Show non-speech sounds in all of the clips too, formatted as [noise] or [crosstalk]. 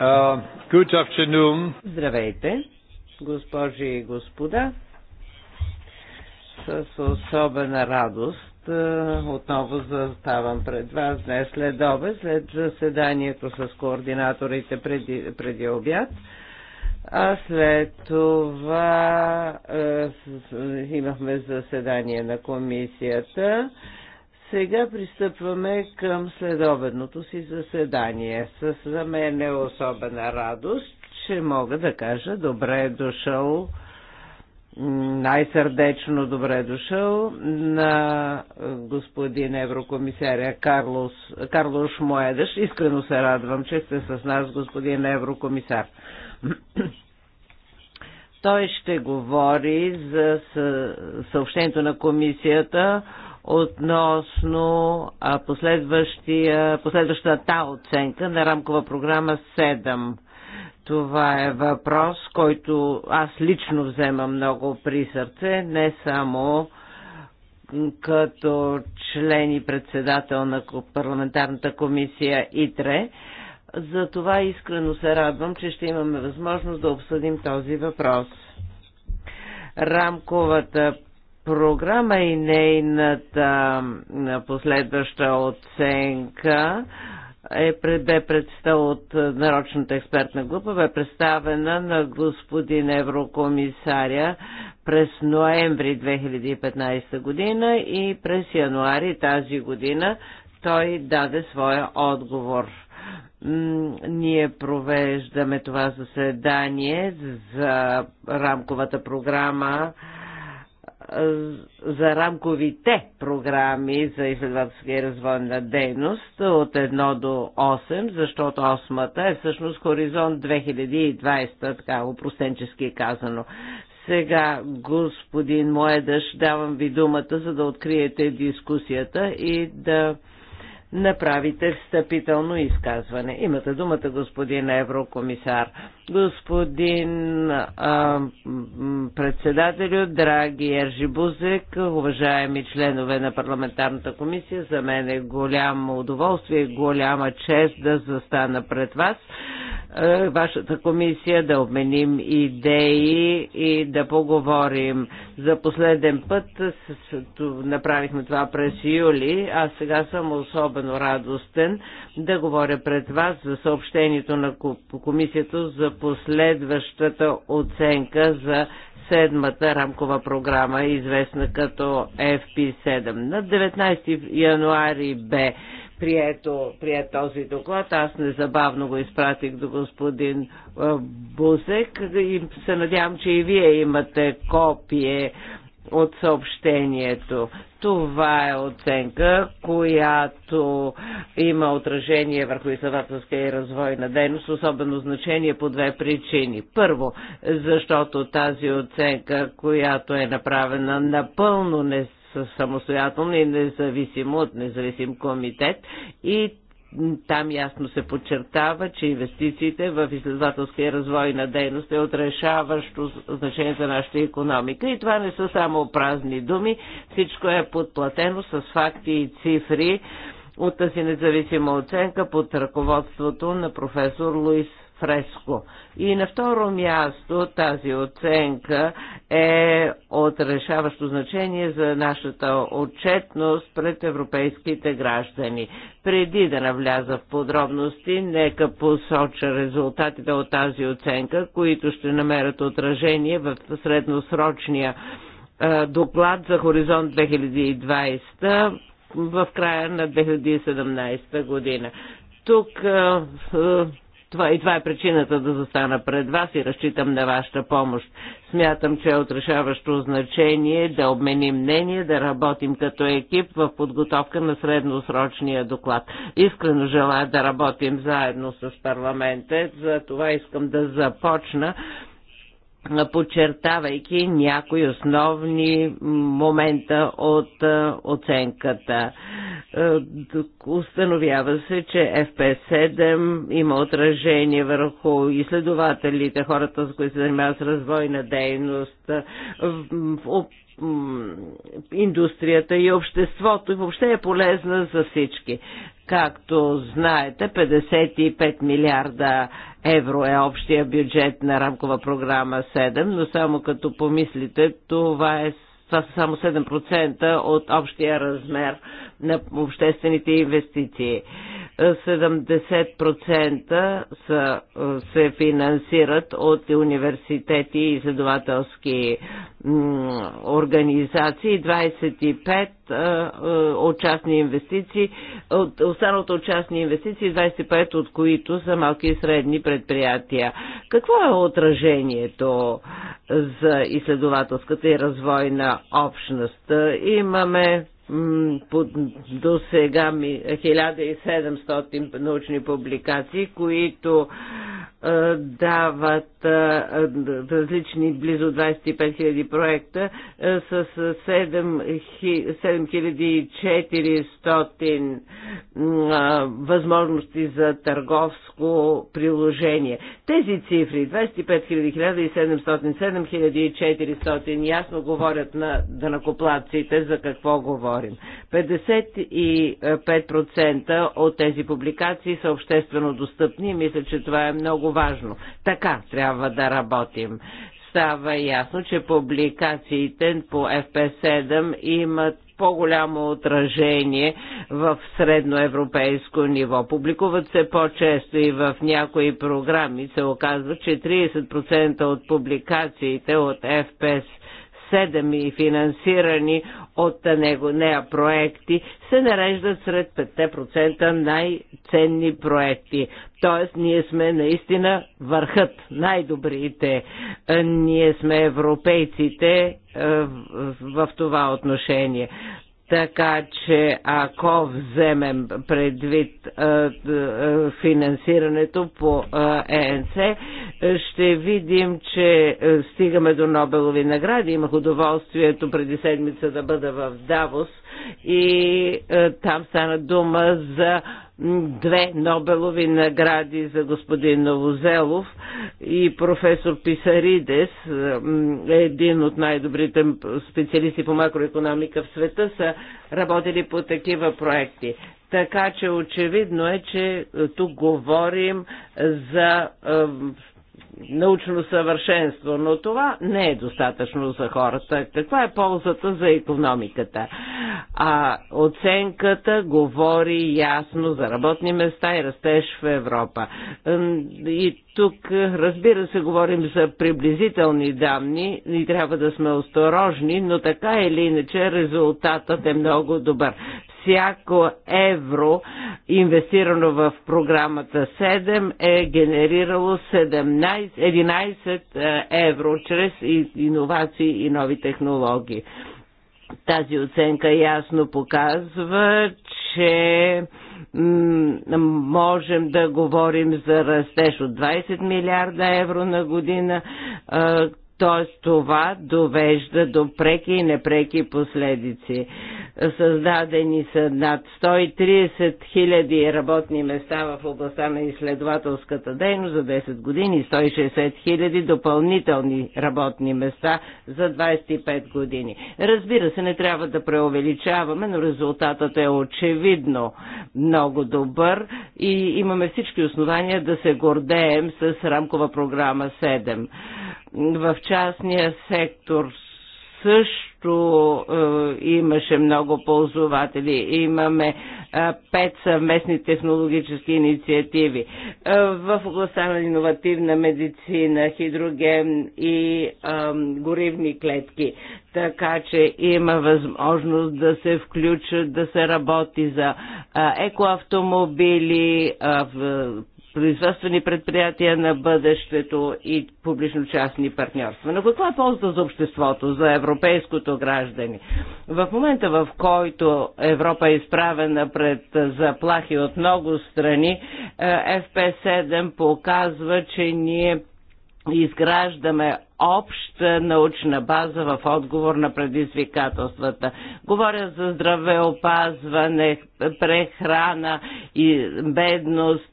Uh, good afternoon. Здравейте, госпожи и господа. С особена радост отново заставам пред вас днес след обе, след заседанието с координаторите преди, преди обяд. А след това е, имахме заседание на комисията. Е, сега пристъпваме към следобедното си заседание. С за мен е особена радост, че мога да кажа добре е дошъл, най-сърдечно добре е дошъл на господин еврокомисаря Карлос, Карлос Моедаш. Искрено се радвам, че сте с нас, господин еврокомисар. Той ще говори за съобщението на комисията относно последващата оценка на рамкова програма 7. Това е въпрос, който аз лично взема много при сърце, не само като член и председател на парламентарната комисия ИТРЕ. За това искрено се радвам, че ще имаме възможност да обсъдим този въпрос. Рамковата програма и нейната последваща оценка е, бе представ от нарочната експертна група, бе представена на господин еврокомисаря през ноември 2015 година и през януари тази година той даде своя отговор. Ние провеждаме това заседание за рамковата програма за рамковите програми за изследователска и развойна дейност от 1 до 8, защото 8-та е всъщност хоризонт 2020, така упростенчески е казано. Сега, господин Моедъш, давам ви думата, за да откриете дискусията и да направите встъпително изказване. Имате думата, господин еврокомисар. Господин а, председателю, драги Ержи Бузек, уважаеми членове на парламентарната комисия, за мен е голямо удоволствие, голяма чест да застана пред вас е, вашата комисия, да обменим идеи и да поговорим. За последен път направихме това през юли, а сега съм особено радостен да говоря пред вас за съобщението на комисията за последващата оценка за седмата рамкова програма, известна като FP7. На 19 януари бе прието, прият този доклад. Аз незабавно го изпратих до господин Бузек и се надявам, че и вие имате копие от съобщението. Това е оценка, която има отражение върху изследователска и развойна дейност, особено значение по две причини. Първо, защото тази оценка, която е направена, напълно не самостоятелно и независимо от независим комитет и там ясно се подчертава, че инвестициите в изследователска и развойна дейност е отрешаващо значение за нашата економика. И това не са само празни думи, всичко е подплатено с факти и цифри от тази независима оценка под ръководството на професор Луис фреско. И на второ място тази оценка е от решаващо значение за нашата отчетност пред европейските граждани. Преди да навляза в подробности, нека посоча резултатите от тази оценка, които ще намерят отражение в средносрочния е, доклад за Хоризонт 2020 в края на 2017 година. Тук е, е, това и това е причината да застана пред вас и разчитам на вашата помощ. Смятам, че е отрешаващо значение да обменим мнение, да работим като екип в подготовка на средносрочния доклад. Искрено желая да работим заедно с парламента, за това искам да започна подчертавайки някои основни момента от е, оценката. Е, установява се, че FP7 има отражение върху изследователите, хората, с които се занимават с развойна дейност, индустрията и обществото и въобще е полезна за всички. Както знаете, 55 милиарда евро е общия бюджет на рамкова програма 7, но само като помислите, това е това са само 7% от общия размер на обществените инвестиции. 70% са, се финансират от университети и изследователски организации, 25% е, е, от частни инвестиции, от, останалото от частни инвестиции, 25 от които са малки и средни предприятия. Какво е отражението за изследователската и развойна общност? Имаме до сега 1700 научни публикации, които дават различни близо 25 000 проекта с 7400 възможности за търговско приложение. Тези цифри 25 000, 1700, 7400 ясно говорят на данакоплаците за какво говорят говорим. 55% от тези публикации са обществено достъпни и мисля, че това е много важно. Така трябва да работим става ясно, че публикациите по FP7 имат по-голямо отражение в средноевропейско ниво. Публикуват се по-често и в някои програми се оказва, че 30% от публикациите от FPS седем и финансирани от него нея проекти се нареждат сред 5% най-ценни проекти. Тоест, ние сме наистина върхът, най-добрите. Ние сме европейците е, в това отношение. Така че ако вземем предвид е, е, финансирането по е, ЕНЦ, ще видим, че стигаме до Нобелови награди. Имах удоволствието преди седмица да бъда в Давос и там стана дума за две Нобелови награди за господин Новозелов и професор Писаридес, един от най-добрите специалисти по макроекономика в света, са работили по такива проекти. Така че очевидно е, че тук говорим за научно съвършенство, но това не е достатъчно за хората. Каква е ползата за економиката? А оценката говори ясно за работни места и растеж в Европа. И тук, разбира се, говорим за приблизителни данни и трябва да сме осторожни, но така или иначе резултатът е много добър всяко евро, инвестирано в програмата 7, е генерирало 17, 11 е, евро чрез иновации и нови технологии. Тази оценка ясно показва, че можем да говорим за растеж от 20 милиарда евро на година, е, т.е. това довежда до преки и непреки последици. Създадени са над 130 000 работни места в областта на изследователската дейност за 10 години, 160 000 допълнителни работни места за 25 години. Разбира се, не трябва да преувеличаваме, но резултатът е очевидно много добър и имаме всички основания да се гордеем с рамкова програма 7. В частния сектор също е, имаше много ползватели. Имаме е, пет съвместни технологически инициативи е, в областта на иновативна медицина, хидроген и е, горивни клетки. Така че има възможност да се включат, да се работи за е, екоавтомобили, е, производствени предприятия на бъдещето и публично-частни партньорства. Но каква е полза за обществото, за европейското граждане. В момента, в който Европа е изправена пред заплахи от много страни, е, FP7 показва, че ние изграждаме обща научна база в отговор на предизвикателствата. Говоря за здравеопазване, прехрана, и бедност,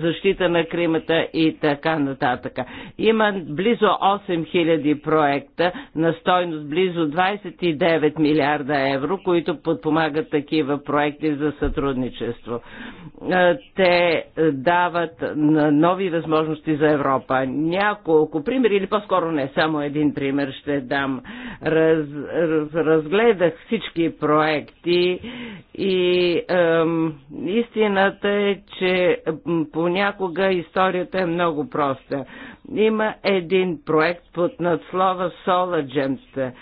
защита на климата и така нататък. Има близо 8000 проекта на стойност близо 29 милиарда евро, които подпомагат такива проекти за сътрудничество. Те дават нови възможности за Европа. Няколко примери, или по-скоро не, само един пример ще дам. Раз, раз, разгледах всички проекти и е, истината е, че понякога историята е много проста. Има един проект под надслова Solagems.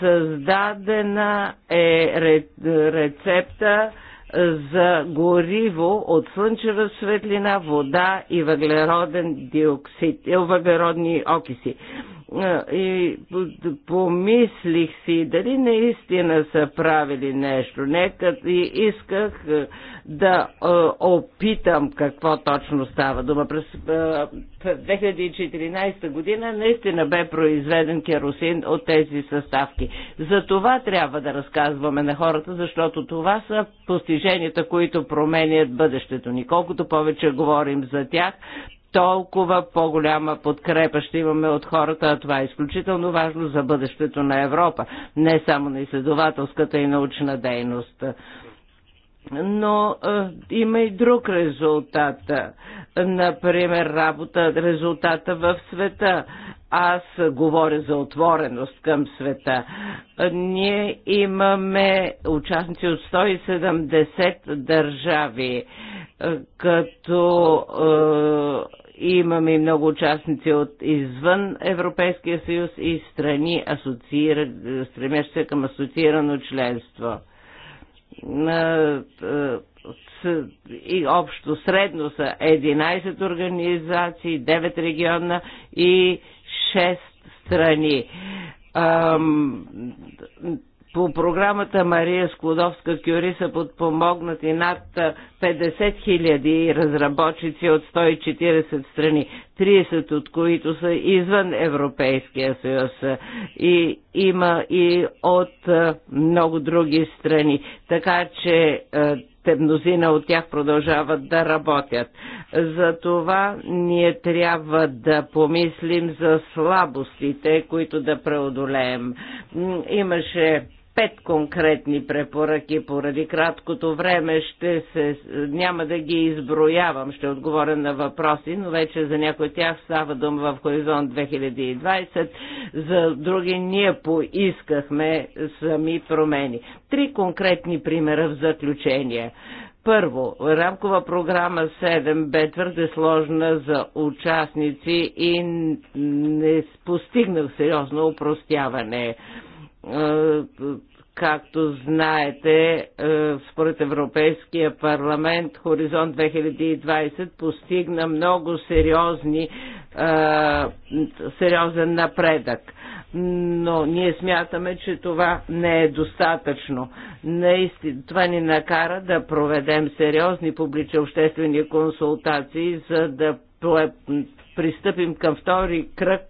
Създадена е рецепта за гориво от слънчева светлина, вода и въглероден диоксид, въглеродни окиси и помислих си дали наистина са правили нещо. Нека и исках да опитам какво точно става дума. През 2014 година наистина бе произведен керосин от тези съставки. За това трябва да разказваме на хората, защото това са постиженията, които променят бъдещето ни. Колкото повече говорим за тях, толкова по-голяма подкрепа ще имаме от хората, а това е изключително важно за бъдещето на Европа, не само на изследователската и научна дейност но е, има и друг резултат. Например, работа, резултата в света. Аз говоря за отвореност към света. Ние имаме участници от 170 държави, е, като е, Имаме и много участници от извън Европейския съюз и страни, стремящи се към асоциирано членство и общо средно са 11 организации, 9 региона и 6 страни. По програмата Мария Склодовска-Кюри са подпомогнати над 50 хиляди разработчици от 140 страни, 30 от които са извън Европейския съюз и има и от е, много други страни. Така че е, те мнозина от тях продължават да работят. Затова ние трябва да помислим за слабостите, които да преодолеем. Имаше пет конкретни препоръки. Поради краткото време ще се, няма да ги изброявам, ще отговоря на въпроси, но вече за някои от тях става дума в Хоризонт 2020. За други ние поискахме сами промени. Три конкретни примера в заключение. Първо, рамкова програма 7 бе твърде сложна за участници и не постигнах сериозно упростяване е, Както знаете, е, според Европейския парламент Хоризонт 2020 постигна много сериозни, е, сериозен напредък. Но ние смятаме, че това не е достатъчно. Наистина, това ни накара да проведем сериозни публични обществени консултации, за да пристъпим към втори кръг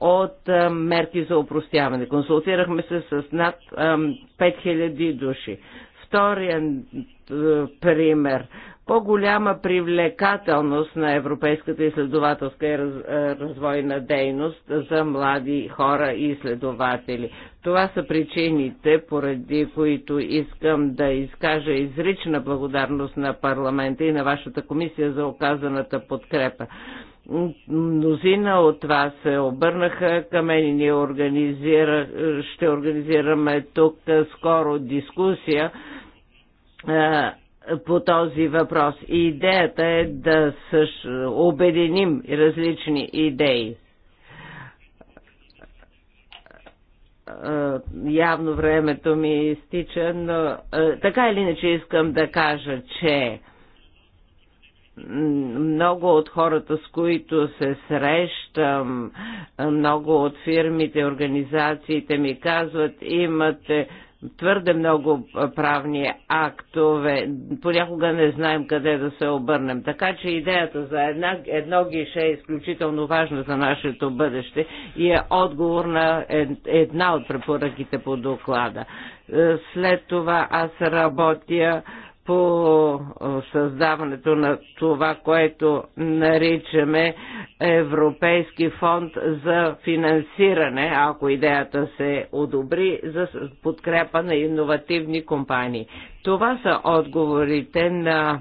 от а, мерки за упростяване. Консултирахме се с над а, 5000 души. Вторият пример по-голяма привлекателност на европейската изследователска и развойна дейност за млади хора и изследователи. Това са причините, поради които искам да изкажа изрична благодарност на парламента и на вашата комисия за оказаната подкрепа. Мнозина от вас се обърнаха към мен и ние организира, ще организираме тук скоро дискусия по този въпрос. Идеята е да същ... обединим различни идеи. Явно времето ми изтича, но така или иначе искам да кажа, че много от хората, с които се срещам, много от фирмите, организациите ми казват, имате твърде много правни актове, понякога не знаем къде да се обърнем. Така че идеята за една, едно гише е изключително важна за нашето бъдеще и е отговор на една от препоръките по доклада. Е, след това аз работя по създаването на това, което наричаме Европейски фонд за финансиране, ако идеята се одобри, за подкрепа на иновативни компании. Това са отговорите на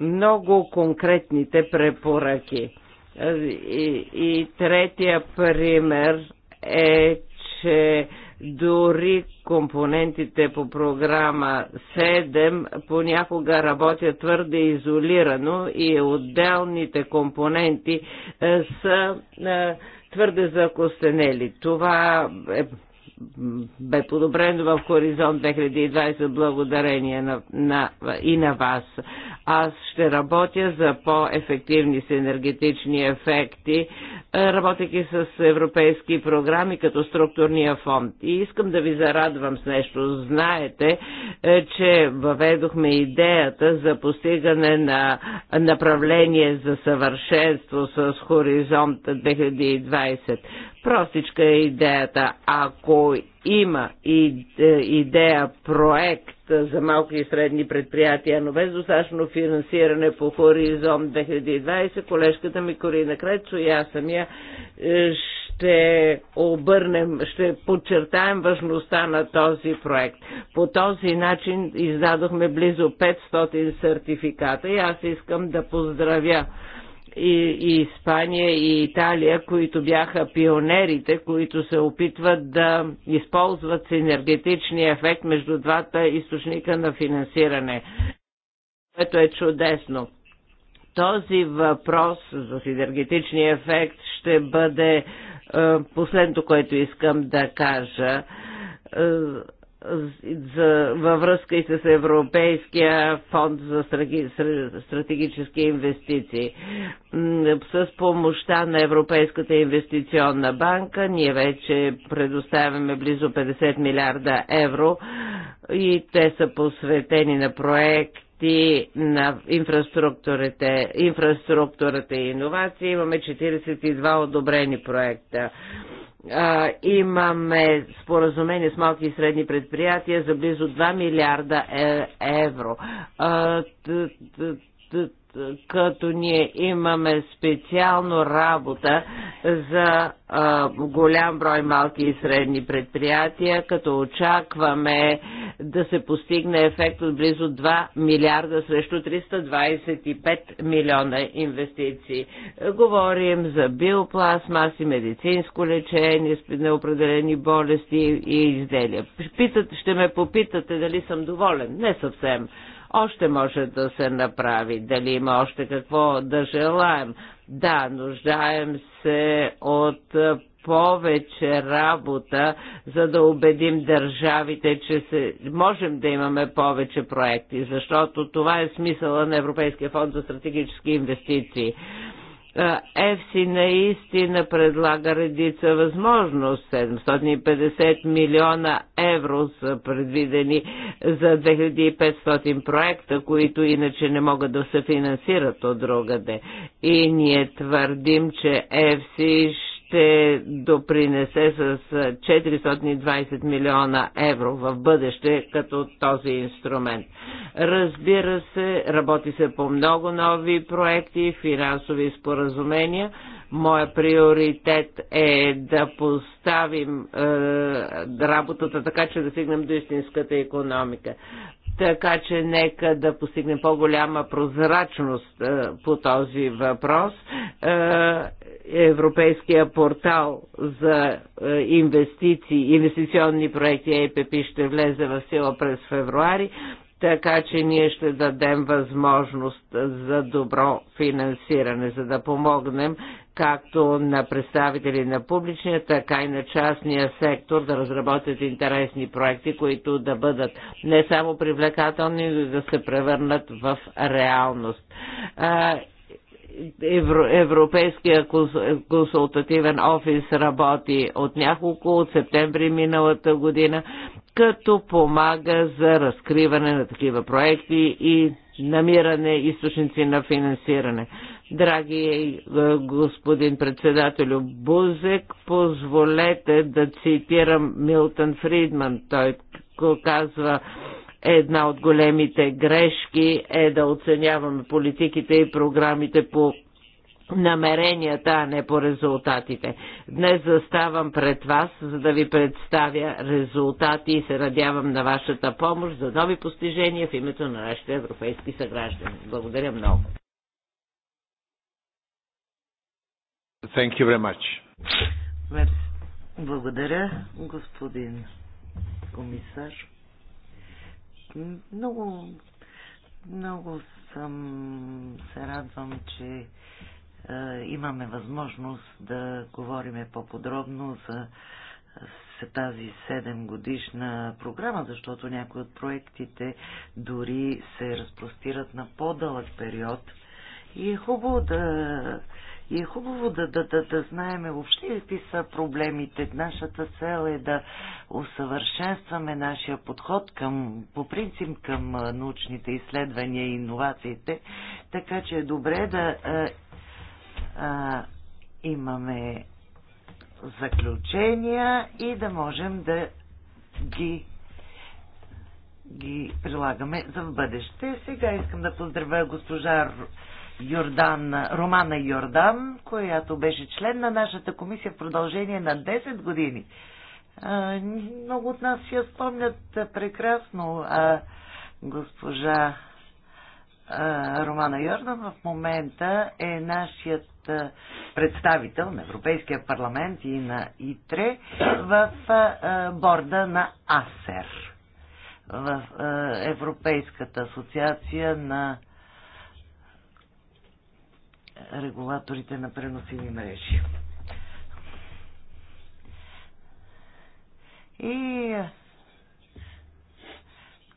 много конкретните препоръки. И, и третия пример е, че дори компонентите по програма 7 понякога работят твърде изолирано и отделните компоненти е, са е, твърде закостенели. Това е бе подобрен в Хоризонт 2020 благодарение на, на, и на вас. Аз ще работя за по-ефективни енергетични ефекти, е, работейки с европейски програми като структурния фонд. И искам да ви зарадвам с нещо. Знаете, е, че въведохме идеята за постигане на направление за съвършенство с Хоризонт 2020. Простичка е идеята. Ако има е, идея, проект за малки и средни предприятия, но без достатъчно финансиране по Хоризонт 2020, колежката ми Корина Крецо и аз самия е, ще обърнем, ще подчертаем важността на този проект. По този начин издадохме близо 500 сертификата и аз искам да поздравя и, и Испания и Италия, които бяха пионерите, които се опитват да използват синергетичния ефект между двата източника на финансиране, което е чудесно. Този въпрос за синергетичния ефект ще бъде е, последното, което искам да кажа е, за, във връзка и с Европейския фонд за стратегически инвестиции. С помощта на Европейската инвестиционна банка ние вече предоставяме близо 50 милиарда евро и те са посветени на проект проекти на инфраструктурата, инфраструктурата и иновации. Имаме 42 одобрени проекта а, имаме споразумение с малки и средни предприятия за близо 2 милиарда е, евро. А, като ние имаме специално работа за а, голям брой малки и средни предприятия, като очакваме да се постигне ефект от близо 2 милиарда срещу 325 милиона инвестиции. Говорим за биопластмаси, медицинско лечение, неопределени болести и изделия. Питат, ще ме попитате дали съм доволен. Не съвсем още може да се направи, дали има още какво да желаем. Да, нуждаем се от повече работа, за да убедим държавите, че се, можем да имаме повече проекти, защото това е смисъла на Европейския фонд за стратегически инвестиции. ЕФСИ наистина предлага редица възможност. 750 милиона евро са предвидени за 2500 проекта, които иначе не могат да се финансират от другаде. И ние твърдим, че ЕФСИ ще ще допринесе с 420 милиона евро в бъдеще като този инструмент. Разбира се, работи се по много нови проекти и финансови споразумения. Моя приоритет е да поставим е, работата така, че да стигнем до истинската економика. Така че нека да постигнем по-голяма прозрачност е, по този въпрос. Е, Европейския портал за е, инвестиции, инвестиционни проекти ЕПП ще влезе в сила през февруари така че ние ще дадем възможност за добро финансиране, за да помогнем както на представители на публичния, така и на частния сектор да разработят интересни проекти, които да бъдат не само привлекателни, но и да се превърнат в реалност. Европейския консултативен офис работи от няколко, от септември миналата година като помага за разкриване на такива проекти и намиране източници на финансиране. Драги е, господин председателю Бузек, позволете да цитирам Милтън Фридман. Той казва, една от големите грешки е да оценяваме политиките и програмите по намеренията, а не по резултатите. Днес заставам пред вас, за да ви представя резултати и се радявам на вашата помощ за нови постижения в името на нашите европейски съграждани. Благодаря много. Thank you very much. Благодаря, господин комисар. Много, много съм се радвам, че е, имаме възможност да говориме по-подробно за тази 7 годишна програма, защото някои от проектите дори се разпростират на по-дълъг период. И е хубаво да, и е хубаво да, да, да, да знаеме въобще какви са проблемите. Нашата цел е да усъвършенстваме нашия подход към, по принцип към научните изследвания и иновациите, така че е добре да а, имаме заключения и да можем да ги ги прилагаме за в бъдеще. Сега искам да поздравя госпожа Йордан, Романа Йордан, която беше член на нашата комисия в продължение на 10 години. А, много от нас я спомнят прекрасно. А, госпожа а, Романа Йордан в момента е нашият представител на Европейския парламент и на ИТРЕ в борда на АСЕР, в Европейската асоциация на регулаторите на преносими мрежи. И...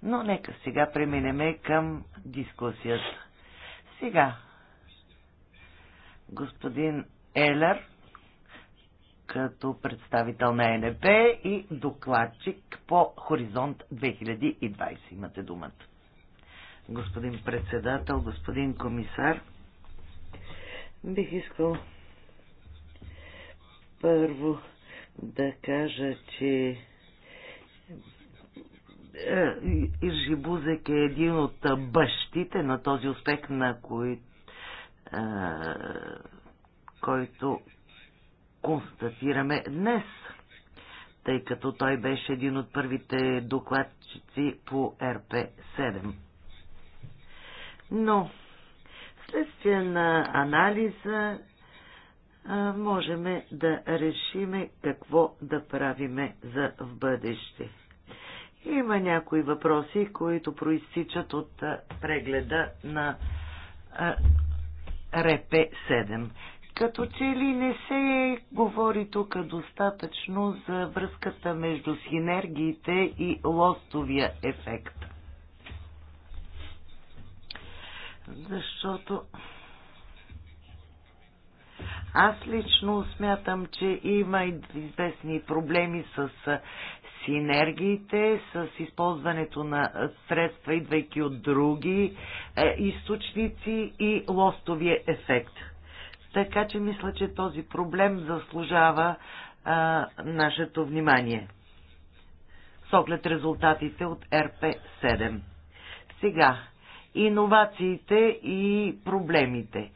Но нека сега преминеме към дискусията. Сега господин Елер като представител на НП и докладчик по Хоризонт 2020. Имате думата. Господин председател, господин комисар, бих искал първо да кажа, че е, Иржи Бузек е един от бащите на този успех, на, които който констатираме днес, тъй като той беше един от първите докладчици по РП-7. Но, следствие на анализа, можем да решиме какво да правиме за в бъдеще. Има някои въпроси, които проистичат от прегледа на РП-7. Като че ли не се говори тук достатъчно за връзката между синергиите и лостовия ефект. Защото аз лично смятам, че има известни проблеми с синергиите, с използването на средства, идвайки от други е, източници и лостовия ефект. Така че мисля, че този проблем заслужава е, нашето внимание с оглед резултатите от РП-7. Сега, иновациите и проблемите.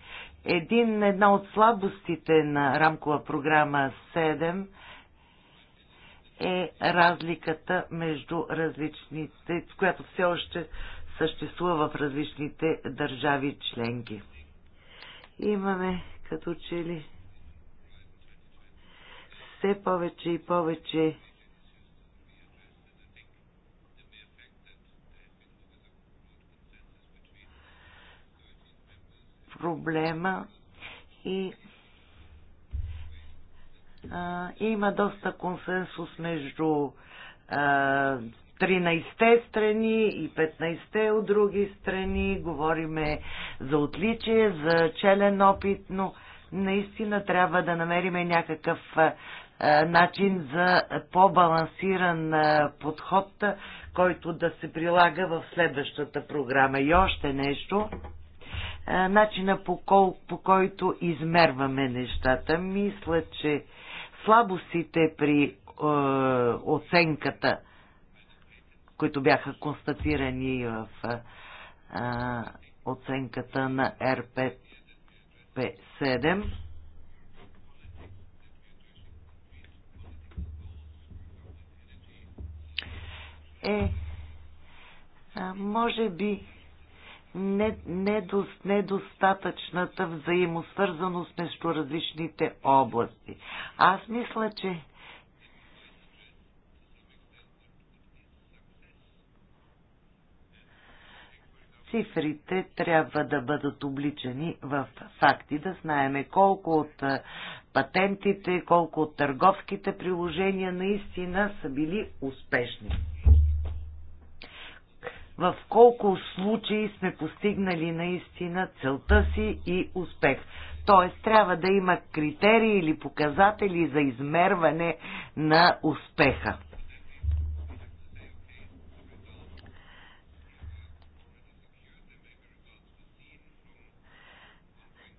Един, една от слабостите на рамкова програма 7 е разликата между различните, която все още съществува в различните държави членки. Имаме като че ли все повече и повече проблема и има доста консенсус между 13-те страни и 15-те от други страни. Говориме за отличие, за челен опит, но наистина трябва да намериме някакъв начин за по-балансиран подход, който да се прилага в следващата програма. И още нещо начина по, кол, по който измерваме нещата. Мисля, че слабостите при е, оценката, които бяха констатирани в е, е оценката на РП-7. Е, е, може би недостатъчната взаимосвързаност между различните области. Аз мисля, че цифрите трябва да бъдат обличани в факти, да знаеме колко от патентите, колко от търговските приложения наистина са били успешни в колко случаи сме постигнали наистина целта си и успех. Т.е. трябва да има критерии или показатели за измерване на успеха.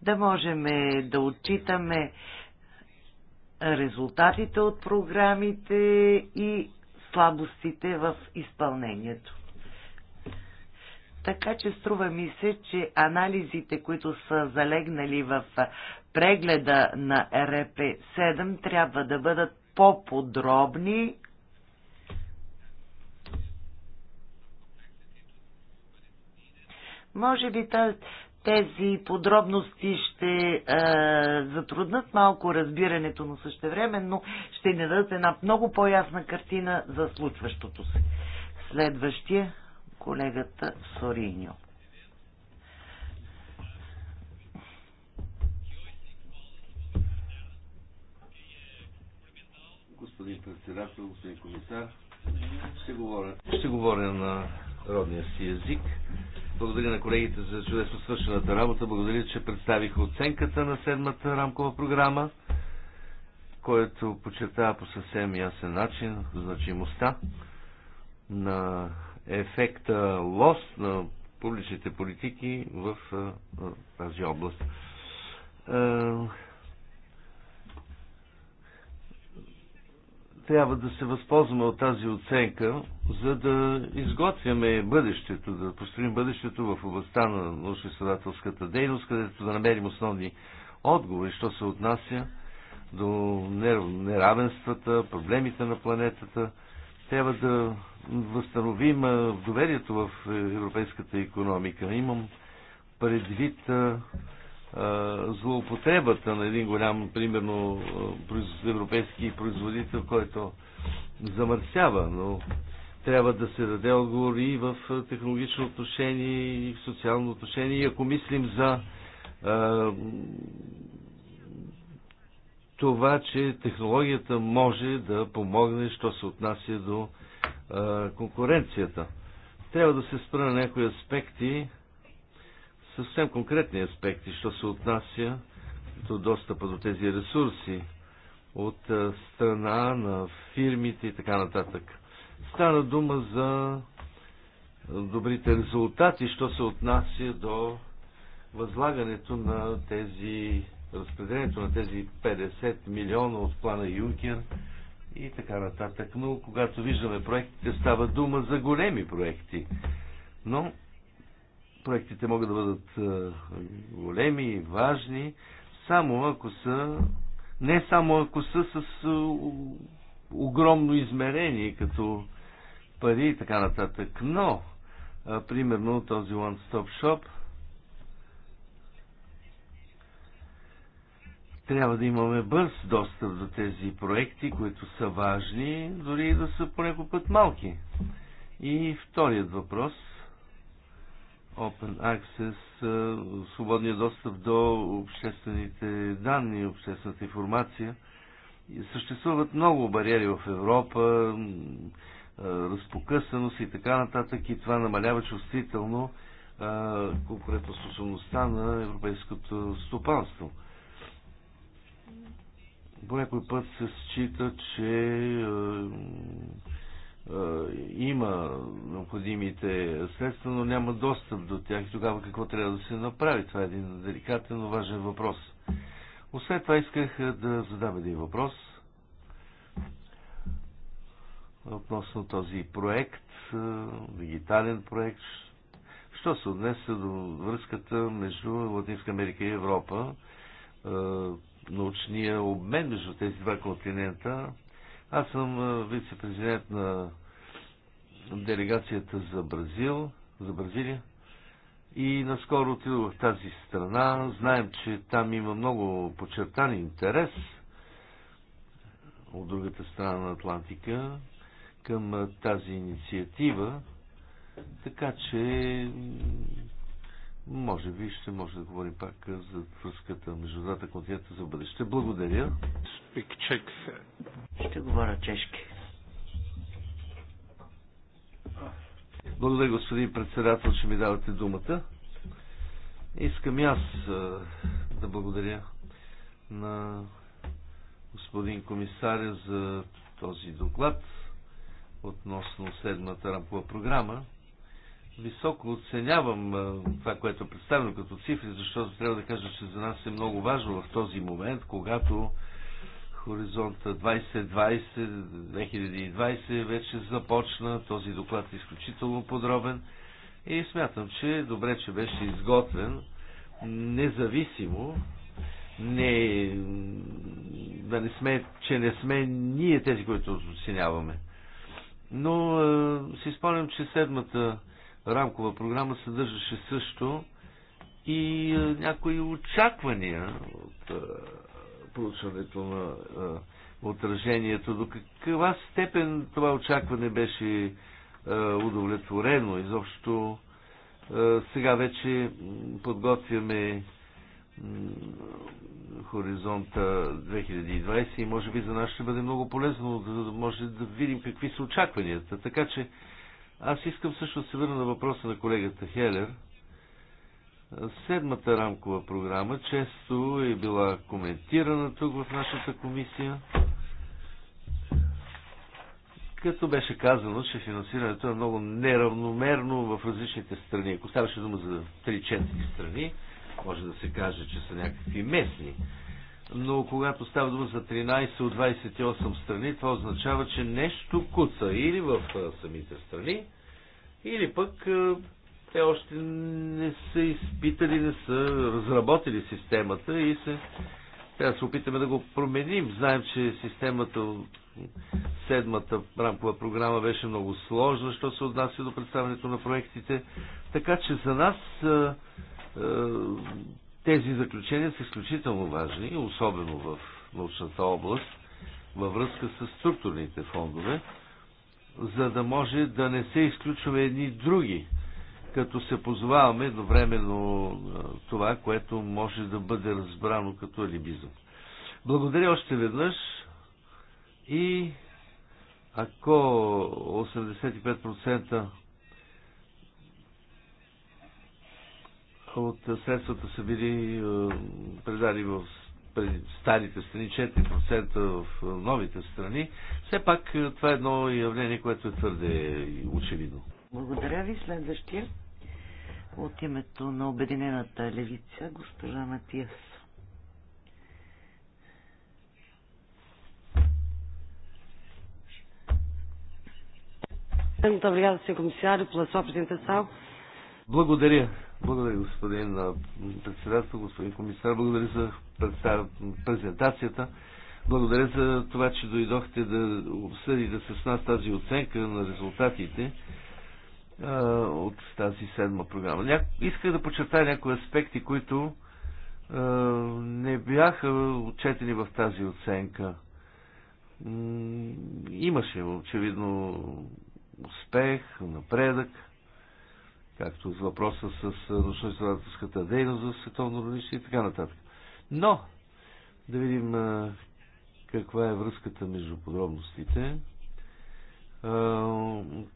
Да можем да отчитаме резултатите от програмите и слабостите в изпълнението. Така че струва ми се, че анализите, които са залегнали в прегледа на РП-7, трябва да бъдат по-подробни Може би тези подробности ще е, затруднат малко разбирането, но същевременно ще ни дадат една много по-ясна картина за случващото се. Следващия колегата Сориньо. Господин председател, господин комисар, ще говоря, ще говоря на родния си език. Благодаря на колегите за чудесно свършената работа. Благодаря, че представиха оценката на седмата рамкова програма, която подчертава по съвсем ясен начин значимостта на ефекта лос на публичните политики в тази област. Трябва да се възползваме от тази оценка, за да изготвяме бъдещето, да построим бъдещето в областта на научно-изследователската дейност, където да намерим основни отговори, що се отнася до неравенствата, проблемите на планетата. Трябва да възстановим доверието в европейската економика. Имам предвид злоупотребата на един голям, примерно, европейски производител, който замърсява, но трябва да се даде отговор и в технологично отношение, и в социално отношение. И ако мислим за а, това, че технологията може да помогне, що се отнася до конкуренцията. Трябва да се спра на някои аспекти, съвсем конкретни аспекти, що се отнася до достъпа до тези ресурси от страна на фирмите и така нататък. Стана дума за добрите резултати, що се отнася до възлагането на тези, разпределението на тези 50 милиона от плана Юнкер и така нататък. Но когато виждаме проектите, става дума за големи проекти. Но проектите могат да бъдат е, големи важни, само ако са, не само ако са с е, огромно измерение, като пари и така нататък. Но, е, примерно, този One Stop Shop – Трябва да имаме бърз достъп до тези проекти, които са важни, дори и да са понеко път малки. И вторият въпрос – Open Access, свободния достъп до обществените данни, обществената информация. Съществуват много бариери в Европа, разпокъсаност и така нататък и това намалява чувствително конкурентоспособността на европейското стопанство. По някой път се счита, че е, е, има необходимите средства, но няма достъп до тях и тогава какво трябва да се направи? Това е един деликатен, но важен въпрос. Освен това исках да задам един въпрос относно този проект, е, дигитален проект, що се отнесе до връзката между Латинска Америка и Европа научния обмен между тези два континента. Аз съм вице-президент на делегацията за Бразил, за Бразилия и наскоро отидох в тази страна. Знаем, че там има много подчертан интерес от другата страна на Атлантика към тази инициатива, така че може би ще може да говорим пак за връзката между двата континента за бъдеще. Благодаря. Ще говоря чешки. Благодаря, господин председател, че ми давате думата. Искам и аз да благодаря на господин комисаря за този доклад относно седмата рамкова програма високо оценявам това, което е представено като цифри, защото трябва да кажа, че за нас е много важно в този момент, когато хоризонта 2020, 2020 вече започна. Този доклад е изключително подробен и смятам, че е добре, че беше изготвен независимо не, да не сме, че не сме ние тези, които оценяваме. Но е, си спомням, че седмата рамкова програма съдържаше също и е, някои очаквания от е, проучването на е, отражението. До каква степен това очакване беше удовлетворено? Изобщо сега вече подготвяме хоризонта 2020 и може би за нас ще бъде много полезно, за да може да видим какви са очакванията. Така че аз искам също да се върна на въпроса на колегата Хелер. Седмата рамкова програма често е била коментирана тук в нашата комисия, като беше казано, че финансирането е много неравномерно в различните страни. Ако ставаше дума за 3-4 страни, може да се каже, че са някакви местни но когато става дума за 13 от 28 страни, това означава, че нещо куца или в самите страни, или пък те още не са изпитали, не са разработили системата и се, трябва да се опитаме да го променим. Знаем, че системата, седмата рамкова програма беше много сложна, що се отнася до представянето на проектите. Така че за нас тези заключения са изключително важни, особено в научната област, във връзка с структурните фондове, за да може да не се изключваме едни други, като се позоваваме до това, което може да бъде разбрано като алибизъм. Благодаря още веднъж и ако 85% от средствата са били е, предали в старите страни, 4% в е, новите страни. Все пак е, това е едно явление, което е твърде очевидно. Благодаря ви. Следващия от името на Обединената левица, госпожа Матиас. Muito obrigada, Sr. Благодаря, благодаря, господин председател, господин комисар. Благодаря за презентацията. Благодаря за това, че дойдохте да обсъдите с нас тази оценка на резултатите от тази седма програма. Ня... Исках да подчертая някои аспекти, които а, не бяха отчетени в тази оценка. М- имаше очевидно успех, напредък както с въпроса с научно-изследователската дейност за световно равнище и така нататък. Но, да видим каква е връзката между подробностите.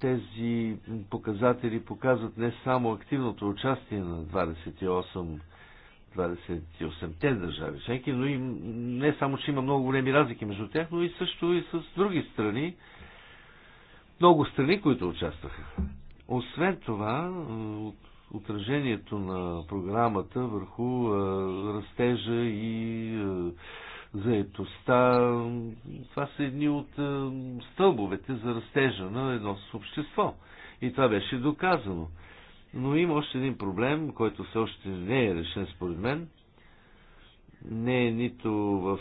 Тези показатели показват не само активното участие на 28 28-те държави членки, но и не само, че има много големи разлики между тях, но и също и с други страни. Много страни, които участваха. Освен това, отражението на програмата върху растежа и заетостта, това са едни от стълбовете за растежа на едно общество. И това беше доказано. Но има още един проблем, който все още не е решен според мен – не е нито в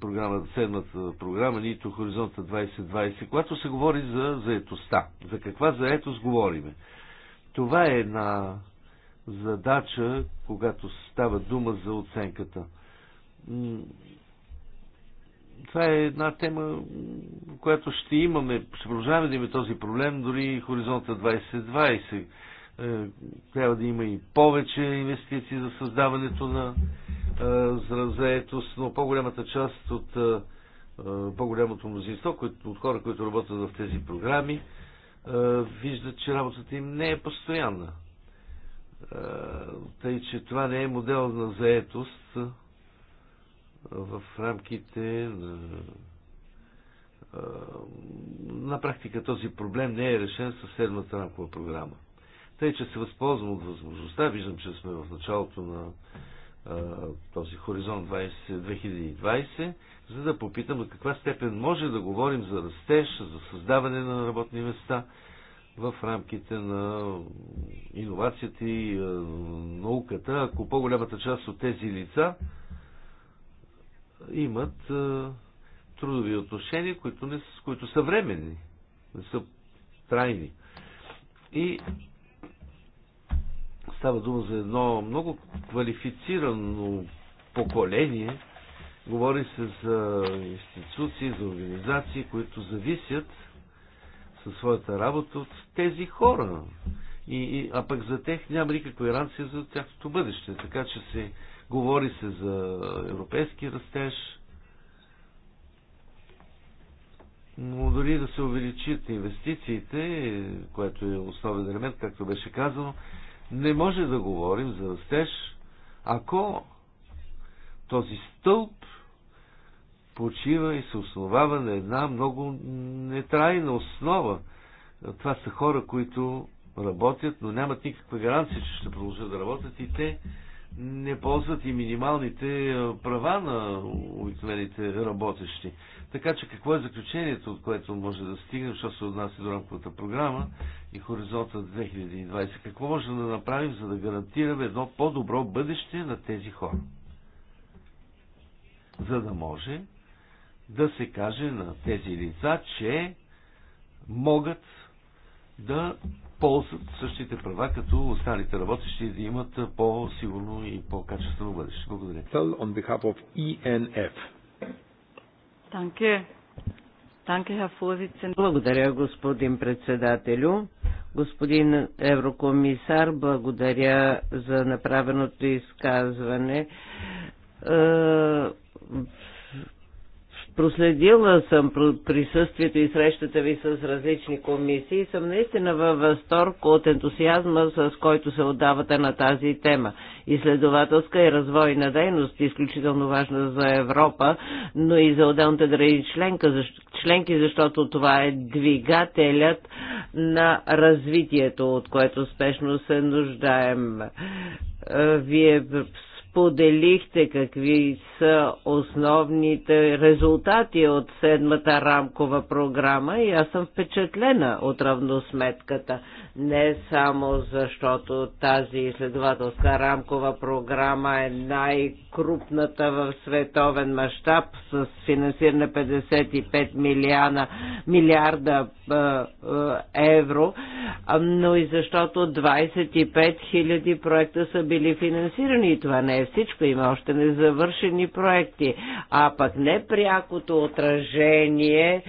програмата, седмата програма, нито Хоризонта 2020, когато се говори за заетостта. За каква заетост говориме? Това е една задача, когато става дума за оценката. Това е една тема, която ще имаме, ще продължаваме да имаме този проблем, дори Хоризонта 2020. Е, трябва да има и повече инвестиции за създаването на е, за заетост, но по-голямата част от е, е, по-голямото мнозинство от хора, които работят в тези програми, виждат, че работата им не е постоянна. Тъй, че това не е модел на заетост в рамките на на практика този проблем не е решен със седмата рамкова програма. Тъй, че се възползвам от възможността, виждам, че сме в началото на този хоризонт 20, 2020, за да попитам до каква степен може да говорим за растеж, за създаване на работни места в рамките на иновацията и науката, ако по-голямата част от тези лица имат трудови отношения, които, не, които са временни, не са трайни. И Става дума за едно много квалифицирано поколение. Говори се за институции, за организации, които зависят със своята работа от тези хора. И, и, а пък за тях няма никаква иранция за тяхното бъдеще. Така че се говори се за европейски растеж, но дори да се увеличат инвестициите, което е основен елемент, както беше казано, не може да говорим за растеж, ако този стълб почива и се основава на една много нетрайна основа. Това са хора, които работят, но нямат никаква гаранция, че ще продължат да работят и те не ползват и минималните права на обикновените работещи. Така че какво е заключението, от което може да стигне, защото се отнася до рамковата програма и хоризонта 2020? Какво може да направим, за да гарантираме едно по-добро бъдеще на тези хора? За да може да се каже на тези лица, че могат да ползват същите права, като останалите работещи да имат по-сигурно и по-качествено бъдеще. Благодаря. Danke. Благодаря, господин председателю. Господин еврокомисар, благодаря за направеното изказване е, Проследила съм присъствието и срещата ви с различни комисии и съм наистина във възторг от ентусиазма, с който се отдавате на тази тема. Изследователска и развойна дейност е изключително важна за Европа, но и за отделните държави членки, защото това е двигателят на развитието, от което спешно се нуждаем. Е, вие споделихте какви са основните резултати от седмата рамкова програма и аз съм впечатлена от равносметката. Не само защото тази изследователска рамкова програма е най-крупната в световен мащаб с финансиране 55 милиана, милиарда евро, но и защото 25 000 проекта са били финансирани и това не е всичко, има още незавършени проекти, а пък непрякото отражение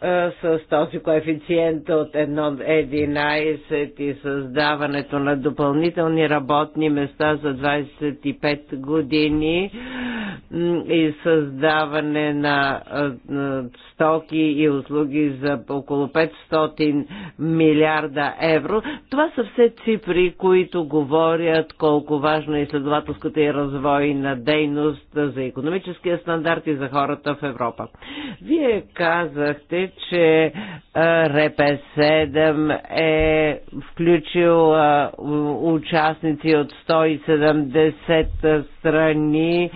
а, е, с този коефициент от 1,11 и създаването на допълнителни работни места за 25 години и създаване на стоки и услуги за около 500 милиарда евро. Това са все цифри, които говорят колко важна е изследователската и развойна дейност за економическия стандарт и за хората в Европа. Вие казахте, че РП-7 е включил участници от 170 страни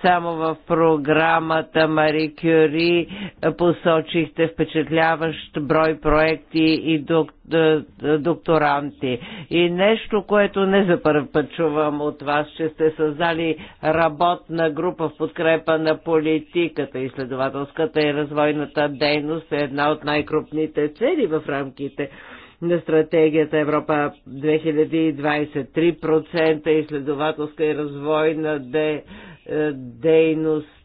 само в програмата Мари Кюри е, посочихте впечатляващ брой проекти и док, е, е, докторанти. И нещо, което не за първ път чувам от вас, че сте създали работна група в подкрепа на политиката. Изследователската и развойната дейност е една от най-крупните цели в рамките на стратегията Европа 2023% изследователска и развойна дейност е, дейност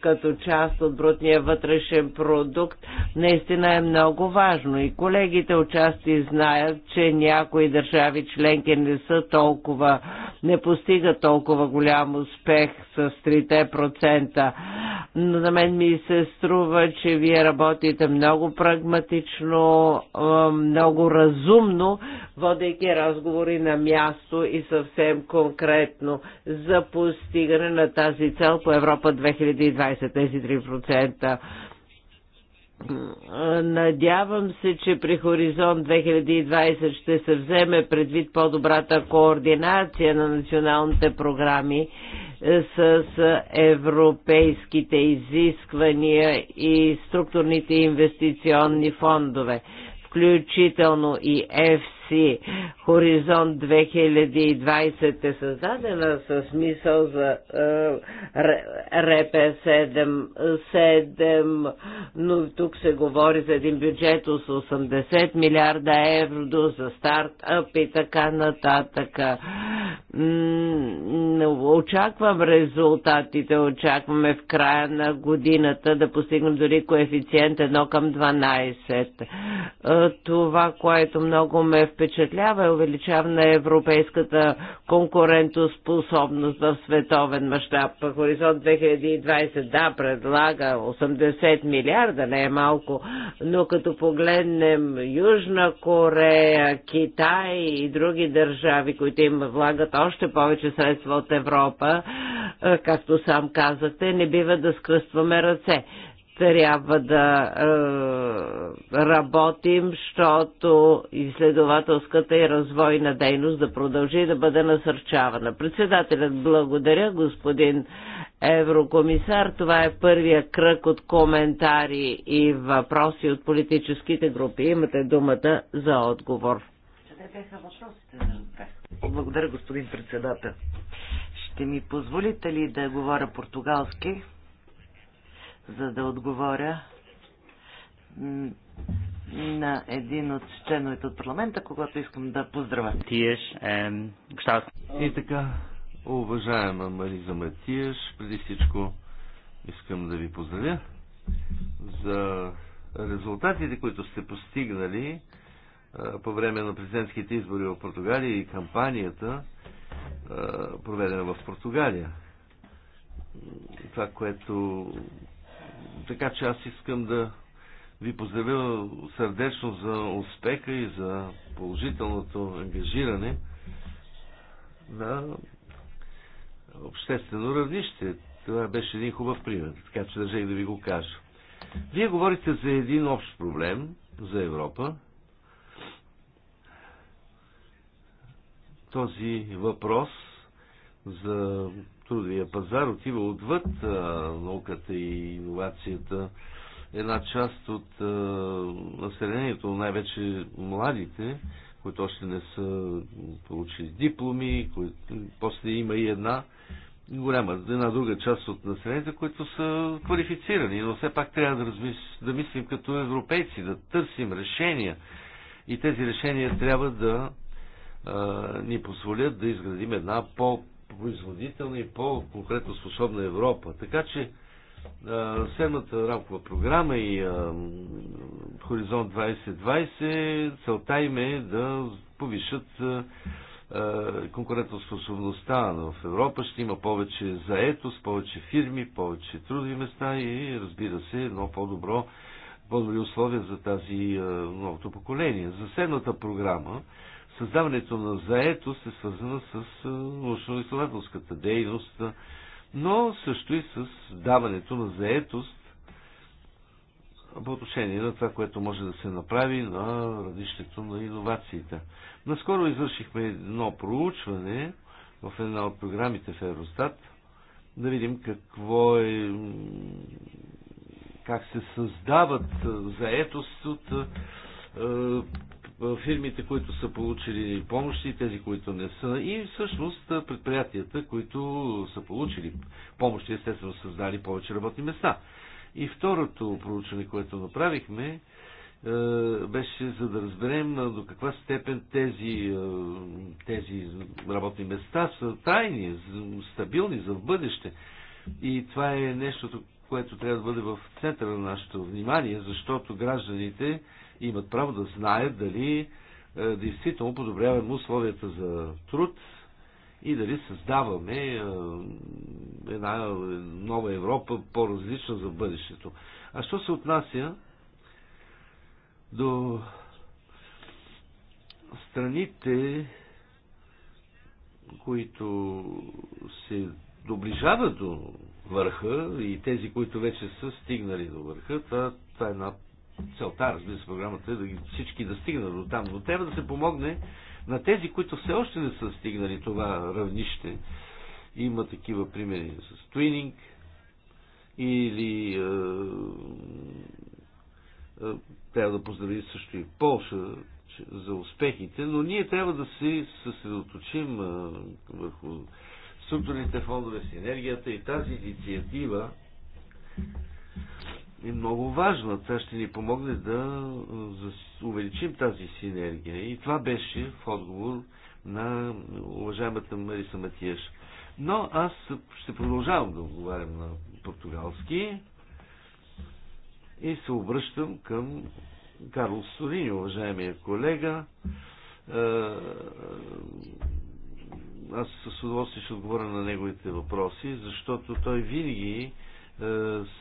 като част от брутния вътрешен продукт наистина е много важно. И колегите отчасти знаят, че някои държави членки не са толкова, не постигат толкова голям успех с 3%. Но на мен ми се струва, че вие работите много прагматично, много разумно, водейки разговори на място и съвсем конкретно за постигане на тази цел по Европа 2020, тези 3%. Надявам се, че при Хоризонт 2020 ще се вземе предвид по-добрата координация на националните програми е, с европейските изисквания и структурните инвестиционни фондове, включително и ЕФС си. Хоризонт 2020 е създадена с мисъл за е, РП-7, е но тук се говори за един бюджет с 80 милиарда евро за стартъп и така нататък. Очаквам резултатите, очакваме в края на годината да постигнем дори коефициент 1 към 12. Е, това, което много ме впечатлява е увеличаване на европейската конкурентоспособност в световен мащаб. Хоризонт 2020, да, предлага 80 милиарда, не е малко, но като погледнем Южна Корея, Китай и други държави, които им влагат още повече средства от Европа, както сам казахте, не бива да скръстваме ръце трябва да е, работим, защото изследователската и развойна дейност да продължи да бъде насърчавана. Председателят благодаря, господин еврокомисар. Това е първия кръг от коментари и въпроси от политическите групи. Имате думата за отговор. Благодаря, господин председател. Ще ми позволите ли да говоря португалски? за да отговоря на един от членовете от парламента, когато искам да поздравя. Тиеш, И така, уважаема Мариза Матиеш, преди всичко искам да ви поздравя за резултатите, които сте постигнали по време на президентските избори в Португалия и кампанията, проведена в Португалия. Това, което така че аз искам да ви поздравя сърдечно за успеха и за положителното ангажиране на обществено равнище. Това беше един хубав пример, така че държах да ви го кажа. Вие говорите за един общ проблем за Европа. Този въпрос за трудовия пазар отива отвъд науката и иновацията. Една част от населението, най-вече младите, които още не са получили дипломи, които... после има и една голяма, една друга част от населението, които са квалифицирани, но все пак трябва да, размис... да мислим като европейци, да търсим решения. И тези решения трябва да а, ни позволят да изградим една по по-производителна и по-конкретно способна Европа. Така че седмата рамкова програма и Хоризонт 2020, целта им е да повишат конкурентоспособността в Европа. Ще има повече заетост, повече фирми, повече трудови места и разбира се едно по-добро, по-добри условия за тази новото поколение. За седмата програма Създаването на заетост е свързано с научно-изследователската дейност, но също и с даването на заетост по отношение на това, което може да се направи на радището на иновациите. Наскоро извършихме едно проучване в една от програмите в Евростат, да видим какво е как се създават заетост от фирмите, които са получили помощи и тези, които не са. И всъщност предприятията, които са получили помощи, естествено създали повече работни места. И второто проучване, което направихме, беше за да разберем до каква степен тези, тези работни места са тайни, стабилни за в бъдеще. И това е нещото, което трябва да бъде в центъра на нашето внимание, защото гражданите имат право да знаят дали е, действително подобряваме условията за труд и дали създаваме е, една нова Европа, по-различна за бъдещето. А що се отнася до страните, които се доближават до върха и тези, които вече са стигнали до върха, това, това е една целта, разбира се, програмата е да ги, всички да стигнат до там, но трябва да се помогне на тези, които все още не са стигнали това равнище. Има такива примери с твининг или е, е, трябва да поздравим също и Полша за успехите, но ние трябва да се съсредоточим е, върху структурните фондове, с енергията и тази инициатива е много важна. Тя ще ни помогне да увеличим тази синергия. И това беше в отговор на уважаемата Мариса Матиеш. Но аз ще продължавам да отговарям на португалски и се обръщам към Карлос Сорини, уважаемия колега. Аз с удоволствие ще отговоря на неговите въпроси, защото той винаги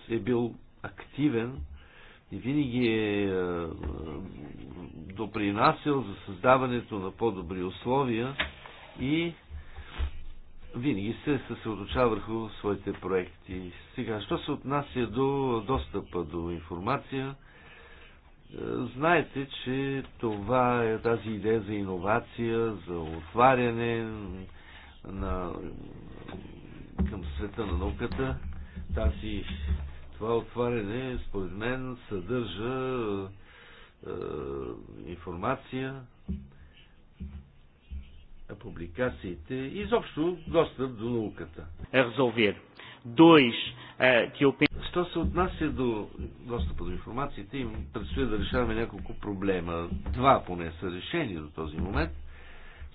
е бил активен и винаги е, е допринасял за създаването на по-добри условия и винаги се съсредоточава върху своите проекти. Сега, що се отнася до достъпа до информация, е, знаете, че това е тази идея за иновация, за отваряне на, към света на науката. Тази това отваряне, според мен, съдържа е, е информация, публикациите и изобщо достъп до науката. Резолвир. Дойш, е, Що се отнася до достъпа до информациите, им предстои да решаваме няколко проблема. Два поне са решени до този момент.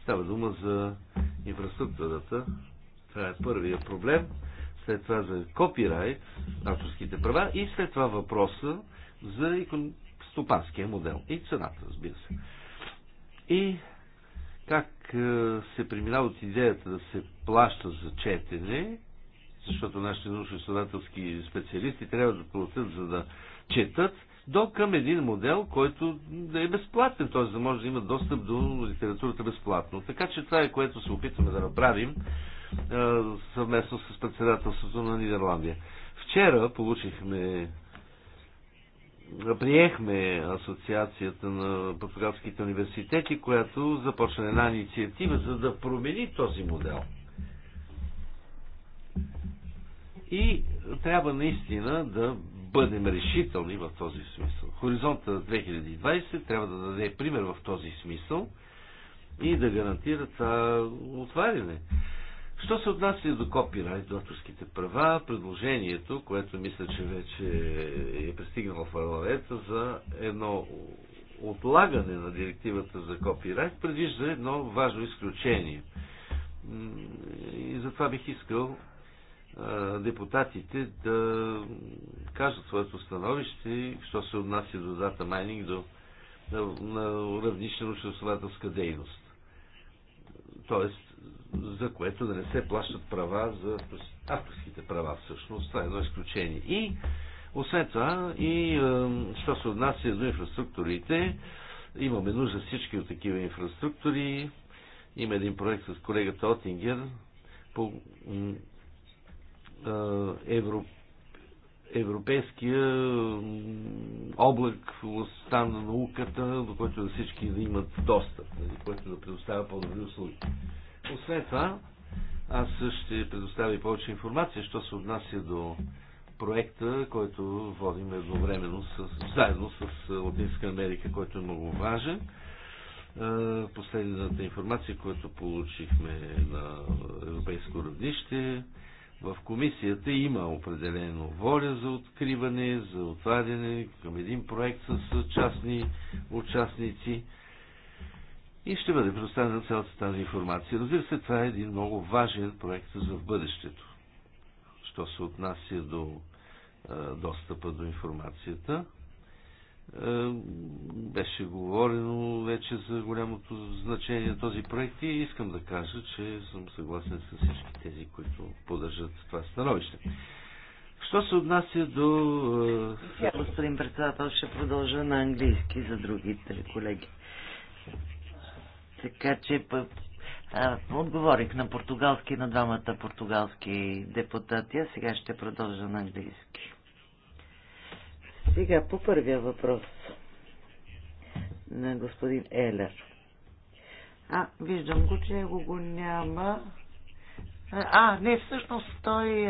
Става дума за инфраструктурата. Това е първия проблем след това за копирайт, авторските права и след това въпроса за стопанския модел и цената, разбира се. И как е, се преминава от идеята да се плаща за четене, защото нашите научно-изследователски специалисти трябва да платят за да четат, до към един модел, който да е безплатен, т.е. да може да има достъп до литературата безплатно. Така че това е което се опитваме да направим съвместно с председателството на Нидерландия. Вчера получихме приехме Асоциацията на португалските университети, която започна една инициатива, за да промени този модел. И трябва наистина да бъдем решителни в този смисъл. Хоризонта 2020 трябва да даде пример в този смисъл и да гарантира това отваряне. Що се отнася до копирайт, до авторските права, предложението, което мисля, че вече е пристигнало в парламента за едно отлагане на директивата за копирайт, предвижда едно важно изключение. И затова бих искал депутатите да кажат своето становище, що се отнася до дата майнинг, до на, на равнище дейност. Тоест, за което да не се плащат права за авторските права всъщност. Това е едно изключение. И освен това, и е, що се отнася до инфраструктурите, имаме нужда всички от такива инфраструктури. Има един проект с колегата Отингер по е, Европа европейския облак в областта на науката, до който всички да имат достъп, нали, което да предоставя по-добри услуги. Освен това, аз ще предоставя повече информация, що се отнася до проекта, който водим едновременно с, заедно с Латинска Америка, който е много важен. Последната информация, която получихме на европейско равнище, в комисията има определено воля за откриване, за отваряне към един проект с частни участници и ще бъде предоставена цялата тази информация. Разбира се, това е един много важен проект за бъдещето, що се отнася до достъпа до информацията. Беше говорено вече за голямото значение на този проект и искам да кажа, че съм съгласен с всички тези, които поддържат това становище. Що се отнася до... Господин председател, ще продължа на английски за другите колеги. Така че а, отговорих на португалски, на двамата португалски депутати, а сега ще продължа на английски. Сега по първия въпрос на господин Елер. А, виждам го, че го, го няма. А, не, всъщност той,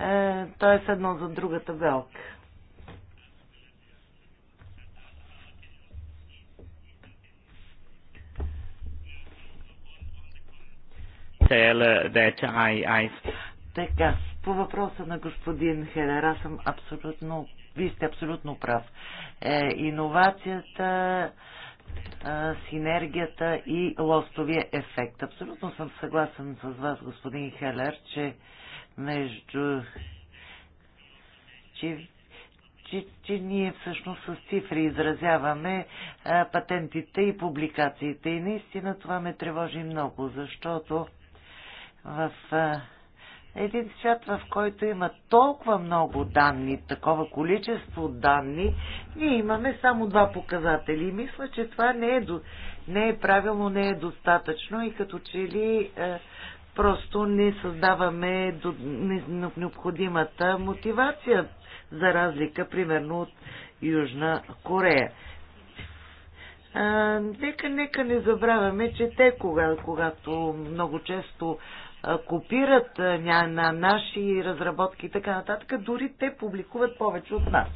е, той е с едно за другата белка. I... Така, по въпроса на господин Хелер, аз съм абсолютно, вие сте абсолютно прав. Е, иновацията, синергията и лостовия ефект. Абсолютно съм съгласен с вас, господин Хелер, че между... че, че, че ние всъщност с цифри изразяваме е, патентите и публикациите. И наистина това ме тревожи много, защото в един свят, в който има толкова много данни, такова количество данни, ние имаме само два показатели. И мисля, че това не е, до, не е правилно, не е достатъчно и като че ли а, просто не създаваме до, не, необходимата мотивация за разлика, примерно, от Южна Корея. А, нека, нека не забравяме, че те, кога, когато много често копират на, на наши разработки и така нататък, дори те публикуват повече от нас.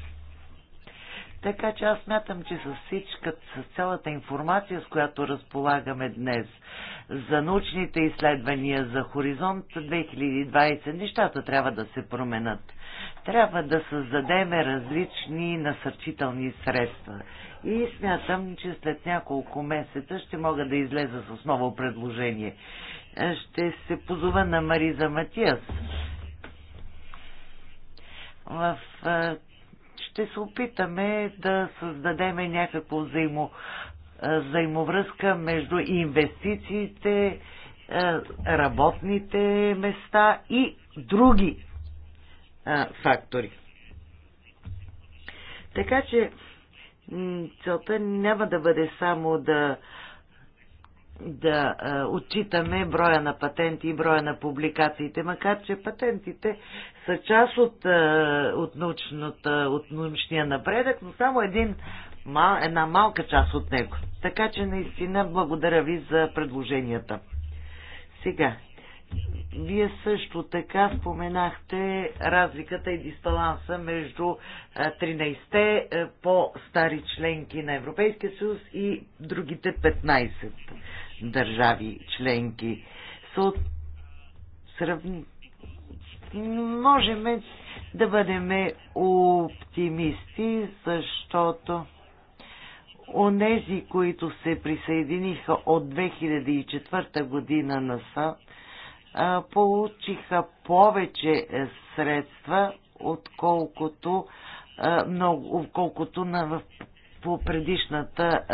Така че аз мятам, че с всичка, с цялата информация, с която разполагаме днес за научните изследвания, за хоризонт 2020, нещата трябва да се променят. Трябва да създадеме различни насърчителни средства. И смятам, че след няколко месеца ще мога да излеза с ново предложение ще се позова на Мариза Матиас. В, ще се опитаме да създадеме някакво взаимо, взаимовръзка между инвестициите, работните места и други фактори. Така че целта няма да бъде само да да отчитаме броя на патенти и броя на публикациите, макар че патентите са част от, от, научната, от научния напредък, но само един, мал, една малка част от него. Така че наистина благодаря ви за предложенията. Сега, вие също така споменахте разликата и дисбаланса между 13-те по-стари членки на Европейския съюз и другите 15 държави членки. Со... Сравни... Можем да бъдем оптимисти, защото онези, които се присъединиха от 2004 година на СА, получиха повече е, средства, отколкото, много, отколкото на, в, по предишната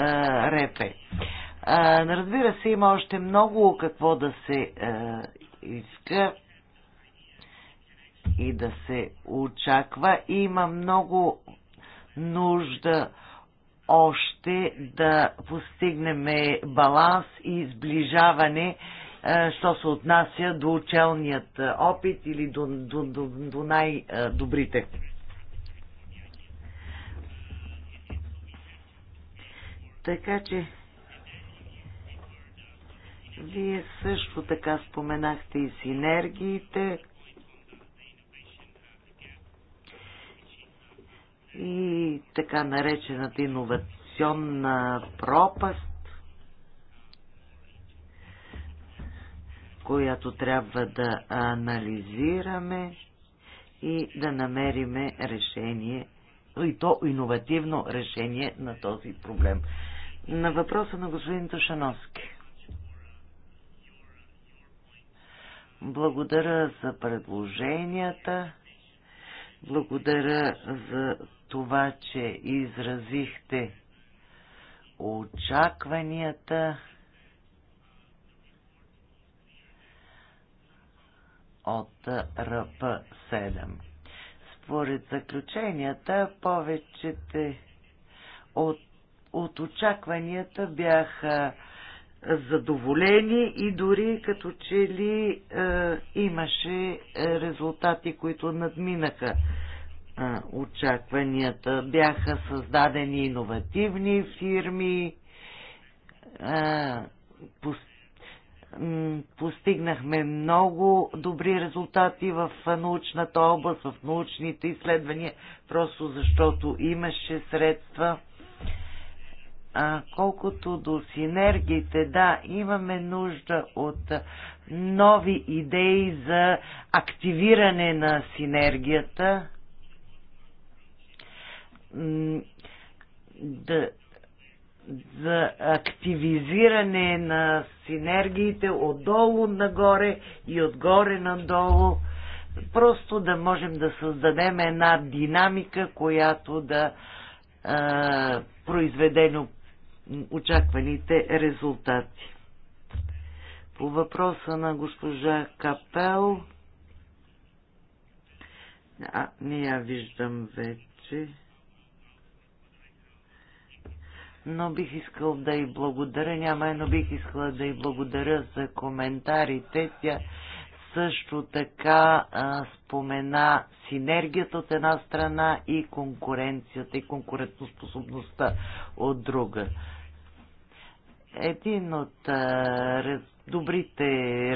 РЕПЕ. А, разбира се, има още много какво да се а, иска и да се очаква. Има много нужда още да постигнем баланс и сближаване, що се отнася до учелният опит или до, до, до, до най-добрите. Така че вие също така споменахте и синергиите и така наречената иновационна пропаст, която трябва да анализираме и да намериме решение, и то иновативно решение на този проблем. На въпроса на господин Тушановски. Благодаря за предложенията. Благодаря за това, че изразихте очакванията от РП-7. Според заключенията, повечето от, от очакванията бяха задоволени и дори като че ли е, имаше е, резултати, които надминаха е, очакванията. Бяха създадени иновативни фирми, е, по, постигнахме много добри резултати в научната област, в научните изследвания, просто защото имаше средства а, колкото до синергиите, да, имаме нужда от нови идеи за активиране на синергията. Да, за активизиране на синергиите отдолу нагоре и отгоре надолу. Просто да можем да създадем една динамика, която да а, произведе очакваните резултати. По въпроса на госпожа Капел, а, не я виждам вече. Но бих искал да й благодаря, няма, но бих искала да й благодаря за коментарите. Тя също така а, спомена синергията от една страна и конкуренцията и конкурентоспособността от друга. Един от а, рез, добрите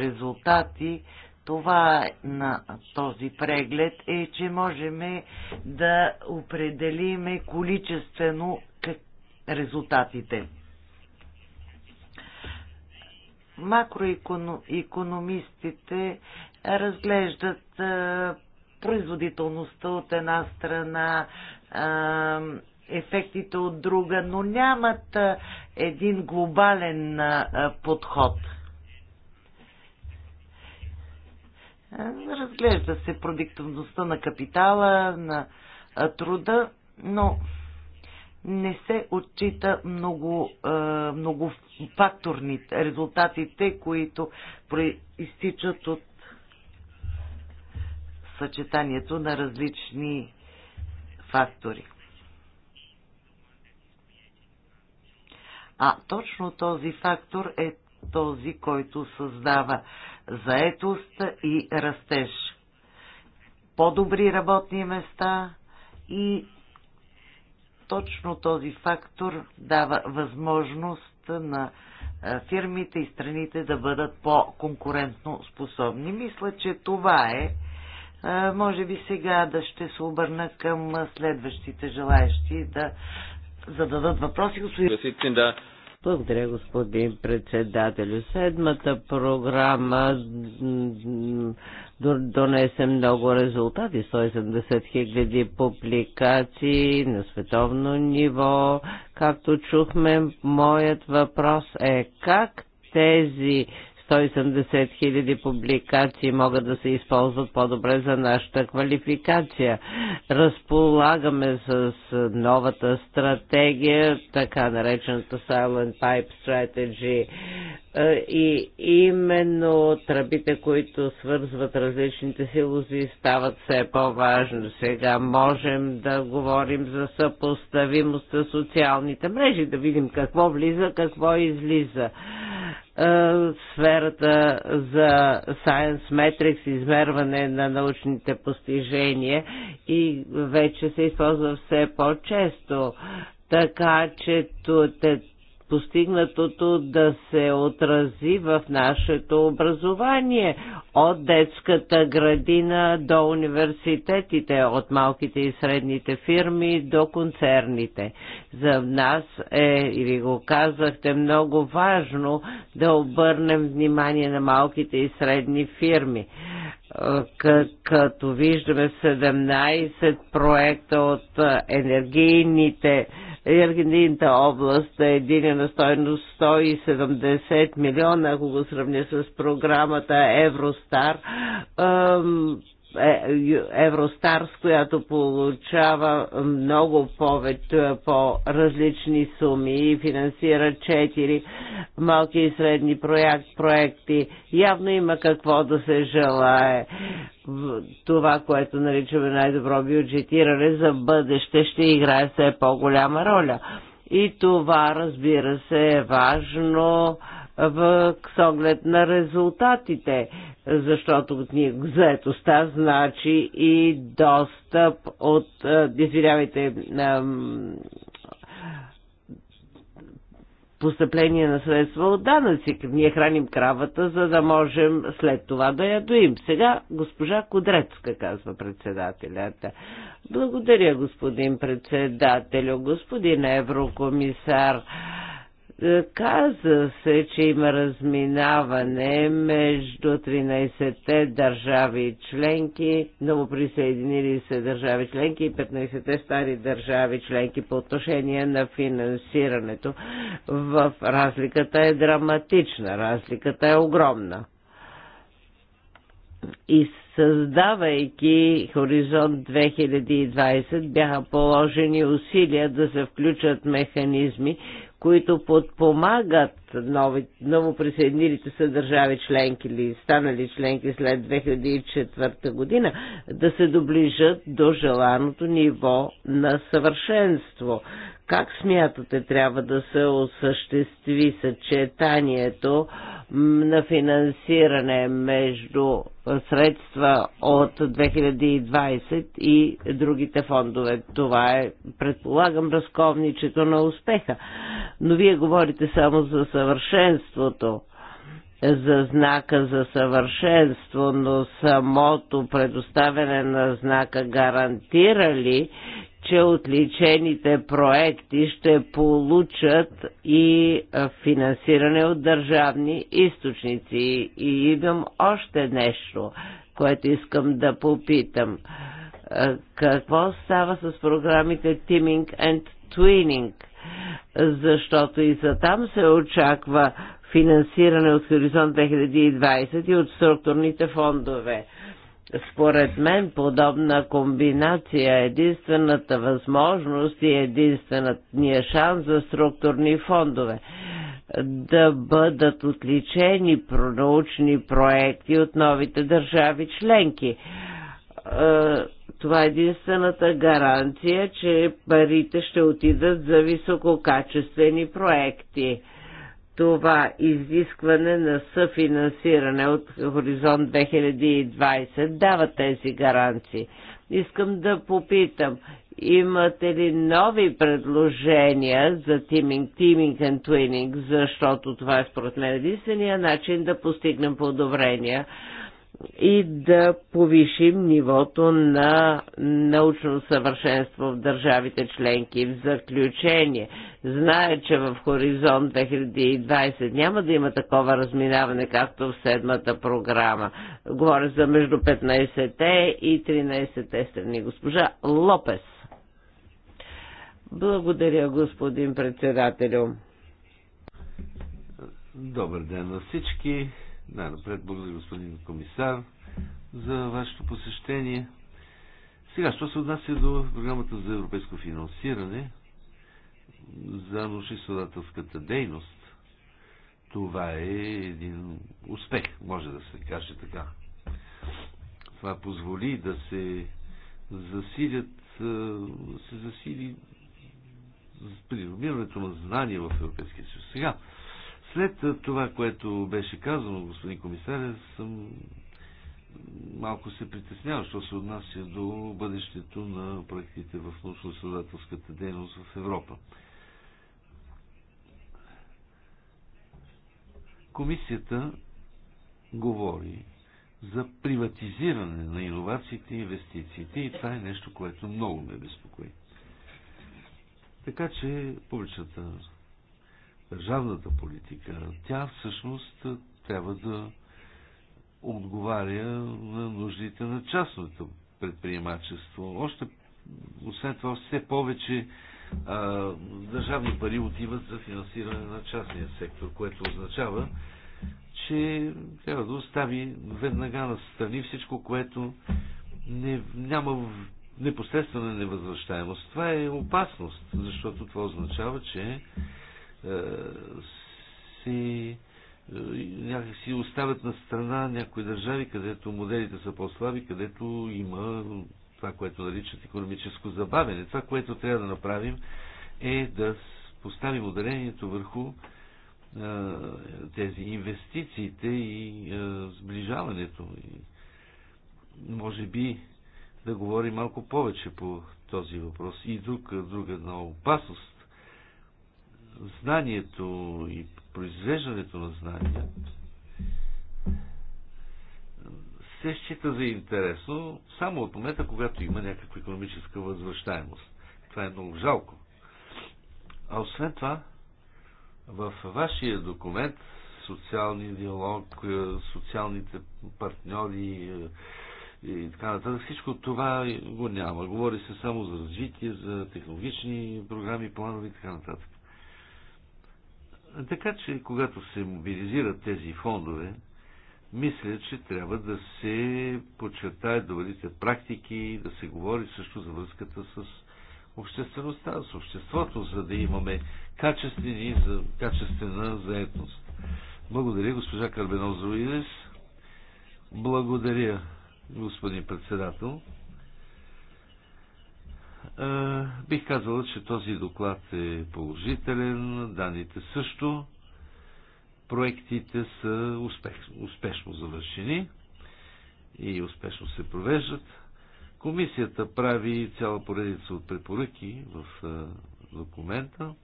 резултати това на този преглед е, че можем да определиме количествено резултатите макроекономистите разглеждат производителността от една страна, ефектите от друга, но нямат един глобален подход. Разглежда се продиктивността на капитала, на труда, но не се отчита много, е, много факторните резултатите, които изтичат от съчетанието на различни фактори. А точно този фактор е този, който създава заетост и растеж. По-добри работни места и точно този фактор дава възможност на фирмите и страните да бъдат по-конкурентно способни. Мисля, че това е. Може би сега да ще се обърна към следващите желаящи да зададат въпроси. Господин благодаря, господин председател. Седмата програма донесе много резултати. 170 хиляди публикации на световно ниво. Както чухме, моят въпрос е как тези 170 хиляди публикации могат да се използват по-добре за нашата квалификация. Разполагаме с новата стратегия, така наречената Silent Pipe Strategy е, и именно тръбите, които свързват различните силози, стават все по-важно. Сега можем да говорим за съпоставимост с социалните мрежи, да видим какво влиза, какво излиза. Е, сферата за Science Metrics, измерване на научните постижения и вече се използва все по-често. Така че постигнатото да се отрази в нашето образование, от детската градина до университетите, от малките и средните фирми до концерните. За нас е, и ви го казахте, много важно да обърнем внимание на малките и средни фирми като виждаме 17 проекта от енергийните енергийната област е един на стойност 170 милиона, ако го сравня с програмата Евростар. Е, Евростар, с която получава много повече по-различни суми и финансира 4 малки и средни проект, проекти. Явно има какво да се желае. Това, което наричаме най-добро бюджетиране за бъдеще, ще играе все по-голяма роля. И това, разбира се, е важно в, оглед на резултатите, защото заетостта значи и достъп от, е, извинявайте, постъпление на средства от данъци. Ние храним кравата, за да можем след това да я доим. Сега госпожа Кудрецка, казва председателята. Благодаря, господин председател, господин еврокомисар. Е, каза се, че има разминаване между 13-те държави членки, присъединили се държави членки и 15-те стари държави членки по отношение на финансирането. В разликата е драматична, разликата е огромна. И Създавайки Хоризонт 2020 бяха положени усилия да се включат механизми, които подпомагат нови, новоприсъединилите се държави членки или станали членки след 2004 година да се доближат до желаното ниво на съвършенство. Как смятате трябва да се осъществи съчетанието на финансиране между средства от 2020 и другите фондове. Това е, предполагам, разковничето на успеха. Но вие говорите само за съвършенството за знака за съвършенство, но самото предоставяне на знака гарантира ли, че отличените проекти ще получат и финансиране от държавни източници. И имам още нещо, което искам да попитам. Какво става с програмите Teaming and Twinning? Защото и за там се очаква финансиране от Хоризонт 2020 и от структурните фондове според мен подобна комбинация е единствената възможност и единственият шанс за структурни фондове да бъдат отличени научни проекти от новите държави членки. Е, това е единствената гаранция, че парите ще отидат за висококачествени проекти това изискване на съфинансиране от Хоризонт 2020 дава тези гаранции. Искам да попитам, имате ли нови предложения за тиминг, тиминг и твининг, защото това е според мен единствения начин да постигнем подобрения и да повишим нивото на научно съвършенство в държавите членки. В заключение, знае, че в Хоризонт 2020 няма да има такова разминаване, както в седмата програма. Говоря за между 15-те и 13-те страни. Госпожа Лопес. Благодаря, господин председателю. Добър ден на всички. Най-напред благодаря господин комисар за вашето посещение. Сега, що се отнася до програмата за европейско финансиране за научно-изследователската дейност, това е един успех, може да се каже така. Това позволи да се засилят, се засили при на знания в Европейския съюз. Сега, след това, което беше казано, господин комисар, съм малко се притеснява, що се отнася до бъдещето на проектите в научно-следователската дейност в Европа. Комисията говори за приватизиране на иновациите и инвестициите и това е нещо, което много ме безпокои. Така че публичната държавната политика. Тя всъщност трябва да отговаря на нуждите на частното предприемачество. Още, освен това, все повече а, държавни пари отиват за финансиране на частния сектор, което означава, че трябва да остави веднага на страни всичко, което не, няма непосредствена невъзвръщаемост. Това е опасност, защото това означава, че е, си е, някакси оставят на страна някои държави, където моделите са по-слаби, където има това, което наричат економическо забавене. Това, което трябва да направим е да поставим ударението върху а, е, тези инвестициите и а, сближаването. И, може би да говорим малко повече по този въпрос. И друг, друга една опасност знанието и произвеждането на знания се счита за интересно само от момента, когато има някаква економическа възвръщаемост. Това е много жалко. А освен това, в вашия документ социалния диалог, е, социалните партньори е, и така нататък, всичко това го няма. Говори се само за развитие, за технологични програми, планове и така нататък. Така че, когато се мобилизират тези фондове, мисля, че трябва да се подчертаят добрите практики, да се говори също за връзката с обществеността, с обществото, за да имаме качествени, за, качествена заедност. Благодаря, госпожа Илес. Благодаря, господин председател. Е, бих казала, че този доклад е положителен, данните също. Проектите са успех, успешно завършени и успешно се провеждат. Комисията прави цяла поредица от препоръки в е, документа.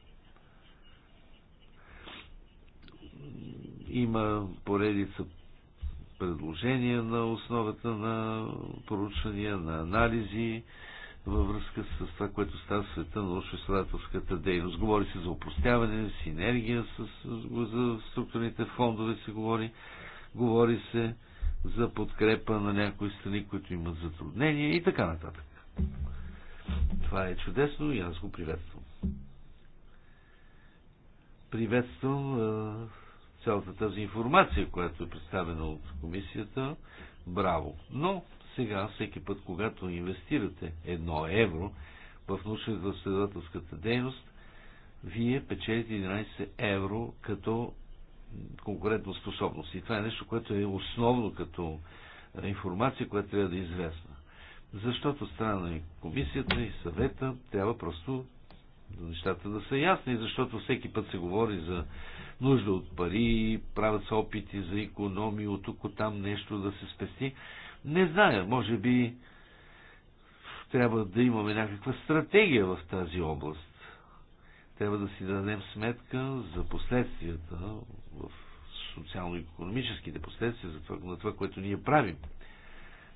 Има поредица предложения на основата на поручвания, на анализи, във връзка с това, което става в света на научно-изследователската дейност. Говори се за упростяване, синергия с, за структурните фондове се говори. Говори се за подкрепа на някои страни, които имат затруднения и така нататък. Това е чудесно и аз го приветствам. Приветствам е, цялата тази информация, която е представена от комисията. Браво! Но сега, всеки път, когато инвестирате едно евро в научно-изследователската дейност, вие печелите 11 евро като конкурентна способност. И това е нещо, което е основно като информация, която трябва да е известна. Защото страна на комисията и съвета трябва просто нещата да са ясни, защото всеки път се говори за нужда от пари, правят се опити за економия, от тук от там нещо да се спести. Не зная, може би трябва да имаме някаква стратегия в тази област. Трябва да си дадем сметка за последствията в социално-економическите последствия за това, на това, което ние правим.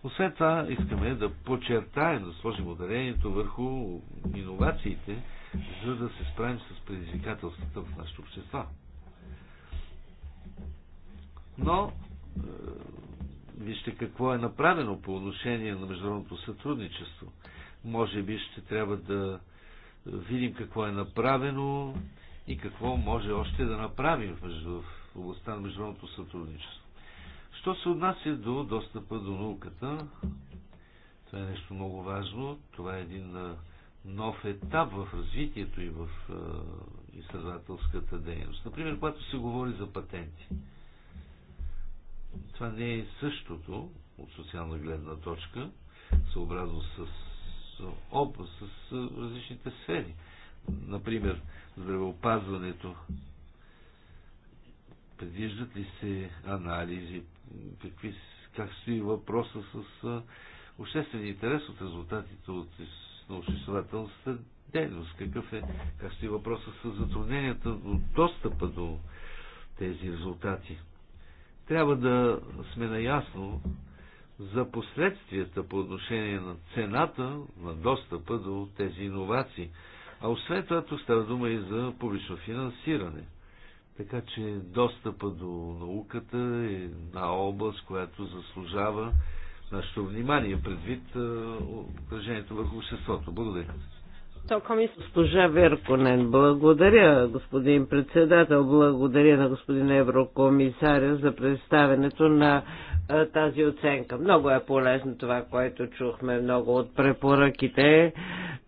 Освен това, искаме да подчертаем, да сложим ударението върху иновациите, за да се справим с предизвикателствата в нашите общества. Но Вижте какво е направено по отношение на международното сътрудничество. Може би ще трябва да видим какво е направено и какво може още да направим в областта на международното сътрудничество. Що се отнася до достъпа до науката, това е нещо много важно. Това е един нов етап в развитието и в изследователската дейност. Например, когато се говори за патенти. Това не е същото от социална гледна точка, съобразно с, с, с различните сфери. Например, здравеопазването. Предвиждат ли се анализи? Какви, как стои въпроса с обществен интерес от резултатите от научно-изследователската дейност? Какъв е, как стои въпроса с затрудненията от достъпа до тези резултати? Трябва да сме наясно за последствията по отношение на цената на достъпа до тези иновации. А освен това, тук става дума и за публично финансиране. Така че достъпа до науката е на област, която заслужава нашето внимание предвид отражението върху обществото. Благодаря. Госпожа Верконен, благодаря, господин председател, благодаря на господин еврокомисаря за представенето на тази оценка. Много е полезно това, което чухме. Много от препоръките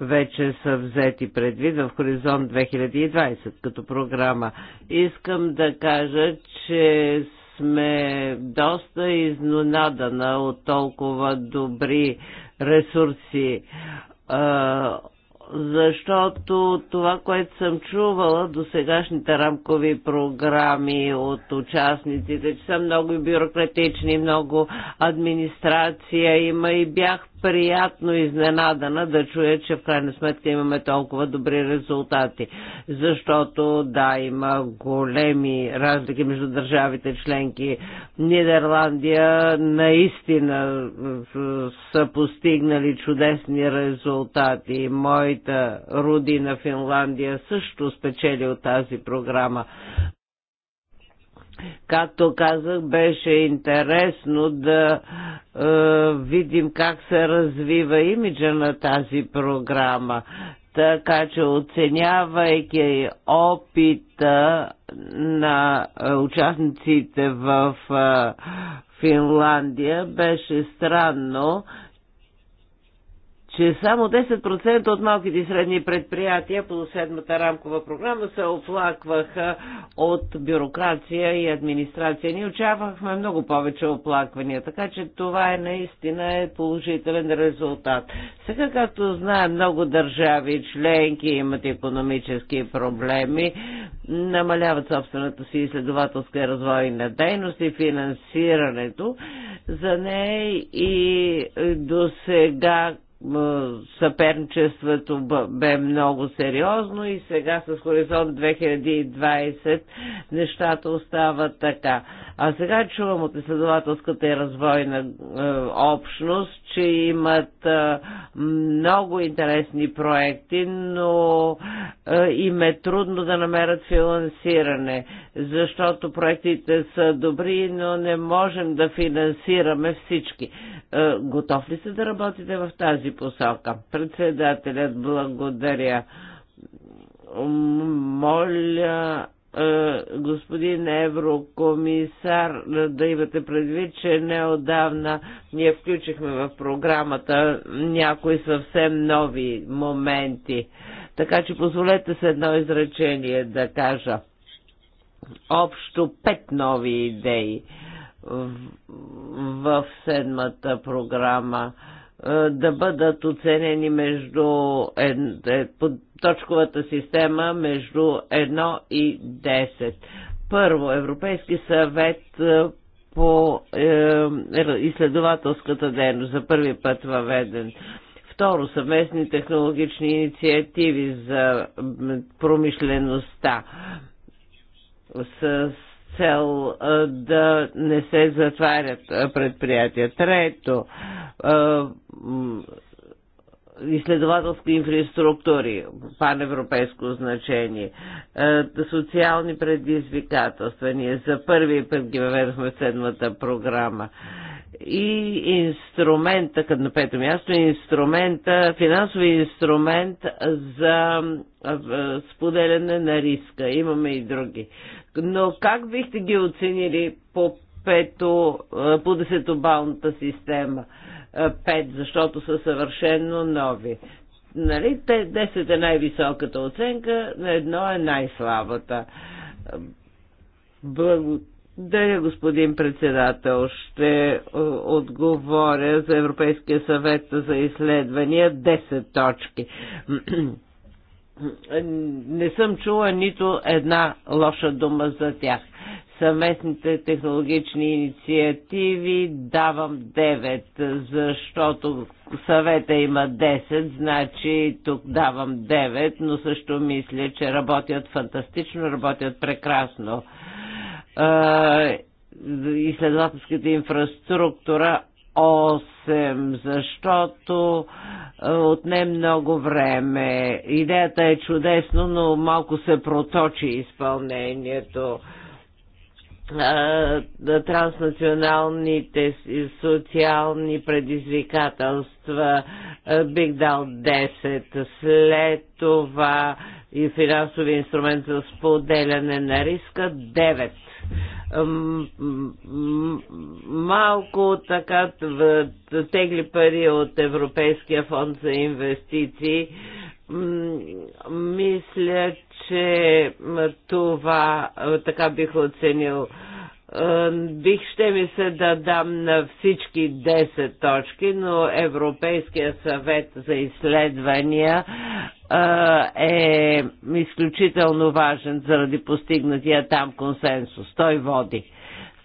вече са взети предвид в Хоризонт 2020 като програма. Искам да кажа, че сме доста изненадана от толкова добри ресурси защото това, което съм чувала до сегашните рамкови програми от участниците, че са много бюрократични, много администрация има и бях приятно изненадана да чуя, че в крайна сметка имаме толкова добри резултати. Защото да, има големи разлики между държавите членки. Нидерландия наистина са постигнали чудесни резултати. Моята родина Финландия също спечели от тази програма. Както казах, беше интересно да е, видим как се развива имиджа на тази програма. Така че оценявайки опита на е, участниците в е, Финландия, беше странно, че само 10% от малките и средни предприятия по седмата рамкова програма се оплакваха от бюрокрация и администрация. Ние очаквахме много повече оплаквания, така че това е наистина е положителен резултат. Сега, както знаем, много държави членки имат економически проблеми, намаляват собствената си изследователска и развойна дейност и финансирането за нея и до сега съперничеството бе много сериозно и сега с Хоризонт 2020 нещата остават така. А сега чувам от изследователската и развойна е, общност, че имат е, много интересни проекти, но е, им е трудно да намерят финансиране, защото проектите са добри, но не можем да финансираме всички. Е, готов ли сте да работите в тази посока? Председателят благодаря. Моля е, господин еврокомисар, да имате предвид, че неодавна ние включихме в програмата някои съвсем нови моменти. Така че позволете с едно изречение да кажа. Общо пет нови идеи в, в седмата програма е, да бъдат оценени между е, точковата система между 1 и 10. Първо, Европейски съвет е, по е, изследователската дейност за първи път въведен. Второ, съвместни технологични инициативи за промишлеността с цел е, да не се затварят е, предприятия. Трето, изследователски инфраструктури, паневропейско значение, е, социални предизвикателства. Ние за първи път ги въведохме в седмата програма. И инструмента, като на пето място, инструмента, финансови инструмент за е, е, споделяне на риска. Имаме и други. Но как бихте ги оценили по пето, по десетобалната система? 5, защото са съвършенно нови. Нали? 10 е най-високата оценка, на едно е най-слабата. Благодаря, господин председател. Ще отговоря за Европейския съвет за изследвания 10 точки не съм чула нито една лоша дума за тях. Съместните технологични инициативи давам 9, защото съвета има 10, значи тук давам 9, но също мисля, че работят фантастично, работят прекрасно изследователската инфраструктура 8, защото е, отне много време. Идеята е чудесно, но малко се проточи изпълнението е, транснационалните социални предизвикателства, е, бих дал 10. След това и финансови инструмент за споделяне на риска 9 малко така тегли пари от Европейския фонд за инвестиции. Мисля, че това така бих оценил Бих ще ми се да дам на всички 10 точки, но Европейския съвет за изследвания е изключително важен заради постигнатия там консенсус. Той води.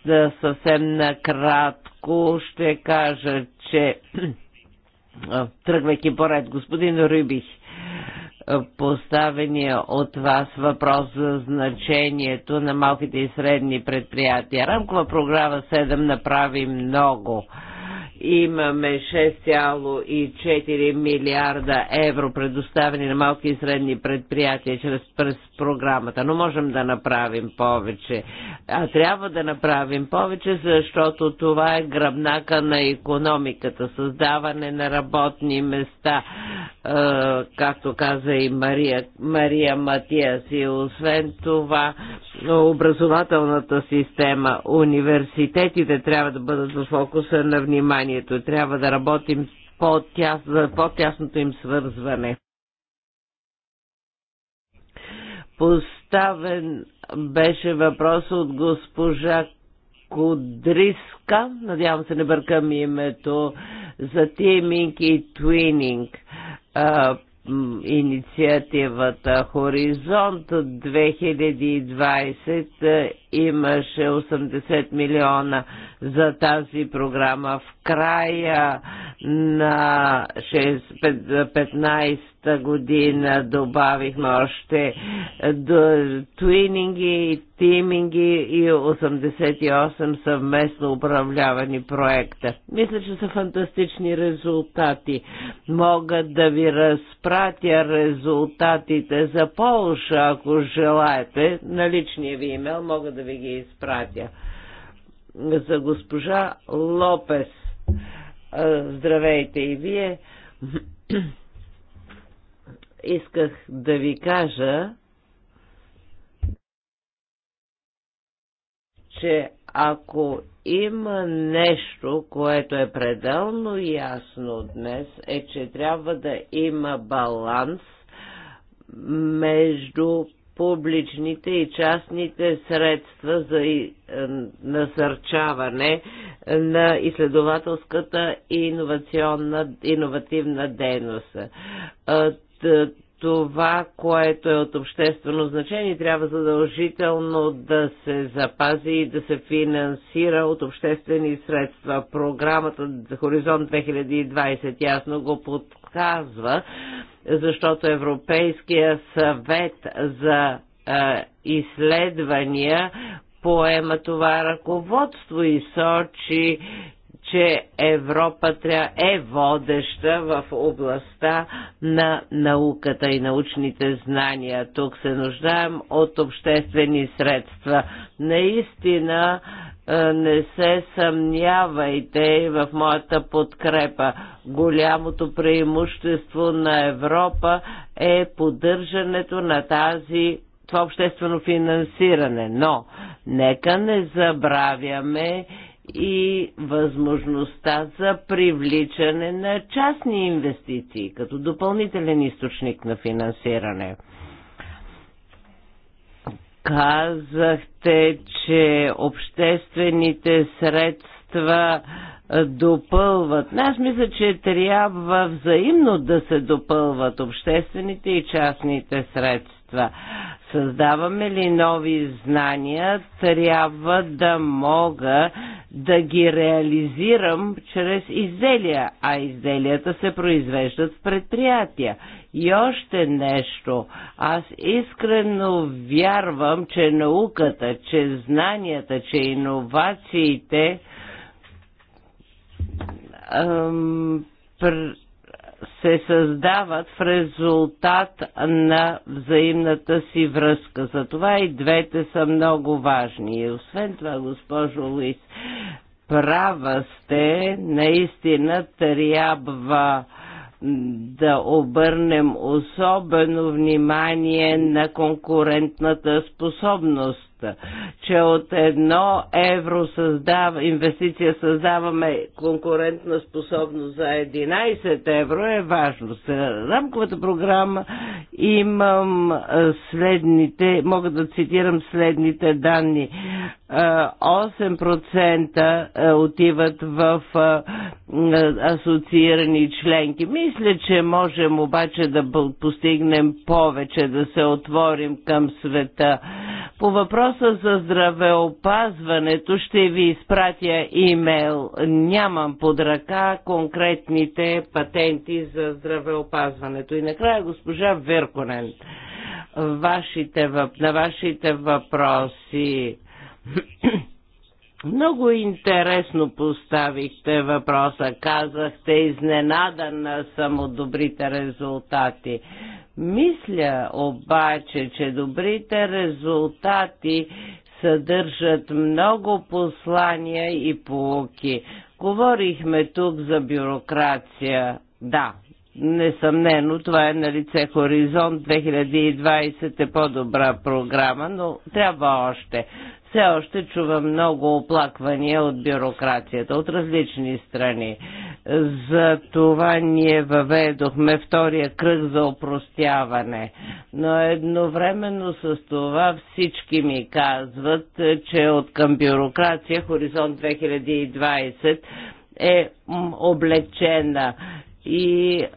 Да съвсем накратко ще кажа, че [clears throat] тръгвайки поред господин Рибих, поставения от вас въпрос за значението на малките и средни предприятия. Рамкова програма 7 направи много имаме 6,4 милиарда евро предоставени на малки и средни предприятия чрез програмата, но можем да направим повече. А трябва да направим повече, защото това е гръбнака на економиката, създаване на работни места, е, както каза и Мария, Мария Матиас. И освен това, образователната система, университетите трябва да бъдат в фокуса на вниманието. Трябва да работим по-тясното им свързване. Поставен беше въпрос от госпожа Кудриска, надявам се не бъркам името, за тиминг и твининг. А, инициативата Хоризонт 2020 имаше 80 милиона за тази програма. В края на 15 та година добавихме още до твининги, тиминги и 88 съвместно управлявани проекта. Мисля, че са фантастични резултати. Мога да ви разпратя резултатите за Полша, ако желаете. На личния ви имейл мога да да ви ги изпратя. За госпожа Лопес. Здравейте и вие. [clears throat] Исках да ви кажа, че ако има нещо, което е пределно ясно днес, е, че трябва да има баланс между публичните и частните средства за е, насърчаване на изследователската и иновационна, иновативна дейност. Е, това, което е от обществено значение, трябва задължително да се запази и да се финансира от обществени средства. Програмата за Хоризонт 2020 ясно го подкрепя отказва, защото Европейския съвет за а, е, изследвания поема това ръководство и сочи, че Европа е водеща в областта на науката и научните знания. Тук се нуждаем от обществени средства. Наистина е, не се съмнявайте в моята подкрепа. Голямото преимущество на Европа е поддържането на тази това обществено финансиране. Но нека не забравяме и възможността за привличане на частни инвестиции като допълнителен източник на финансиране. Казахте, че обществените средства допълват. Аз мисля, че трябва взаимно да се допълват обществените и частните средства средства. Създаваме ли нови знания, трябва да мога да ги реализирам чрез изделия, а изделията се произвеждат в предприятия. И още нещо. Аз искрено вярвам, че науката, че знанията, че иновациите ам, пр се създават в резултат на взаимната си връзка. Затова и двете са много важни. И освен това, госпожо Луис, права сте, наистина трябва да обърнем особено внимание на конкурентната способност че от едно евро създава, инвестиция създаваме конкурентна способност за 11 евро е важно. С рамковата програма имам следните, мога да цитирам следните данни. 8% е, отиват в е, е, асоциирани членки. Мисля, че можем обаче да постигнем повече, да се отворим към света. По въпроса за здравеопазването ще ви изпратя имейл. Нямам под ръка конкретните патенти за здравеопазването. И накрая госпожа Верконен, вашите, на вашите въпроси [coughs] Много интересно поставихте въпроса. Казахте, изненадана съм от добрите резултати. Мисля обаче, че добрите резултати съдържат много послания и полуки. Говорихме тук за бюрокрация. Да, Несъмнено, това е на лице Хоризонт 2020 е по-добра програма, но трябва още. Все още чувам много оплаквания от бюрокрацията от различни страни. За това ние въведохме втория кръг за опростяване. Но едновременно с това всички ми казват, че от към бюрокрация Хоризонт 2020 е облегчена и е,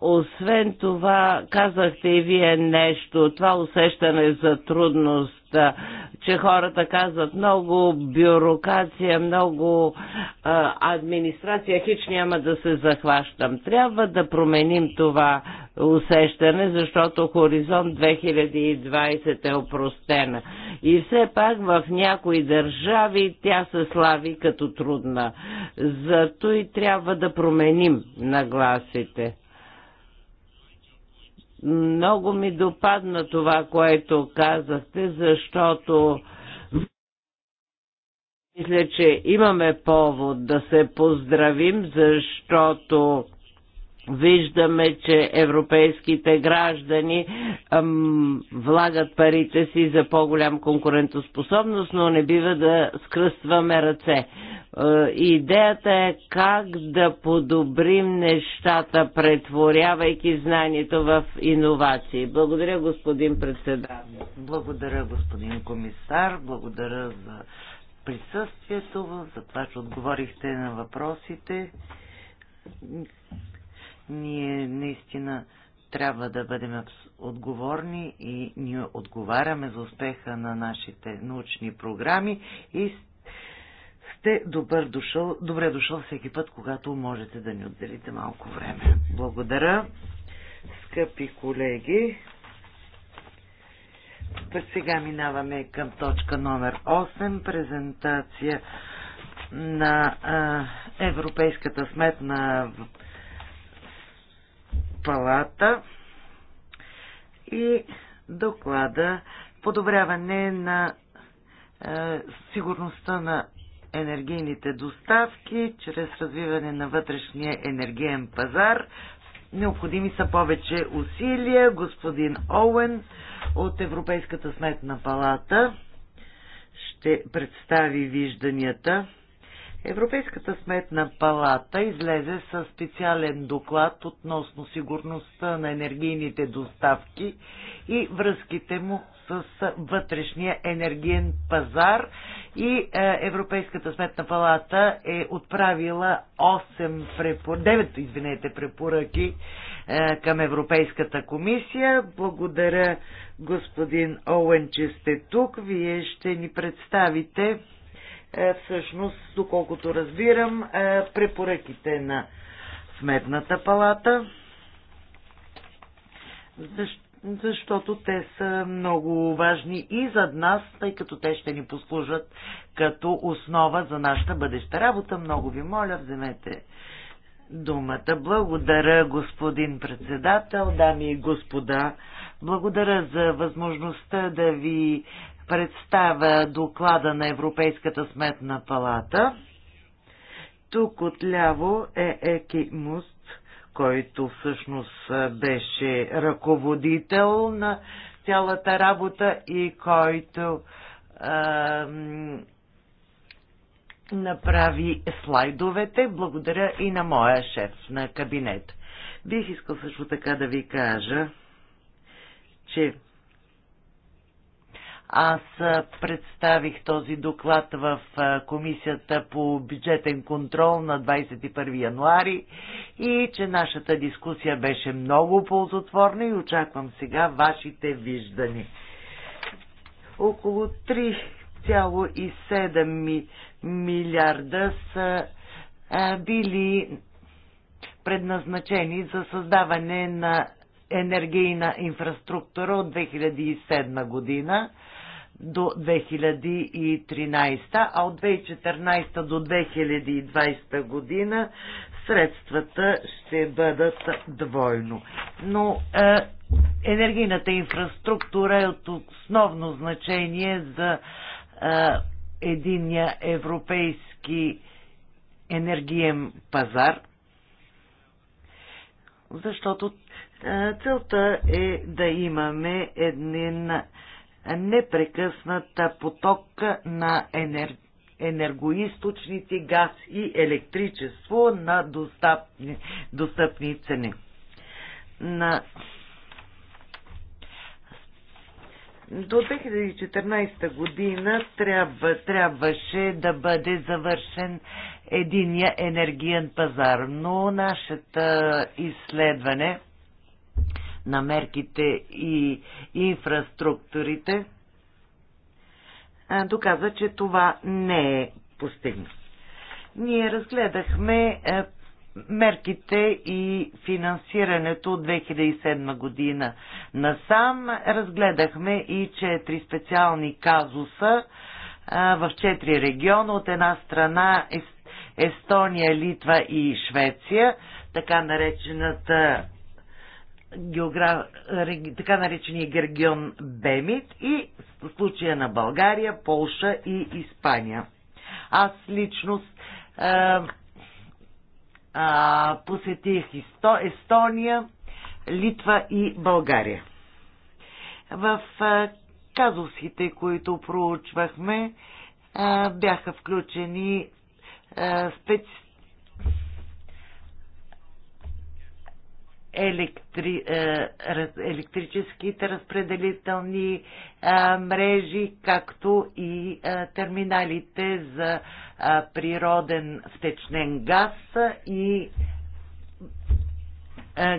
освен това, казахте и вие нещо, това усещане за трудност че хората казват много бюрокрация, много а, администрация, хич няма да се захващам. Трябва да променим това усещане, защото Хоризонт 2020 е опростена. И все пак в някои държави тя се слави като трудна. Зато и трябва да променим нагласите. Много ми допадна това, което казахте, защото мисля, че имаме повод да се поздравим, защото Виждаме, че европейските граждани ам, влагат парите си за по-голям конкурентоспособност, но не бива да скръстваме ръце. Е, идеята е как да подобрим нещата, претворявайки знанието в иновации. Благодаря, господин председател. Благодаря, господин комисар. Благодаря за присъствието, за това, че отговорихте на въпросите. Ние наистина трябва да бъдем отговорни и ние отговаряме за успеха на нашите научни програми и сте добър дошъл, добре дошъл всеки път, когато можете да ни отделите малко време. Благодаря, скъпи колеги. Сега минаваме към точка номер 8, презентация на Европейската сметна палата и доклада подобряване на е, сигурността на енергийните доставки чрез развиване на вътрешния енергиен пазар. Необходими са повече усилия. Господин Оуен от Европейската сметна палата ще представи вижданията Европейската сметна палата излезе със специален доклад относно сигурността на енергийните доставки и връзките му с вътрешния енергиен пазар и е, Европейската сметна палата е отправила 8 препор... 9 извинете, препоръки е, към Европейската комисия. Благодаря господин Оуен, че сте тук. Вие ще ни представите е, всъщност, доколкото разбирам, е, препоръките на Сметната палата, защото те са много важни и за нас, тъй като те ще ни послужат като основа за нашата бъдеща работа. Много ви моля, вземете думата. Благодаря, господин председател, дами и господа. Благодаря за възможността да ви представя доклада на Европейската сметна палата. Тук отляво е Еки Муст, който всъщност беше ръководител на цялата работа и който а, направи слайдовете. Благодаря и на моя шеф на кабинет. Бих искал също така да ви кажа, че аз представих този доклад в Комисията по бюджетен контрол на 21 януари и че нашата дискусия беше много ползотворна и очаквам сега вашите виждани. Около 3,7 милиарда са били предназначени за създаване на енергийна инфраструктура от 2007 година до 2013, а от 2014 до 2020 година средствата ще бъдат двойно. Но е, енергийната инфраструктура е от основно значение за е, единния европейски енергиен пазар, защото е, целта е да имаме един Непрекъсната поток на енер... енергоисточници, газ и електричество на достъпни, достъпни цени. На... До 2014 година трябва, трябваше да бъде завършен единия енергиен пазар, но нашето изследване на мерките и инфраструктурите, доказа, че това не е постигнато. Ние разгледахме е, мерките и финансирането от 2007 година насам. Разгледахме и четири специални казуса е, в четири региона. От една страна Естония, Литва и Швеция, така наречената Геогра... така наречения Гергион Бемит и в случая на България, Полша и Испания. Аз лично а, а, посетих Исто... Естония, Литва и България. В а, казусите, които проучвахме, а, бяха включени а, специ електри, е, електрическите разпределителни е, мрежи, както и е, терминалите за природен втечнен газ и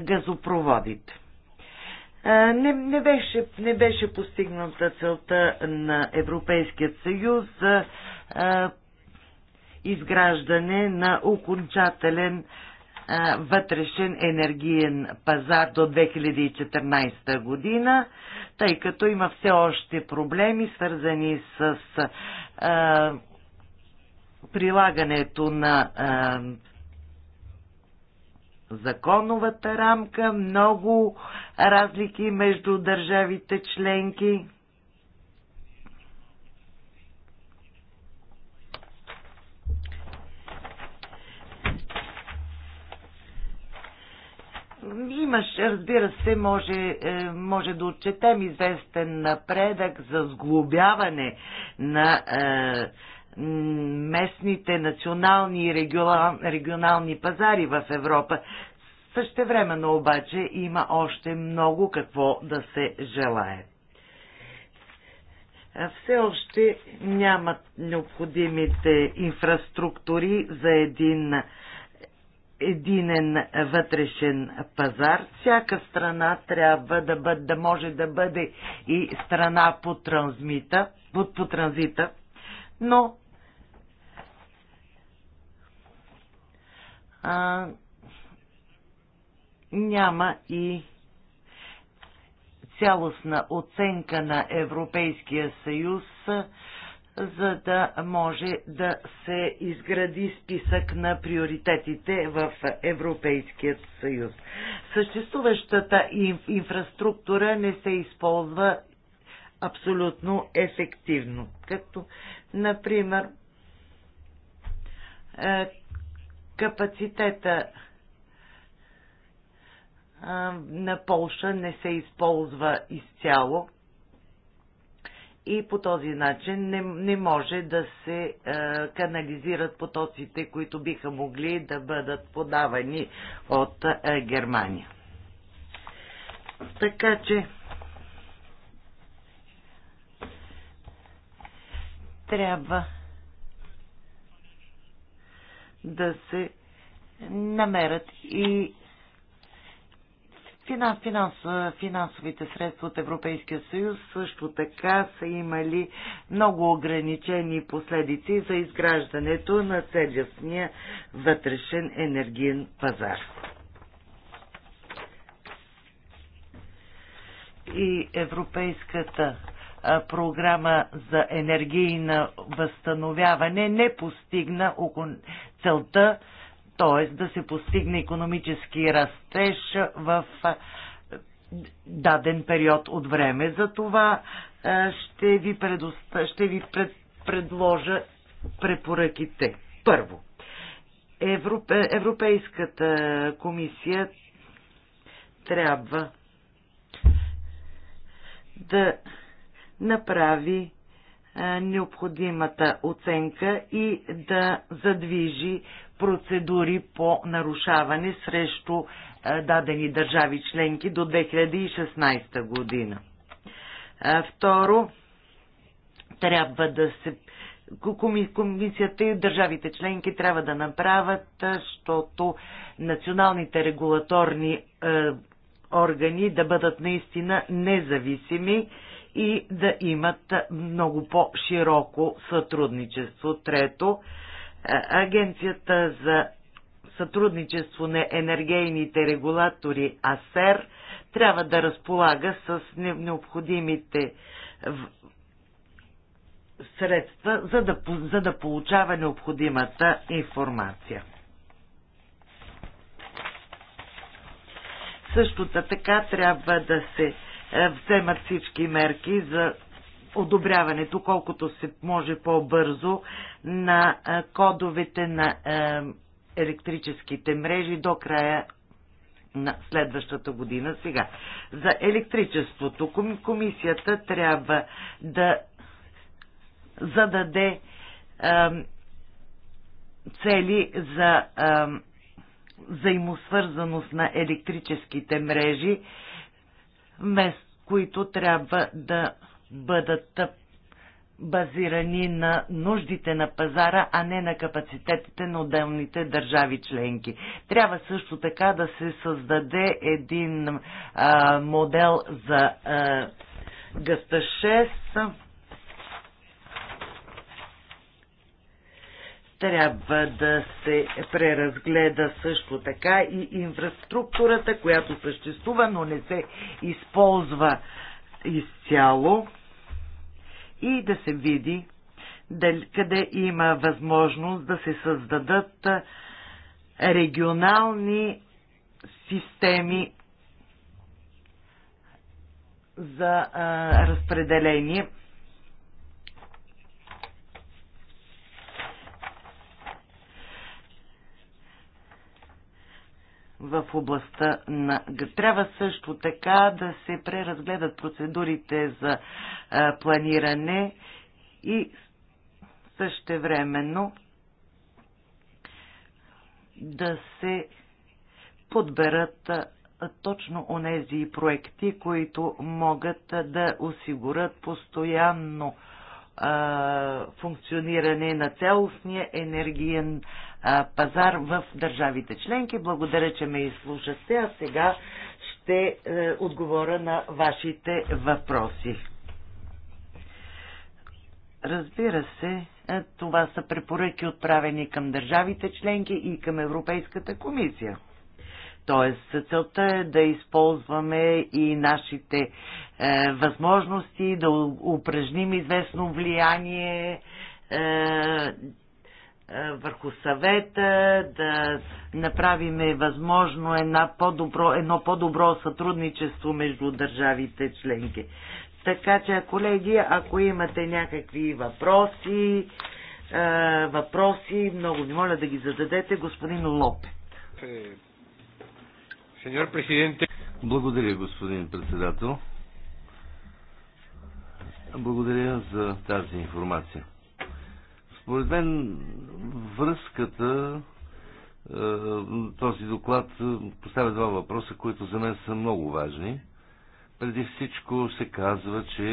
газопроводите. Не, не, беше, не беше постигната целта на Европейският съюз за изграждане на окончателен а, вътрешен енергиен пазар до 2014 година, тъй като има все още проблеми, свързани с а, прилагането на а, законовата рамка, много разлики между държавите членки. Имаш, разбира се, може, е, може да отчетем известен напредък за сглобяване на е, местните национални и регионални пазари в Европа. Същевременно обаче има още много какво да се желае. Все още нямат необходимите инфраструктури за един единен вътрешен пазар. Всяка страна трябва да, бъде, да може да бъде и страна по, трансмита, по, по транзита, но а, няма и цялостна оценка на Европейския съюз за да може да се изгради списък на приоритетите в Европейският съюз. Съществуващата инфраструктура не се използва абсолютно ефективно, като, например, е, капацитета е, на Полша не се използва изцяло, и по този начин не, не може да се е, канализират потоците, които биха могли да бъдат подавани от е, Германия. Така че трябва да се намерят и Финанс, финанс, финансовите средства от Европейския съюз също така са имали много ограничени последици за изграждането на целясния вътрешен енергиен пазар. И Европейската програма за енергийна възстановяване не постигна целта т.е. да се постигне економически растеж в даден период от време. За това ще ви, предост... ще ви пред... предложа препоръките. Първо, Европе... Европейската комисия трябва да направи необходимата оценка и да задвижи процедури по нарушаване срещу е, дадени държави членки до 2016 година. Е, второ, трябва да се комисията и държавите членки трябва да направят, е, защото националните регулаторни е, органи да бъдат наистина независими и да имат много по-широко сътрудничество. Трето, е, Агенцията за сътрудничество на енергийните регулатори АСЕР трябва да разполага с необходимите средства, за да, за да получава необходимата информация. Същото така трябва да се е, вземат всички мерки за одобряването колкото се може по-бързо на кодовете на електрическите мрежи до края на следващата година. Сега, за електричеството комисията трябва да зададе цели за взаимосвързаност на електрическите мрежи, които трябва да бъдат базирани на нуждите на пазара, а не на капацитетите на отделните държави членки. Трябва също така да се създаде един а, модел за а, гъста 6. Трябва да се преразгледа също така и инфраструктурата, която съществува, но не се използва изцяло и да се види дали, къде има възможност да се създадат регионални системи за а, разпределение в областта на... Трябва също така да се преразгледат процедурите за планиране и същевременно да се подберат точно онези проекти, които могат да осигурят постоянно функциониране на цялостния енергиен пазар в държавите членки. Благодаря, че ме изслушахте, а сега ще е, отговоря на вашите въпроси. Разбира се, е, това са препоръки отправени към държавите членки и към Европейската комисия. Тоест, целта е да използваме и нашите е, възможности, да упражним известно влияние, е, е, върху съвета, да направиме възможно една по-добро, едно по-добро сътрудничество между държавите членки. Така че, колеги, ако имате някакви въпроси, е, въпроси, много ви моля да ги зададете господин Лопет. Сеньор президенте. Благодаря, господин председател. Благодаря за тази информация. Според мен връзката е, този доклад е, поставя два въпроса, които за мен са много важни. Преди всичко се казва, че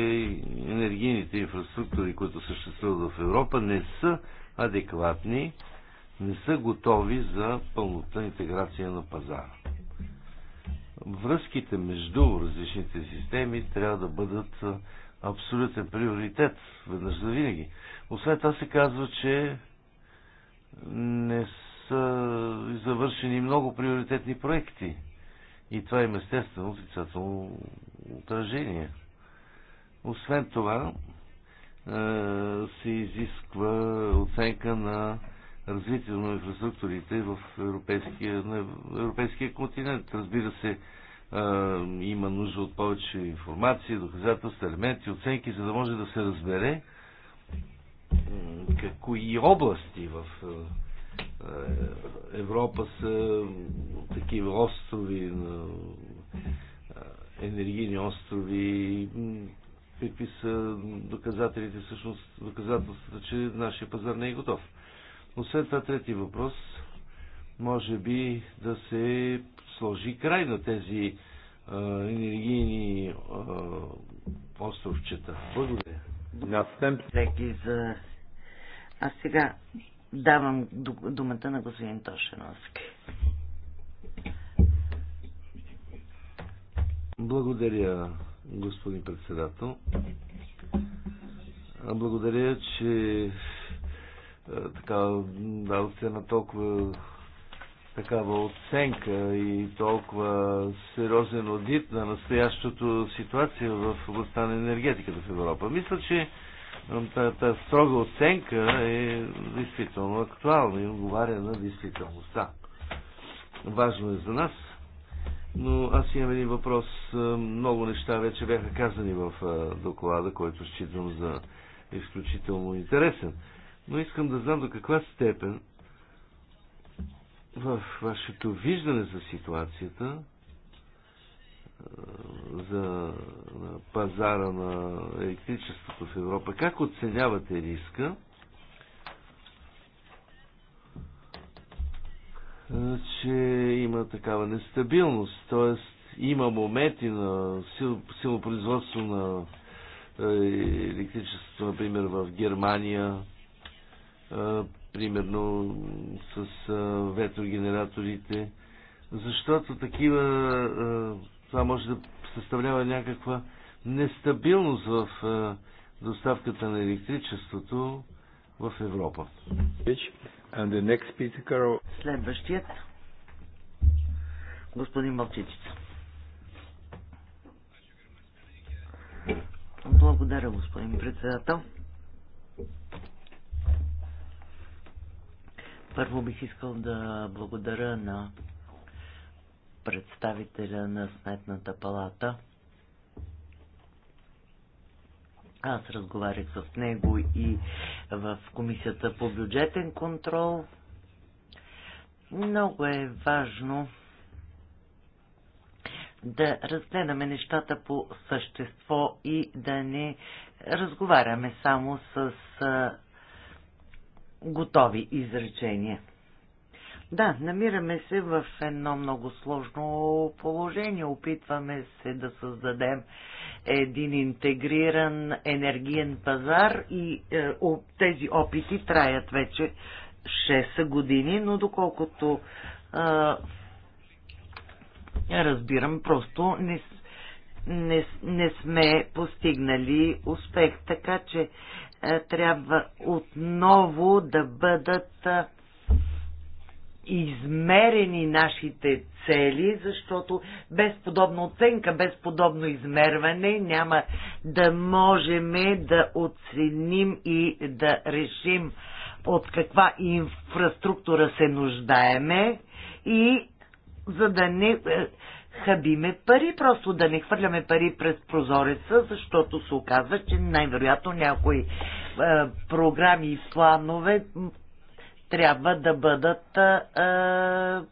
енергийните инфраструктури, които съществуват в Европа, не са адекватни, не са готови за пълната интеграция на пазара. Връзките между различните системи трябва да бъдат е, абсолютен приоритет, веднъж за винаги. Освен това се казва, че не са завършени много приоритетни проекти. И това има естествено отрицателно отражение. Освен това, е, се изисква оценка на развитието на инфраструктурите в европейския, на европейския континент. Разбира се, има нужда от повече информация, доказателства, елементи, оценки, за да може да се разбере кои области в Европа са такива острови, енергийни острови, какви са доказателите, всъщност доказателствата, че нашия пазар не е готов. Освен това, трети въпрос – може би да се сложи край на тези енергийни островчета. Благодаря. Настъп. Всеки за... А сега давам думата на господин Тошеновски. Благодаря, господин председател. Благодаря, че така дадохте на толкова такава оценка и толкова сериозен одит на настоящото ситуация в областта на енергетиката в Европа. Мисля, че тази строга оценка е действително актуална и отговаря на действителността. Важно е за нас, но аз имам един въпрос. Е, много неща вече бяха казани в е, доклада, който считам за изключително интересен. Но искам да знам до каква степен в вашето виждане за ситуацията, за пазара на електричеството в Европа, как оценявате риска, че има такава нестабилност, т.е. има моменти на сил, производство на електричеството, например, в Германия, примерно с ветрогенераторите, защото такива, това може да съставлява някаква нестабилност в доставката на електричеството в Европа. Следващият господин Мълчичица. Благодаря, господин председател. Първо бих искал да благодаря на представителя на Сметната палата. Аз разговарях с него и в Комисията по бюджетен контрол. Много е важно да разгледаме нещата по същество и да не разговаряме само с готови изречения. Да, намираме се в едно много сложно положение. Опитваме се да създадем един интегриран енергиен пазар и е, тези опити траят вече 6 години, но доколкото е, разбирам, просто не, не, не сме постигнали успех. Така че е, трябва отново да бъдат е, измерени нашите цели, защото без подобна оценка, без подобно измерване няма да можем да оценим и да решим от каква инфраструктура се нуждаеме и за да не е, хабиме пари, просто да не хвърляме пари през прозореца, защото се оказва, че най-вероятно някои е, програми и планове трябва да бъдат е, е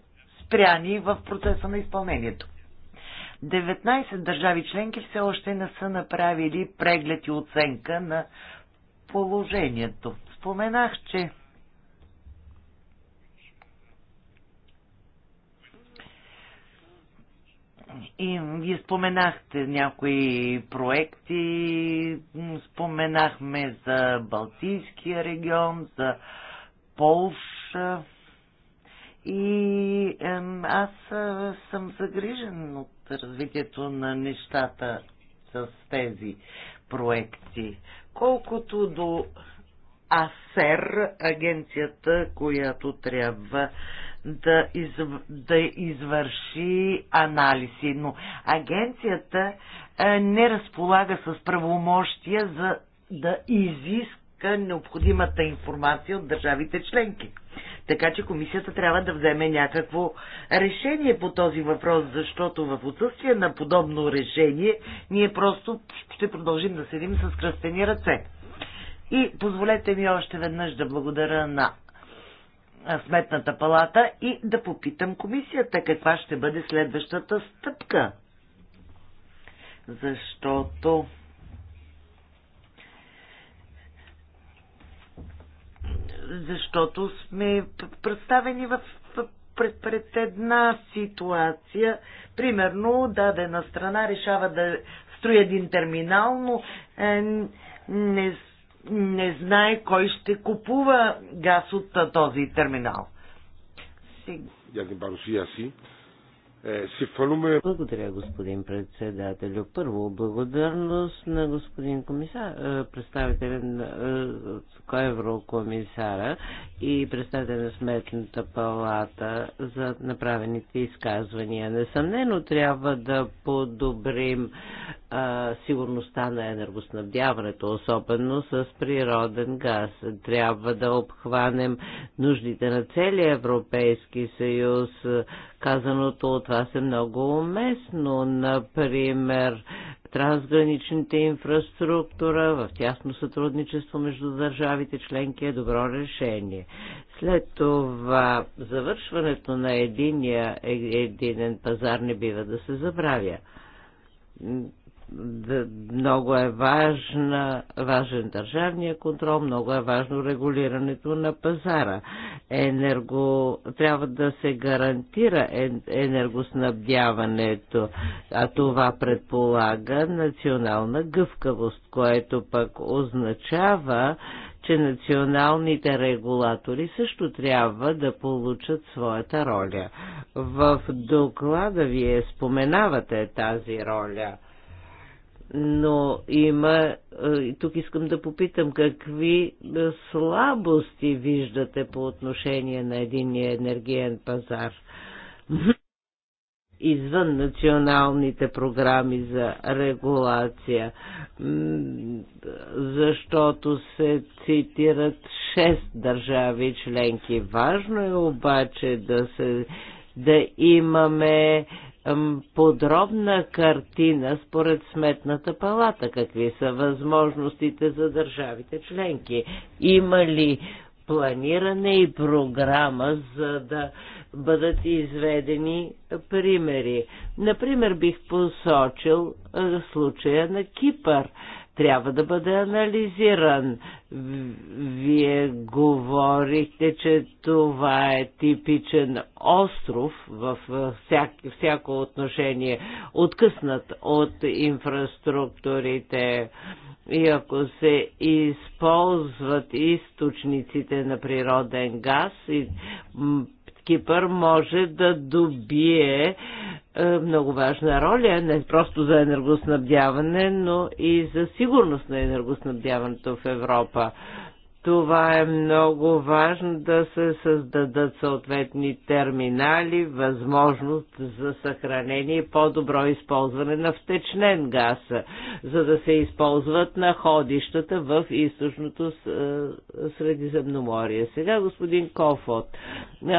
спряни в процеса на изпълнението. 19 държави членки все още не са направили преглед и оценка на положението. Споменах, че И вие споменахте някои проекти, споменахме за Балтийския регион, за Полша. И ем, аз е, съм загрижен от развитието на нещата с тези проекти. Колкото до АСЕР, агенцията, която трябва да, из, да извърши анализи, но агенцията е, не разполага с правомощия за да изиска необходимата информация от държавите членки. Така че комисията трябва да вземе някакво решение по този въпрос, защото в отсъствие на подобно решение ние просто ще продължим да седим с кръстени ръце. И позволете ми още веднъж да благодаря на Сметната палата и да попитам комисията каква ще бъде следващата стъпка. Защото защото сме представени в, пред, пред една ситуация. Примерно, дадена страна решава да строи един терминал, но е, не не знае кой ще купува газ от този терминал. Е, Благодаря, господин председателю. Първо, благодарност на господин комисар, е, представител на е, еврокомисара и представителя на Сметната палата за направените изказвания. Несъмнено трябва да подобрим а, сигурността на енергоснабдяването, особено с природен газ. Трябва да обхванем нуждите на целия Европейски съюз. Казаното от вас е много уместно. Например, трансграничните инфраструктура в тясно сътрудничество между държавите членки е добро решение. След това завършването на единия е- единен пазар не бива да се забравя много е важна, важен държавния контрол, много е важно регулирането на пазара. Енерго, трябва да се гарантира енергоснабдяването, а това предполага национална гъвкавост, което пък означава, че националните регулатори също трябва да получат своята роля. В доклада вие споменавате тази роля – но има, е, и тук искам да попитам, какви е, слабости виждате по отношение на единния енергиен пазар? [clears throat] извън националните програми за регулация, защото се цитират шест държави членки. Важно е обаче да се да имаме подробна картина според Сметната палата, какви са възможностите за държавите членки. Има ли планиране и програма, за да бъдат изведени примери. Например, бих посочил случая на Кипър трябва да бъде анализиран. Вие говорихте, че това е типичен остров в всяко, всяко отношение, откъснат от инфраструктурите. И ако се използват източниците на природен газ и Кипър може да добие е, много важна роля, не просто за енергоснабдяване, но и за сигурност на енергоснабдяването в Европа. Това е много важно да се създадат съответни терминали, възможност за съхранение и по-добро използване на втечнен газ, за да се използват находищата в източното е, Средиземноморие. Сега господин Кофот.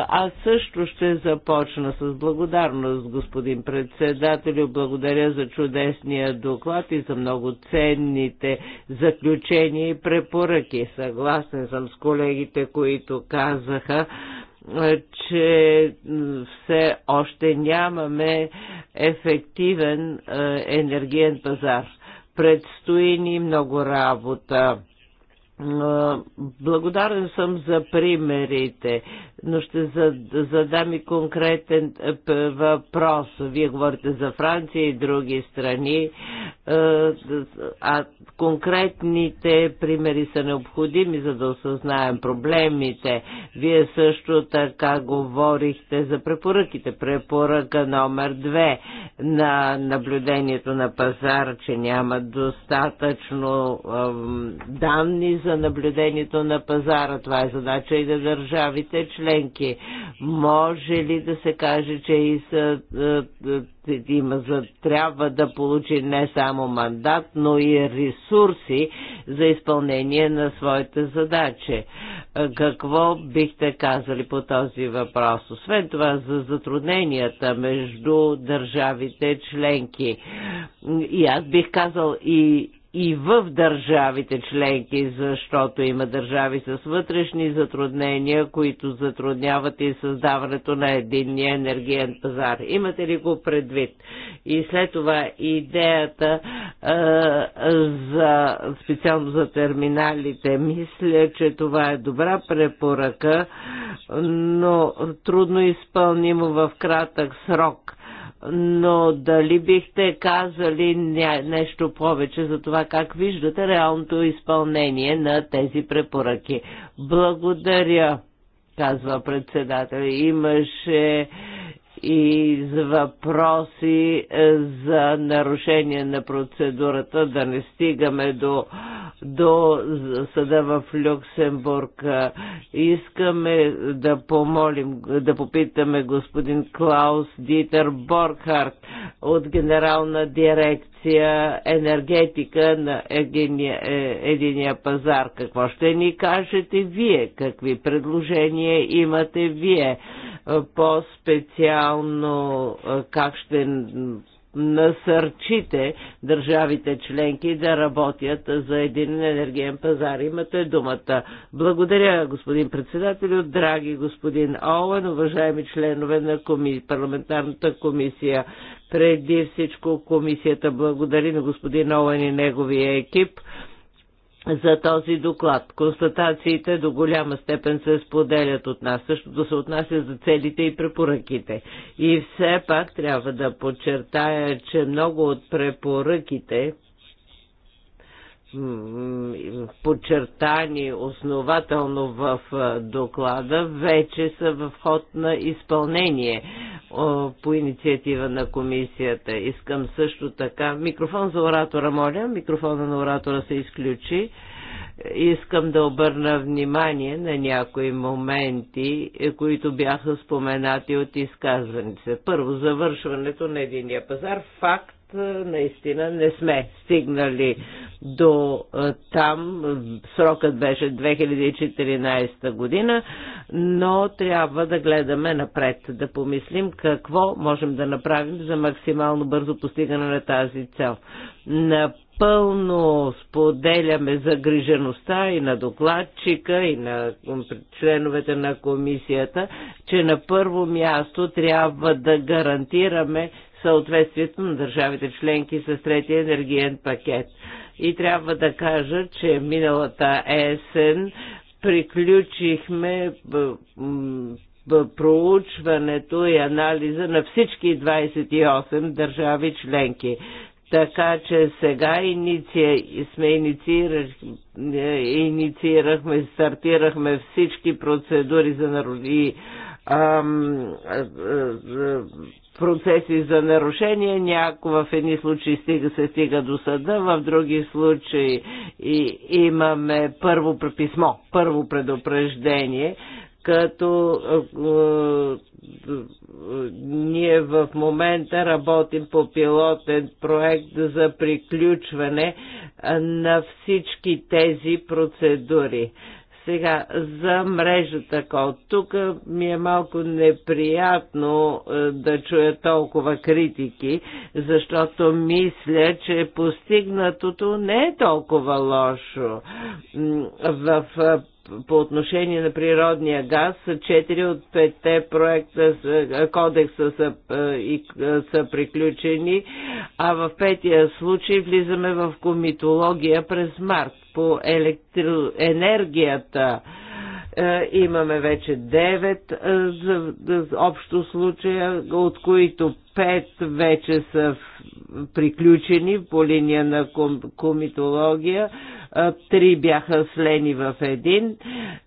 Аз също ще започна с благодарност, господин председател, Благодаря за чудесния доклад и за много ценните заключения и препоръки. Съгласен Съгласен съм с колегите, които казаха, е, че все още нямаме ефективен е, енергиен пазар. Предстои ни много работа Благодарен съм за примерите, но ще задам и конкретен е, въпрос. Вие говорите за Франция и други страни, е, а конкретните примери са необходими, за да осъзнаем проблемите. Вие също така говорихте за препоръките. Препоръка номер две на наблюдението на пазара, че няма достатъчно данни за за наблюдението на пазара. Това е задача и на държавите членки. Може ли да се каже, че и са, е, е, има за, трябва да получи не само мандат, но и ресурси за изпълнение на своите задачи? Е, какво бихте казали по този въпрос? Освен това за затрудненията между държавите членки. И аз бих казал и и в държавите членки, защото има държави с вътрешни затруднения, които затрудняват и създаването на единния енергиен пазар. Имате ли го предвид? И след това идеята е, за, специално за терминалите, мисля, че това е добра препоръка, но трудно изпълнимо в кратък срок но дали бихте казали нещо повече за това как виждате реалното изпълнение на тези препоръки? Благодаря, казва председател. Имаше и за въпроси е, за нарушение на процедурата, да не стигаме до, до съда в Люксембург. Искаме да помолим, да попитаме господин Клаус Дитер Борхарт от Генерална дирекция енергетика на единия, е, единия пазар. Какво ще ни кажете вие? Какви предложения имате вие? По-специално е, как ще насърчите държавите членки да работят за един енергиен пазар. Имате думата. Благодаря, господин председател, драги господин Олен, уважаеми членове на коми... парламентарната комисия. Преди всичко комисията благодари на господин Олен и неговия екип за този доклад. Констатациите до голяма степен се споделят от нас, същото се отнася за целите и препоръките. И все пак трябва да подчертая, че много от препоръките подчертани основателно в доклада, вече са в ход на изпълнение по инициатива на комисията. Искам също така... Микрофон за оратора, моля. Микрофона на оратора се изключи. Искам да обърна внимание на някои моменти, е, които бяха споменати от изказваните. Първо, завършването на единия пазар. Факт наистина не сме стигнали до там. Срокът беше 2014 година, но трябва да гледаме напред, да помислим какво можем да направим за максимално бързо постигане на тази цел. Напълно пълно споделяме загрижеността и на докладчика, и на членовете на комисията, че на първо място трябва да гарантираме съответствието на държавите членки с третия енергиен пакет. И трябва да кажа, че миналата есен приключихме проучването и анализа на всички 28 държави членки. Така че сега иниция, сме инициирах, инициирахме, стартирахме всички процедури за народи ам, процеси за нарушение, някои в едни случаи стига се стига до съда, в други случаи и имаме първо писмо, първо предупреждение, като е, е, ние в момента работим по пилотен проект за приключване е, на всички тези процедури. Сега, за мрежата код. Тук ми е малко неприятно е, да чуя толкова критики, защото мисля, че постигнатото не е толкова лошо. В е, по отношение на природния газ, 4 от 5 проекта кодекса са, е, и, е, са приключени, а в петия случай влизаме в комитология през март по електро... енергията. Е, имаме вече 9 общо случая, от които 5 вече са приключени по линия на комитология Три бяха слени в един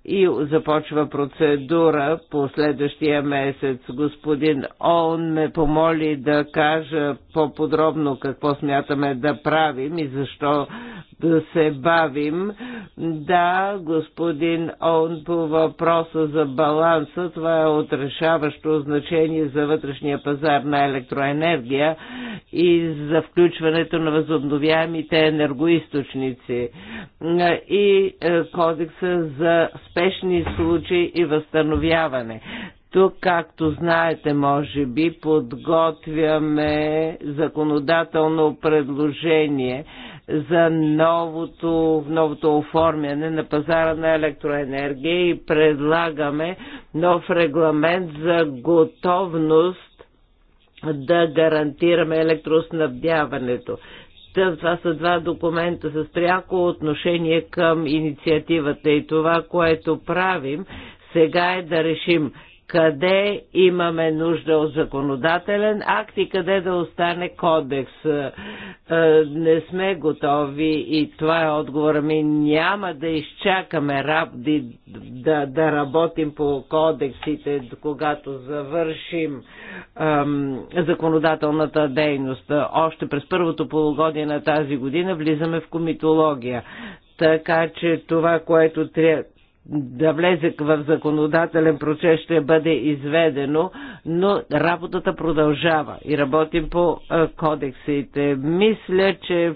и започва процедура по следващия месец. Господин Он ме помоли да кажа по-подробно какво смятаме да правим и защо да се бавим. Да, господин Он, по въпроса за баланса, това е отрешаващо значение за вътрешния пазар на електроенергия и за включването на възобновяемите енергоисточници и е, кодекса за спешни случаи и възстановяване. Тук, както знаете, може би подготвяме законодателно предложение за новото, новото оформяне на пазара на електроенергия и предлагаме нов регламент за готовност да гарантираме електроснабдяването. Това са два документа с пряко отношение към инициативата и това, което правим сега е да решим къде имаме нужда от законодателен акт и къде да остане кодекс. Е, е, не сме готови и това е отговора ми. Няма да изчакаме рабди да, да работим по кодексите, когато завършим ам, законодателната дейност. Още през първото полугодие на тази година влизаме в комитология. Така че това, което трябва да влезе в законодателен процес ще бъде изведено, но работата продължава и работим по кодексите. Мисля, че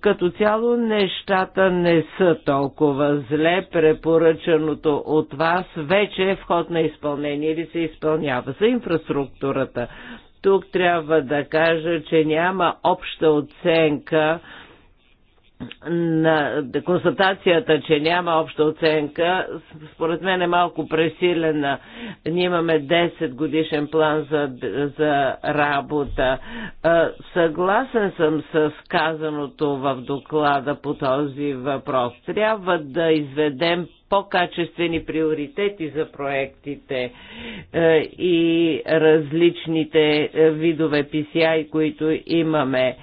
като цяло нещата не са толкова зле. Препоръчаното от вас вече е вход на изпълнение или се изпълнява за инфраструктурата. Тук трябва да кажа, че няма обща оценка на констатацията, че няма обща оценка, според мен е малко пресилена. Ние имаме 10 годишен план за, за работа. Съгласен съм с казаното в доклада по този въпрос. Трябва да изведем по-качествени приоритети за проектите е, и различните е, видове PCI, които имаме.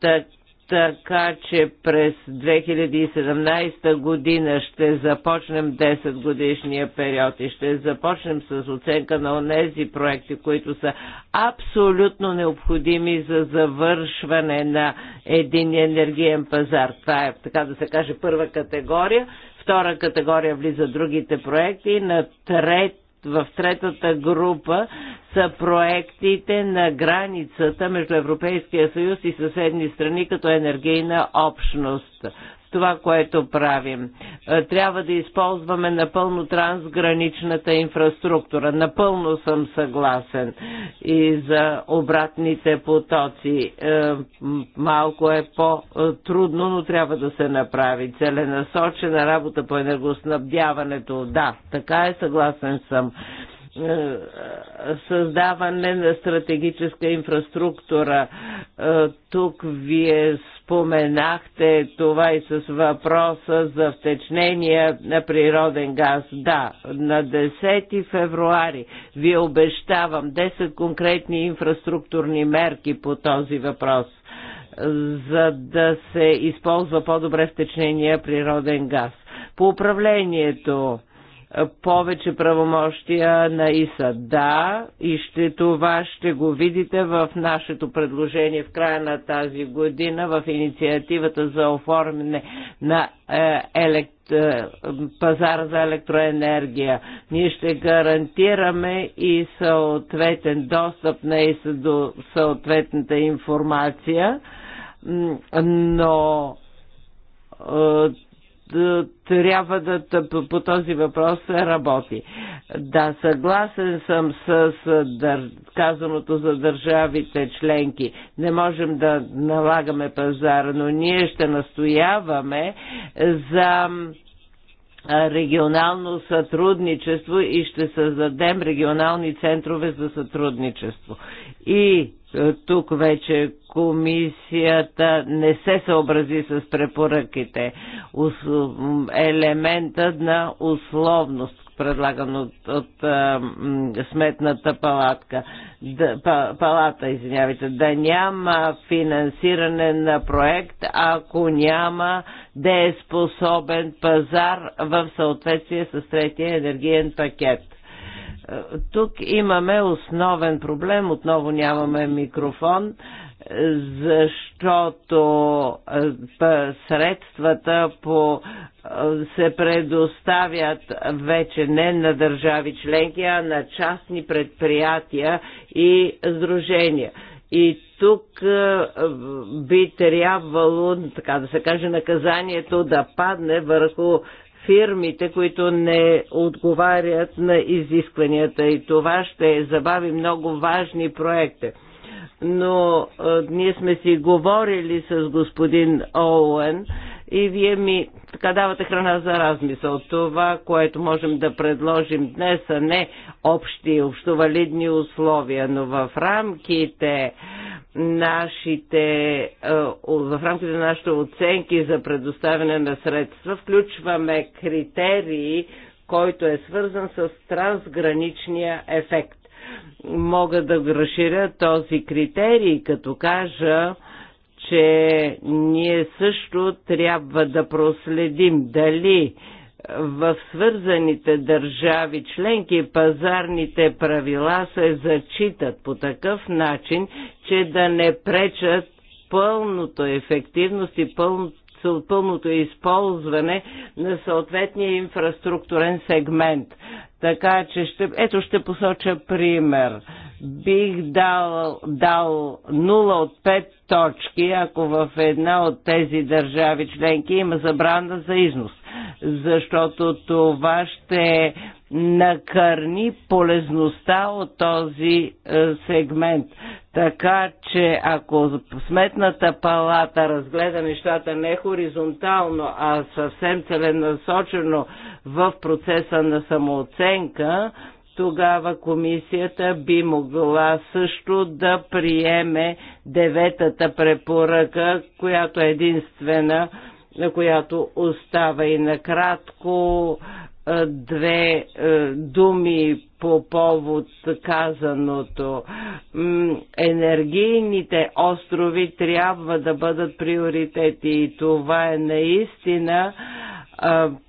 Така така че през 2017 година ще започнем 10 годишния период и ще започнем с оценка на онези проекти, които са абсолютно необходими за завършване на един енергиен пазар. Това е, така да се каже, първа категория. Втора категория влиза другите проекти. На трет, в третата група са проектите на границата между Европейския съюз и съседни страни като енергийна общност това, което правим. Е, трябва да използваме напълно трансграничната инфраструктура. Напълно съм съгласен и за обратните потоци. Е, малко е по-трудно, но трябва да се направи. Целенасочена работа по енергоснабдяването. Да, така е, съгласен съм. Е, е, създаване на стратегическа инфраструктура. Е, тук вие споменахте това и с въпроса за втечнения на природен газ. Да, на 10 февруари ви обещавам 10 конкретни инфраструктурни мерки по този въпрос за да се използва по-добре втечнение природен газ. По управлението повече правомощия на ИСА. Да, и ще, това ще го видите в нашето предложение в края на тази година в инициативата за оформяне на е, елект е, пазара за електроенергия. Ние ще гарантираме и съответен достъп на ИСА до съответната информация, но е, трябва да по, този въпрос се работи. Да, съгласен съм с, с дър, казаното за държавите членки. Не можем да налагаме пазара, но ние ще настояваме за регионално сътрудничество и ще създадем регионални центрове за сътрудничество. И тук вече комисията не се съобрази с препоръките. Елемента на условност, предлаган от, от сметната палатка, да, палата, извинявайте, да няма финансиране на проект, ако няма дееспособен пазар в съответствие с третия енергиен пакет. Тук имаме основен проблем, отново нямаме микрофон защото е, средствата по, е, се предоставят вече не на държави членки, а на частни предприятия и сдружения. И тук е, би трябвало, така да се каже, наказанието да падне върху фирмите, които не отговарят на изискванията и това ще забави много важни проекти но а, ние сме си говорили с господин Оуен и вие ми така давате храна за размисъл. Това, което можем да предложим днес, са не общи, общовалидни условия, но в рамките нашите, в рамките на нашите оценки за предоставяне на средства включваме критерии, който е свързан с трансграничния ефект. Мога да разширя този критерий, като кажа, че ние също трябва да проследим дали в свързаните държави членки пазарните правила се зачитат по такъв начин, че да не пречат пълното ефективност и пълното пълното използване на съответния инфраструктурен сегмент. Така че ще, ето ще посоча пример. Бих дал, дал 0 от 5 точки, ако в една от тези държави членки има забрана за износ, защото това ще накърни полезността от този е, сегмент. Така че ако сметната палата разгледа нещата не хоризонтално, а съвсем целенасочено в процеса на самооценка, тогава комисията би могла също да приеме деветата препоръка, която е единствена, която остава и накратко две думи по повод казаното. Енергийните острови трябва да бъдат приоритети и това е наистина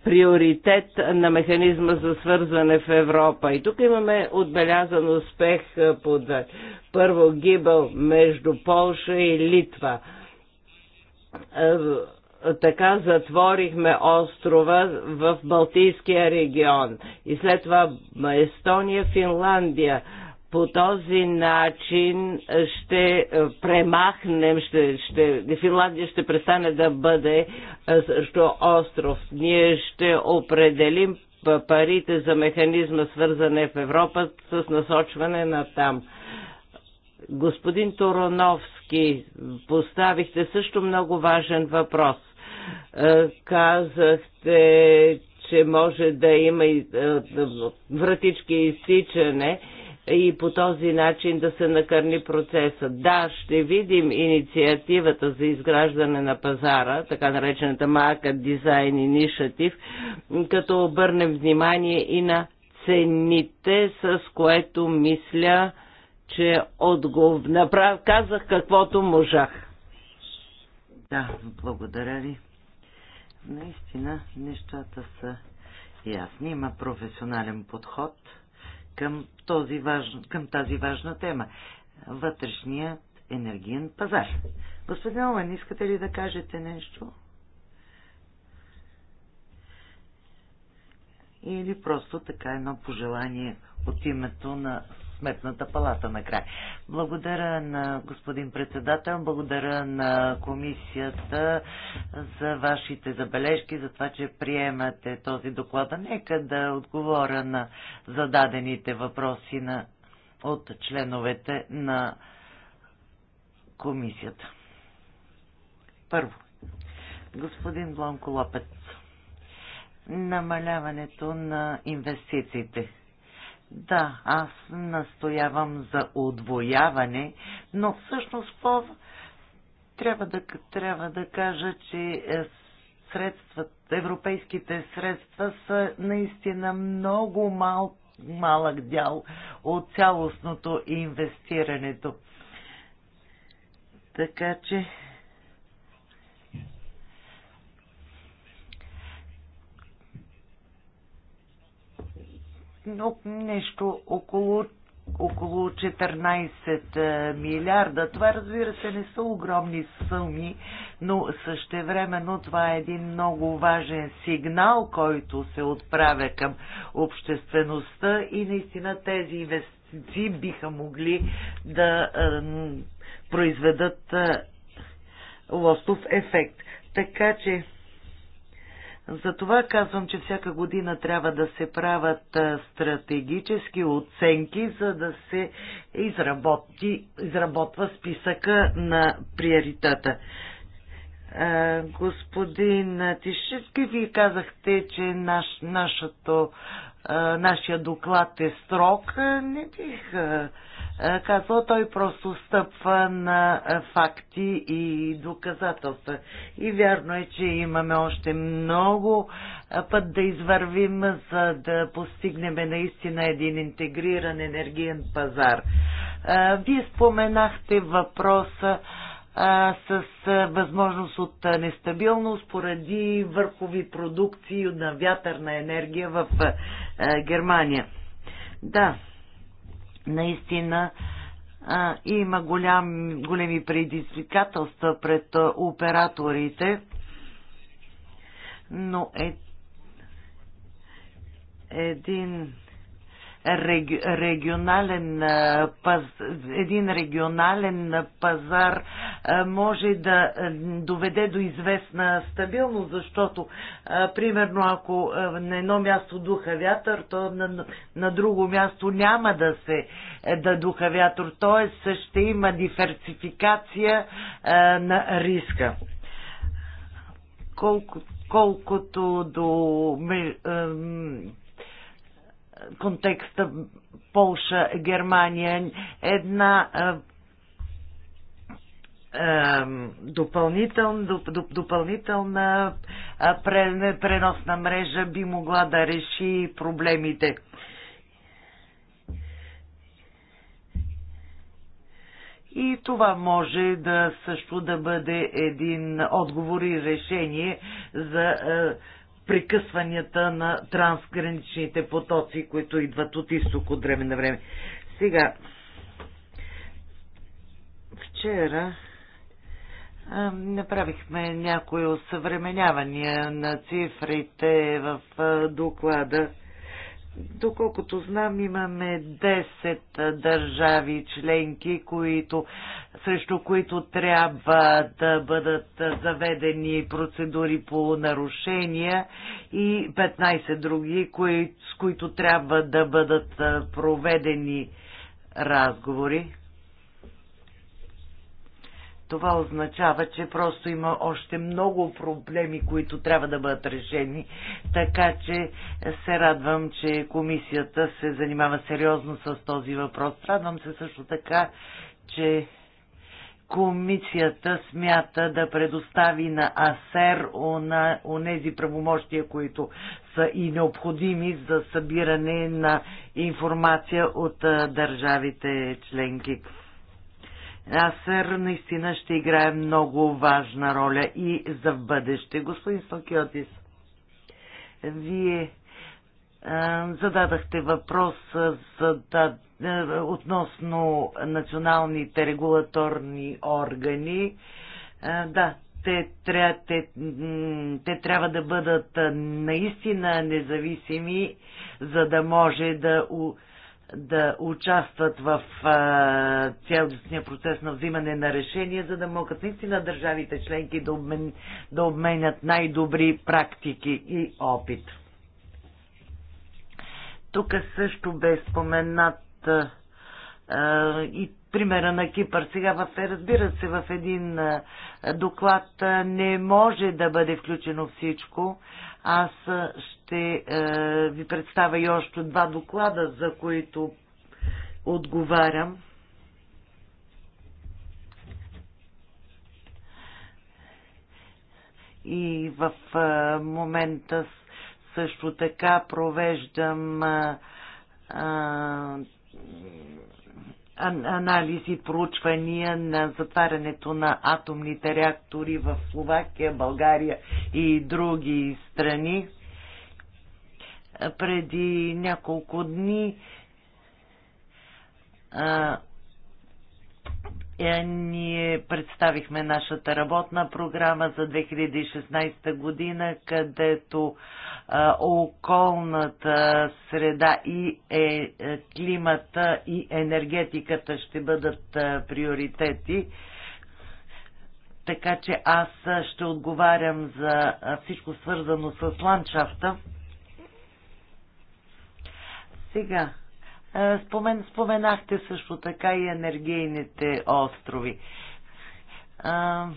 приоритет на механизма за свързване в Европа. И тук имаме отбелязан успех под първо гибъл между Полша и Литва така затворихме острова в Балтийския регион. И след това Естония, Финландия по този начин ще премахнем, ще, ще, Финландия ще престане да бъде е, също остров. Ние ще определим парите за механизма свързане в Европа с насочване на там. Господин Тороновски, поставихте също много важен въпрос. Е, казахте, че може да има и е, вратички изтичане и по този начин да се накърни процеса. Да, ще видим инициативата за изграждане на пазара, така наречената Market Design Initiative, като обърнем внимание и на цените, с което мисля, че отгов... Направ... казах каквото можах. Да, благодаря ви. Наистина, нещата са ясни. Има професионален подход – към, този важ, към тази важна тема – вътрешният енергиен пазар. Господин Олен, искате ли да кажете нещо? Или просто така едно пожелание от името на Сметната палата накрая. Благодаря на господин председател, благодаря на комисията за вашите забележки, за това, че приемате този доклад. Нека да отговоря на зададените въпроси на, от членовете на комисията. Първо, господин Бланко Лопец намаляването на инвестициите. Да, аз настоявам за отвояване, но всъщност по... трябва, да, трябва да кажа, че е, средства, европейските средства са наистина много мал, малък дял от цялостното инвестирането. Така че нещо около около 14 е, милиарда. Това разбира се не са огромни суми, но същевременно това е един много важен сигнал, който се отправя към обществеността и наистина тези инвестиции биха могли да е, произведат е, лостов ефект. Така че затова казвам, че всяка година трябва да се правят стратегически оценки, за да се изработи, изработва списъка на приоритета. Господин Тишевски, вие казахте, че наш, нашото, нашия доклад е строг. Не бих Казва, той просто стъпва на факти и доказателства. И вярно е, че имаме още много път да извървим, за да постигнем наистина един интегриран енергиен пазар. Вие споменахте въпроса с възможност от нестабилност поради върхови продукции на вятърна енергия в Германия. Да, Наистина а, има голям, големи предизвикателства пред а, операторите, но е един регионален паз, един регионален пазар може да доведе до известна стабилност, защото примерно ако на едно място духа вятър, то на, на друго място няма да се е, да духа вятър, т.е. ще има диверсификация на риска. Колко, колкото до контекста Полша, Германия, една допълнителна преносна мрежа би могла да реши проблемите. И това може да също да бъде един отговор и решение за прекъсванията на трансграничните потоци, които идват от изток от време на време. Сега, вчера а, направихме някои осъвременявания на цифрите в а, доклада Доколкото знам, имаме 10 държави членки, които, срещу които трябва да бъдат заведени процедури по нарушения и 15 други, кои, с които трябва да бъдат проведени разговори. Това означава, че просто има още много проблеми, които трябва да бъдат решени, така че се радвам, че комисията се занимава сериозно с този въпрос. Радвам се също така, че комисията смята да предостави на АСЕР онези правомощия, които са и необходими за събиране на информация от държавите членки сър наистина ще играе много важна роля и за в бъдеще. Господин Сокиотис, вие зададахте въпрос зада, относно националните регулаторни органи. Да, те, тря, те, те трябва да бъдат наистина независими, за да може да да участват в цялостния процес на взимане на решения, за да могат наистина държавите членки да, обмен, да обменят най-добри практики и опит. Тук също бе споменат а, и примера на Кипър. Сега, в, разбира се, в един доклад не може да бъде включено всичко, аз ще е, ви представя и още два доклада, за които отговарям. И в е, момента също така провеждам е, е, анализи, проучвания на затварянето на атомните реактори в Словакия, България и други страни. Преди няколко дни е, ние представихме нашата работна програма за 2016 година, където а, околната среда и е, е, климата и енергетиката ще бъдат а, приоритети. Така че аз ще отговарям за всичко свързано с ландшафта. Сега, Спомен, споменахте също така и енергийните острови. А,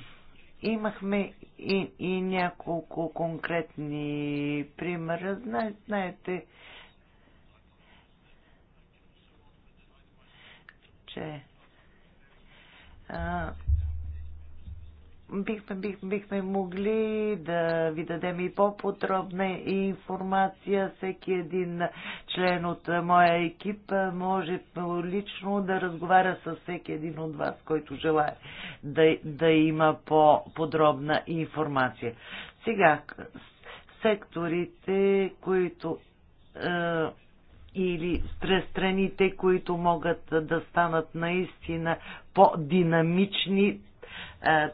имахме и, и няколко конкретни примера. Знаете, че а, бихме, бих, бихме могли да ви дадем и по-подробна информация. Всеки един член от моя екип може лично да разговаря с всеки един от вас, който желая да, да има по-подробна информация. Сега, секторите, които е, или страните, които могат да станат наистина по-динамични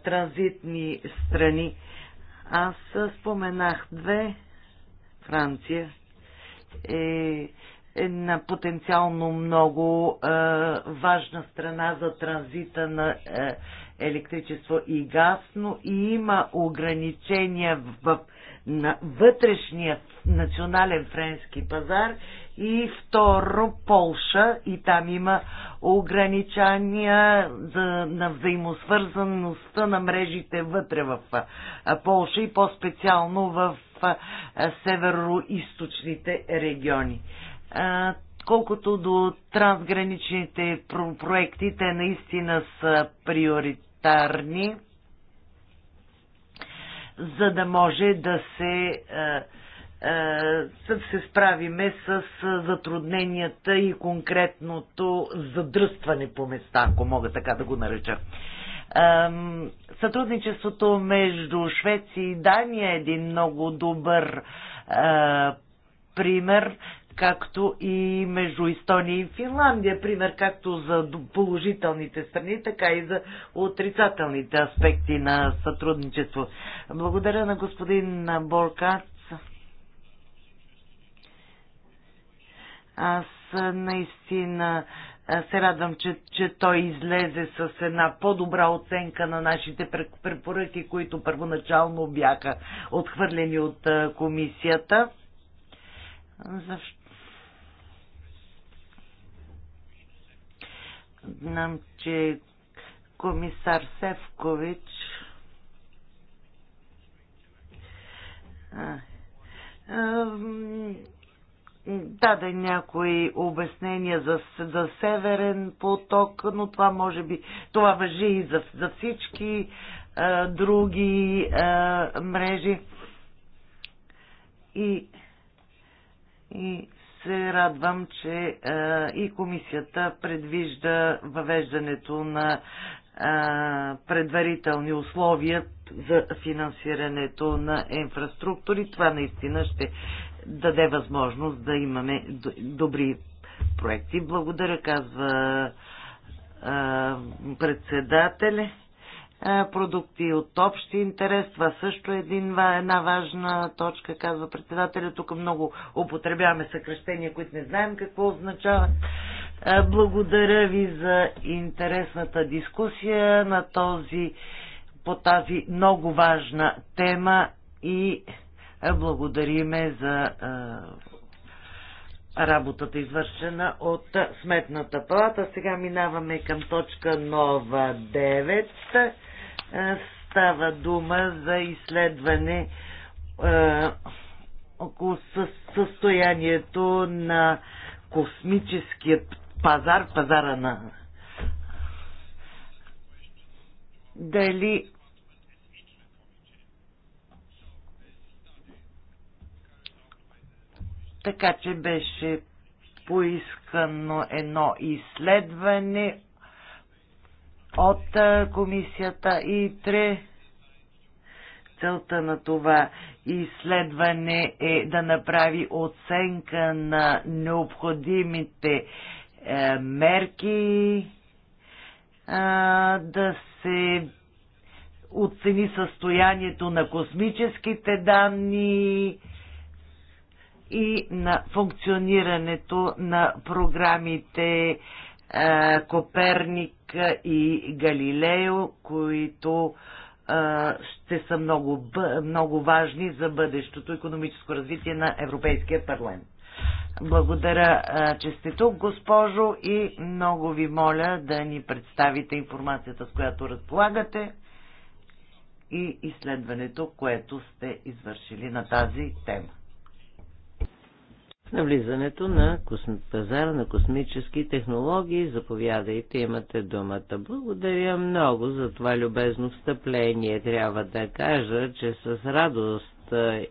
транзитни страни. Аз споменах две. Франция е една потенциално много е, важна страна за транзита на е, електричество и газ, но и има ограничения в, в, на вътрешния национален френски пазар и второ Полша и там има ограничения за, на взаимосвързаността на мрежите вътре в Полша и по-специално в северо-источните региони колкото до трансграничните проекти, те наистина са приоритет парламентарни, за да може да се, е, е, да се справиме с затрудненията и конкретното задръстване по места, ако мога така да го нареча. Сътрудничеството между Швеция и Дания е един много добър е, пример както и между Естония и Финландия, пример както за положителните страни, така и за отрицателните аспекти на сътрудничество. Благодаря на господин Боркац. Аз наистина се радвам, че, че той излезе с една по-добра оценка на нашите препоръки, които първоначално бяха отхвърлени от комисията. Защо? Знам, че комисар Севкович Да, да даде някои обяснения за, за Северен поток, но това може би, това въжи и за, за всички а, други а, мрежи. И, и се радвам, че и комисията предвижда въвеждането на предварителни условия за финансирането на инфраструктури. Това наистина ще даде възможност да имаме добри проекти. Благодаря, казва председателя. Е, продукти от общ интерес. Това също е един, една важна точка, казва председателя. Тук много употребяваме съкръщения, които не знаем какво означават. Е, благодаря ви за интересната дискусия на този, по тази много важна тема и е, благодариме за работата извършена от Сметната палата. Сега минаваме към точка нова 9. Е, става дума за изследване е, около състоянието на космическият пазар, пазара на дали така че беше поискано едно изследване от комисията и три. Целта на това изследване е да направи оценка на необходимите е, мерки, а, да се оцени състоянието на космическите данни и на функционирането на програмите е, Коперник и Галилео, които е, ще са много, много важни за бъдещото економическо развитие на Европейския парламент. Благодаря, е, че сте тук, госпожо, и много ви моля да ни представите информацията, с която разполагате и изследването, което сте извършили на тази тема навлизането на пазара на космически технологии. Заповядайте, имате думата. Благодаря много за това любезно встъпление. Трябва да кажа, че с радост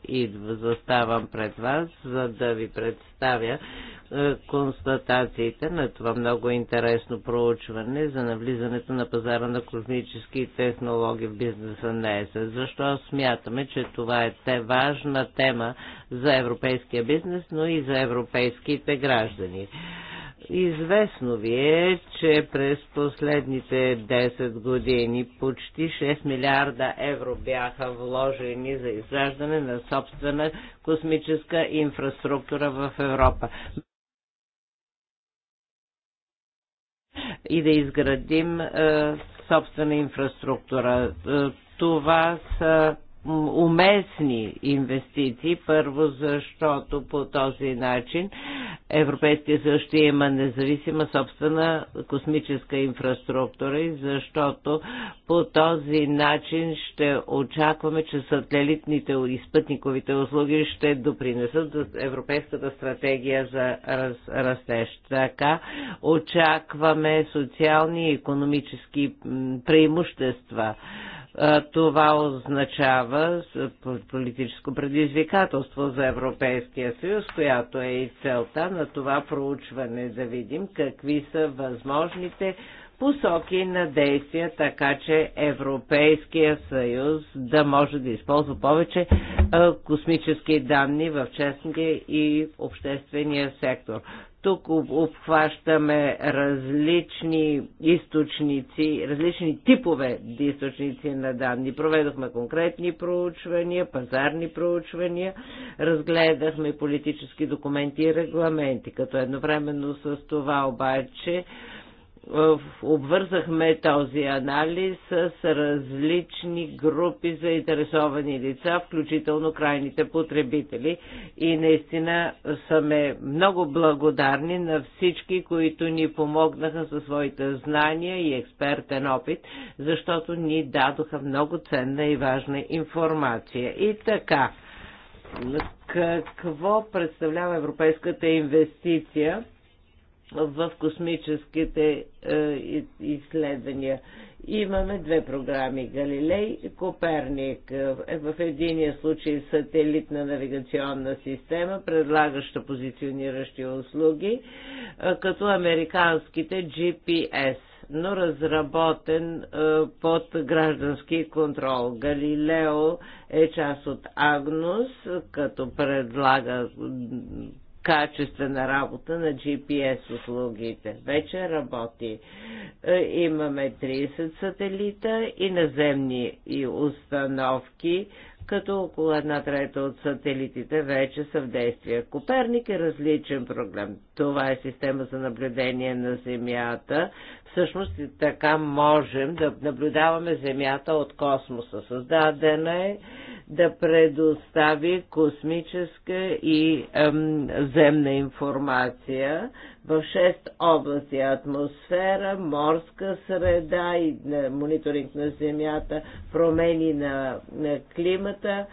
идва, заставам пред вас, за да ви представя е, констатациите на това много интересно проучване за навлизането на пазара на космически технологии в бизнеса на ЕС. Защо смятаме, че това е те важна тема за европейския бизнес, но и за европейските граждани. Известно ви е, че през последните 10 години почти 6 милиарда евро бяха вложени за изграждане на собствена космическа инфраструктура в Европа. и да изградим е, собствена инфраструктура. Е, това са уместни инвестиции. Първо, защото по този начин Европейския съюз ще има независима собствена космическа инфраструктура и защото по този начин ще очакваме, че сателитните и спътниковите услуги ще допринесат за Европейската стратегия за раз, растеж. Така очакваме социални и економически преимущества това означава политическо предизвикателство за Европейския съюз, която е и целта на това проучване, да видим какви са възможните посоки на действия, така че Европейския съюз да може да използва повече космически данни в честния и обществения сектор. Тук обхващаме различни източници, различни типове източници на данни. Проведохме конкретни проучвания, пазарни проучвания, разгледахме политически документи и регламенти, като едновременно с това обаче обвързахме този анализ с различни групи заинтересовани лица, включително крайните потребители. И наистина сме много благодарни на всички, които ни помогнаха със своите знания и експертен опит, защото ни дадоха много ценна и важна информация. И така, какво представлява европейската инвестиция? в космическите е, изследвания. Имаме две програми Галилей и Коперник. Е, в единия случай сателитна навигационна система, предлагаща позициониращи услуги, е, като американските GPS но разработен под граждански контрол. Галилео е част от Агнус, като предлага качествена работа на GPS услугите. Вече работи. Е, имаме 30 сателита и наземни и установки, като около една трета от сателитите вече са в действие. Коперник е различен проблем. Това е система за наблюдение на Земята. Всъщност така можем да наблюдаваме Земята от космоса. Създадена е да предостави космическа и ем, земна информация в шест области атмосфера, морска среда и на мониторинг на земята, промени на, на климата,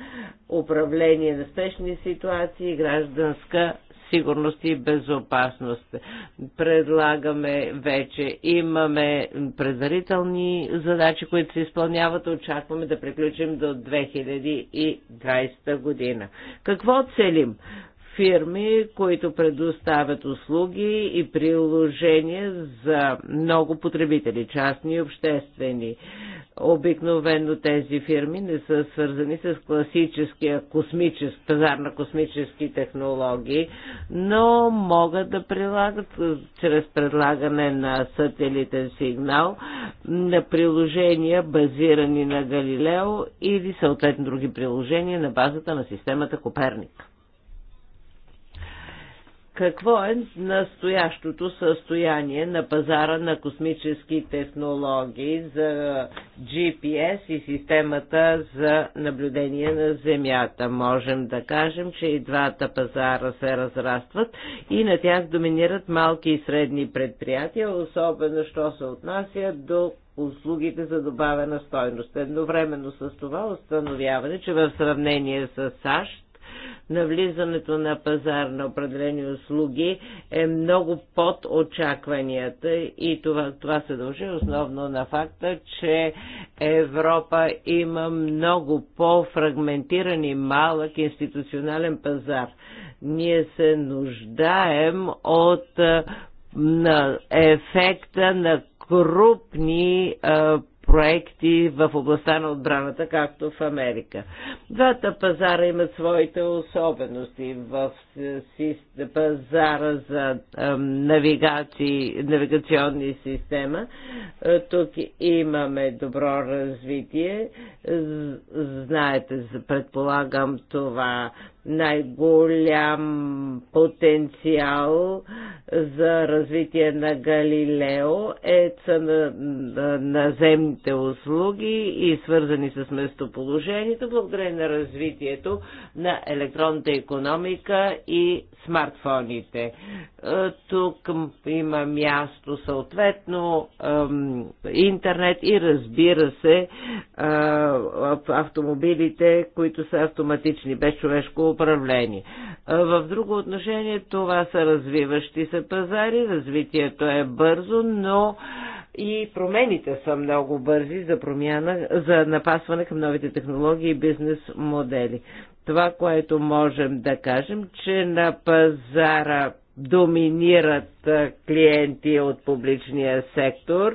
управление на спешни ситуации и гражданска сигурност и безопасност. Предлагаме вече, имаме предварителни задачи, които се изпълняват, очакваме да приключим до 2020 година. Какво целим? фирми, които предоставят услуги и приложения за много потребители, частни и обществени. Обикновено тези фирми не са свързани с класическия космически, пазар на космически технологии, но могат да прилагат чрез предлагане на сателитен сигнал на приложения базирани на Галилео или съответно други приложения на базата на системата Коперник. Какво е настоящото състояние на пазара на космически технологии за GPS и системата за наблюдение на Земята? Можем да кажем, че и двата пазара се разрастват и на тях доминират малки и средни предприятия, особено що се отнася до услугите за добавена стойност. Едновременно с това установяване, че в сравнение с САЩ навлизането на пазар на определени услуги е много под очакванията и това, това се дължи основно на факта, че Европа има много по-фрагментиран и малък институционален пазар. Ние се нуждаем от на ефекта на крупни а, проекти в областта на отбраната, както в Америка. Двата пазара имат своите особености. В пазара за навигации, навигационни система е, тук имаме добро развитие. Знаете, предполагам това най-голям потенциал за развитие на Галилео е на, на, наземните услуги и свързани с местоположението, благодарение на развитието на електронната економика и смартфоните. Е, тук има място съответно интернет и разбира се е, автомобилите, които са автоматични, без човешко управление. В друго отношение това са развиващи се пазари, развитието е бързо, но и промените са много бързи за промяна, за напасване към новите технологии и бизнес модели. Това, което можем да кажем, че на пазара доминират клиенти от публичния сектор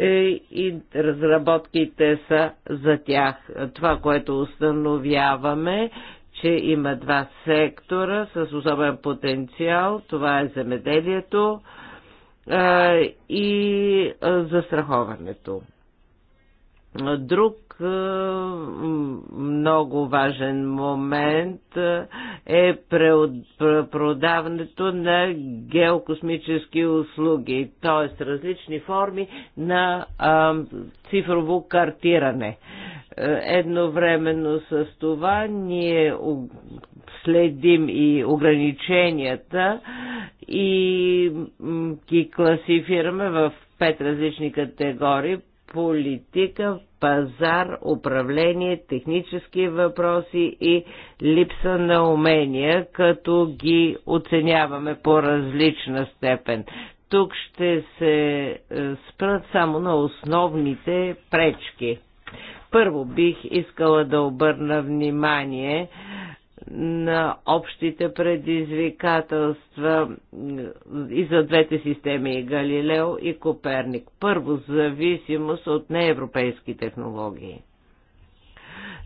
е, и разработките са за тях. Това, което установяваме, че има два сектора с особен потенциал. Това е земеделието и застраховането. Друг е, много важен момент е продаването на геокосмически услуги, т.е. различни форми на цифрово картиране. Е, едновременно с това ние следим и ограниченията и ги класифираме в пет различни категории политика, пазар, управление, технически въпроси и липса на умения, като ги оценяваме по различна степен. Тук ще се е, спрат само на основните пречки. Първо бих искала да обърна внимание на общите предизвикателства и за двете системи Галилео и Коперник. Първо, зависимост от неевропейски технологии.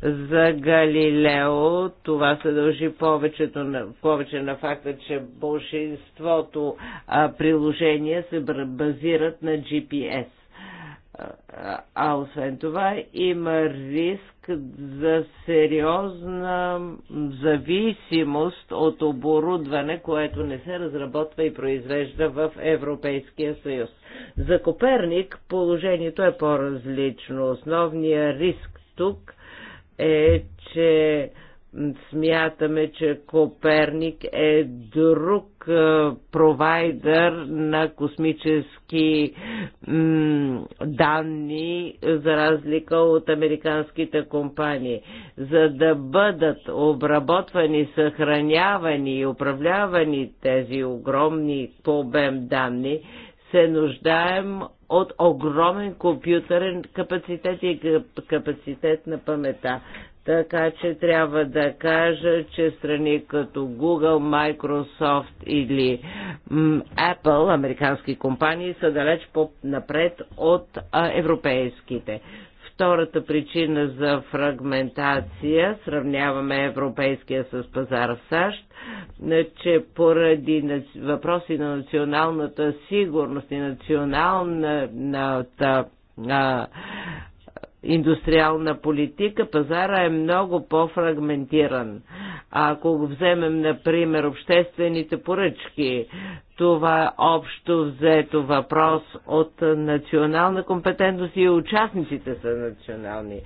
За Галилео това се дължи повечето на, повече на факта, че большинството а, приложения се базират на GPS а освен това има риск за сериозна зависимост от оборудване, което не се разработва и произвежда в Европейския съюз. За Коперник положението е по-различно. Основният риск тук е, че Смятаме, че Коперник е друг провайдер на космически данни, за разлика от американските компании. За да бъдат обработвани, съхранявани и управлявани тези огромни по обем данни, се нуждаем от огромен компютърен капацитет и капацитет на памета. Така че трябва да кажа, че страни като Google, Microsoft или Apple, американски компании, са далеч по-напред от европейските. Втората причина за фрагментация, сравняваме европейския с пазар в САЩ, че поради въпроси на националната сигурност и националната индустриална политика, пазара е много по-фрагментиран. Ако го вземем, например, обществените поръчки, това общо взето въпрос от национална компетентност и участниците са национални.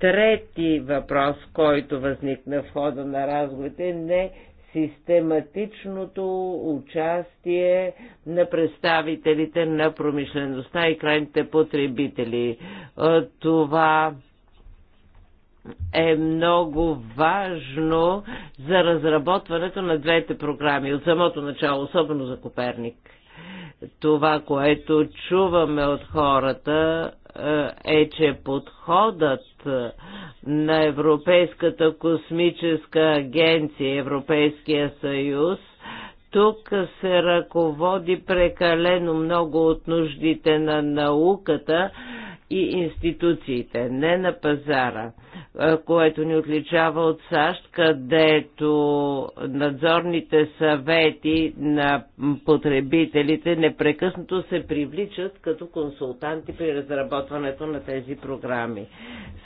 Трети въпрос, който възникна в хода на разговорите, е не систематичното участие на представителите на промишлеността и крайните потребители. Е, това е много важно за разработването на двете програми от самото начало, особено за Коперник. Това, което чуваме от хората, е, е че подходът на Европейската космическа агенция, Европейския съюз, тук се ръководи прекалено много от нуждите на науката и институциите, не на пазара, което ни отличава от САЩ, където надзорните съвети на потребителите непрекъснато се привличат като консултанти при разработването на тези програми.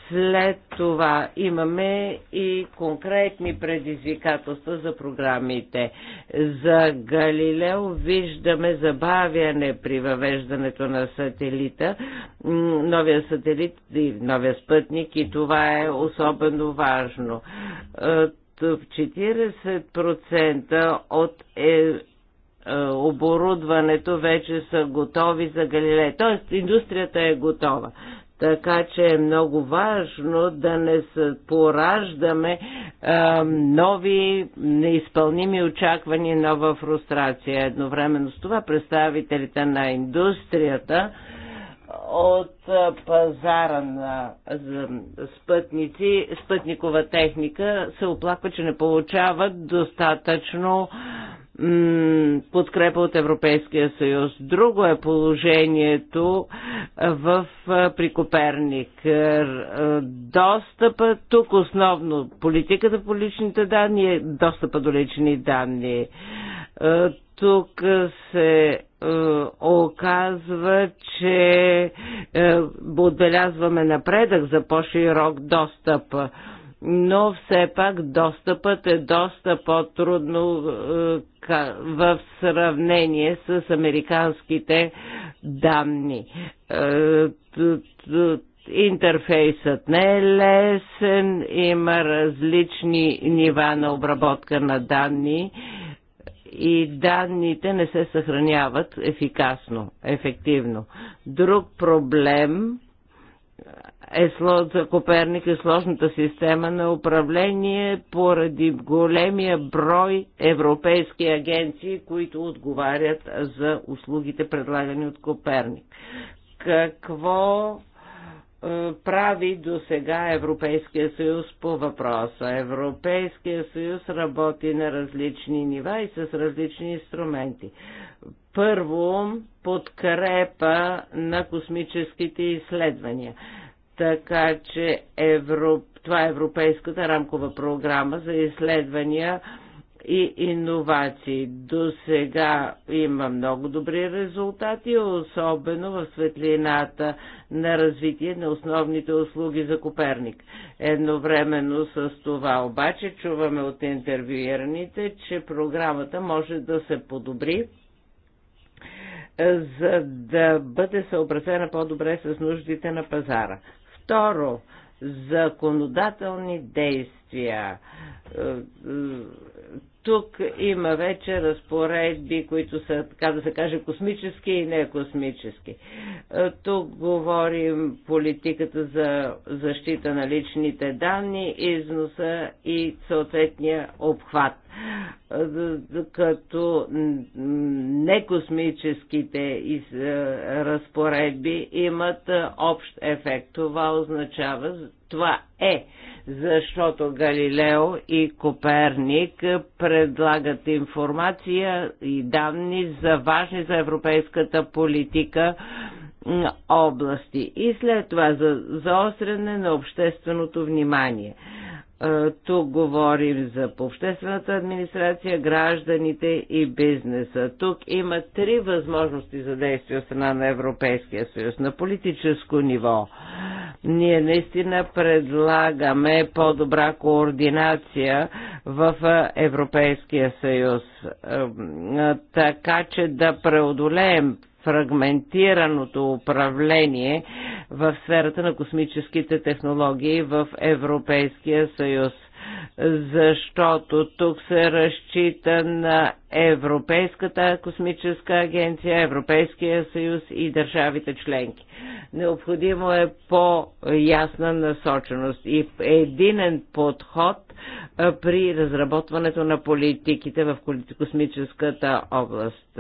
След това имаме и конкретни предизвикателства за програмите. За Галилео виждаме забавяне при въвеждането на сателита новия сателит и новия спътник и това е особено важно. 40% е, от е, е, оборудването вече са готови за Галилея. Тоест, индустрията е готова. Така че е много важно да не пораждаме е, нови неизпълними очаквания, нова фрустрация. Едновременно с това представителите на индустрията от пазара на спътници, спътникова техника се оплаква, че не получават достатъчно подкрепа от Европейския съюз. Друго е положението в Прикоперник. Достъпа, тук основно политиката по личните данни е достъпа до лични данни. Тук се оказва, че отбелязваме напредък за по-широк достъп но все пак достъпът е доста по-трудно е, в сравнение с американските данни. Е, интерфейсът не е лесен, има различни нива на обработка на данни и данните не се съхраняват ефикасно, ефективно. Друг проблем е, за Коперник е сложната система на управление поради големия брой европейски агенции, които отговарят за услугите предлагани от Коперник. Какво е, прави до сега Европейския съюз по въпроса. Европейския съюз работи на различни нива и с различни инструменти. Първо, подкрепа на космическите изследвания. Така че Европ... това е Европейската рамкова програма за изследвания и иновации. До сега има много добри резултати, особено в светлината на развитие на основните услуги за Коперник. Едновременно с това обаче чуваме от интервюираните, че програмата може да се подобри за да бъде съобразена по-добре с нуждите на пазара. Второ, законодателни действия. Е, е, тук има вече разпоредби, които са, така да се каже, космически и не космически. Е, тук говорим политиката за защита на личните данни, износа и съответния обхват. Е, като некосмическите е, разпоредби имат общ ефект. Това означава това е, защото Галилео и Коперник предлагат информация и данни за важни за европейската политика области и след това за заостряне на общественото внимание. Е, тук говорим за обществената администрация, гражданите и бизнеса. Тук има три възможности за действие от страна на Европейския съюз на политическо ниво. Ние наистина предлагаме по-добра координация в е, Европейския съюз, е, така че да преодолеем фрагментираното управление в сферата на космическите технологии в Европейския съюз защото тук се разчита на Европейската космическа агенция, Европейския съюз и държавите членки. Необходимо е по-ясна насоченост и единен подход при разработването на политиките в космическата област.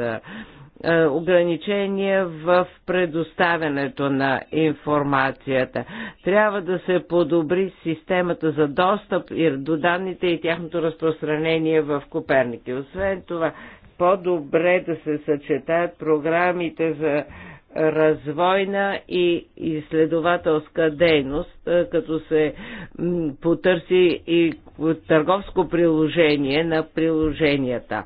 Е, ограничения в предоставянето на информацията. Трябва да се подобри системата за достъп и до данните и тяхното разпространение в Коперники. Освен това, по-добре да се съчетаят програмите за развойна и изследователска дейност, е, като се потърси и търговско приложение на приложенията.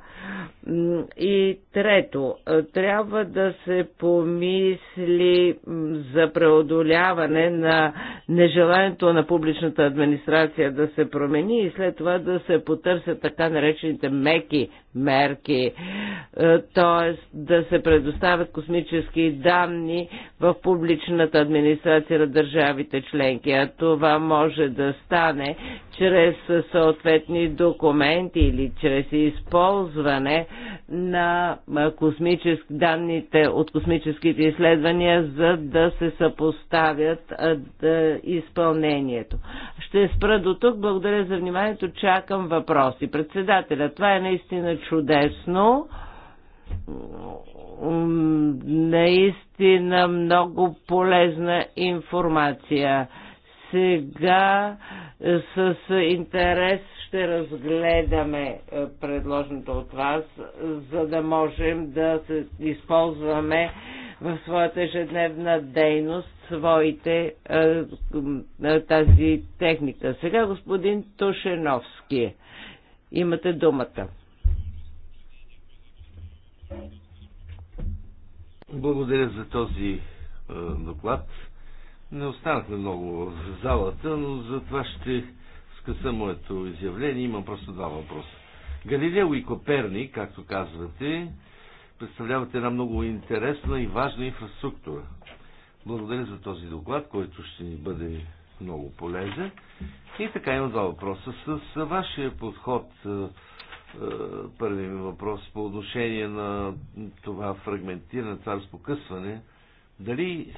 И трето, е, трябва да се помисли за преодоляване на нежеланието на публичната администрация да се промени и след това да се потърсят така наречените меки мерки, т.е. да се предоставят космически данни в публичната администрация на държавите членки. А това може да стане чрез съответни документи или чрез използване на космически данните от космическите изследвания, за да се съпоставят изпълнението. Ще спра до тук. Благодаря за вниманието. Чакам въпроси. Председателя, това е наистина чудесно. Наистина много полезна информация. Сега е, с интерес ще разгледаме е, предложеното от вас, за да можем да използваме в своята ежедневна дейност своите е, тази техника. Сега господин Тушеновски, имате думата. Благодаря за този доклад. Не останахме много в залата, но за това ще скъса моето изявление. Имам просто два въпроса. Галилео и Коперник, както казвате, представляват една много интересна и важна инфраструктура. Благодаря за този доклад, който ще ни бъде много полезен. И така имам два въпроса. С вашия подход е, първи ми въпрос по отношение на това фрагментиране, това разпокъсване. Дали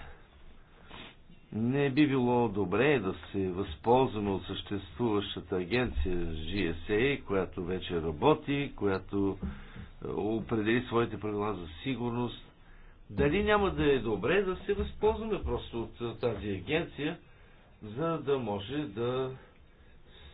не би било добре да се възползваме от съществуващата агенция GSA, която вече работи, която е, определи своите правила за сигурност. Дали няма да е добре да се възползваме просто от е, тази агенция, за да може да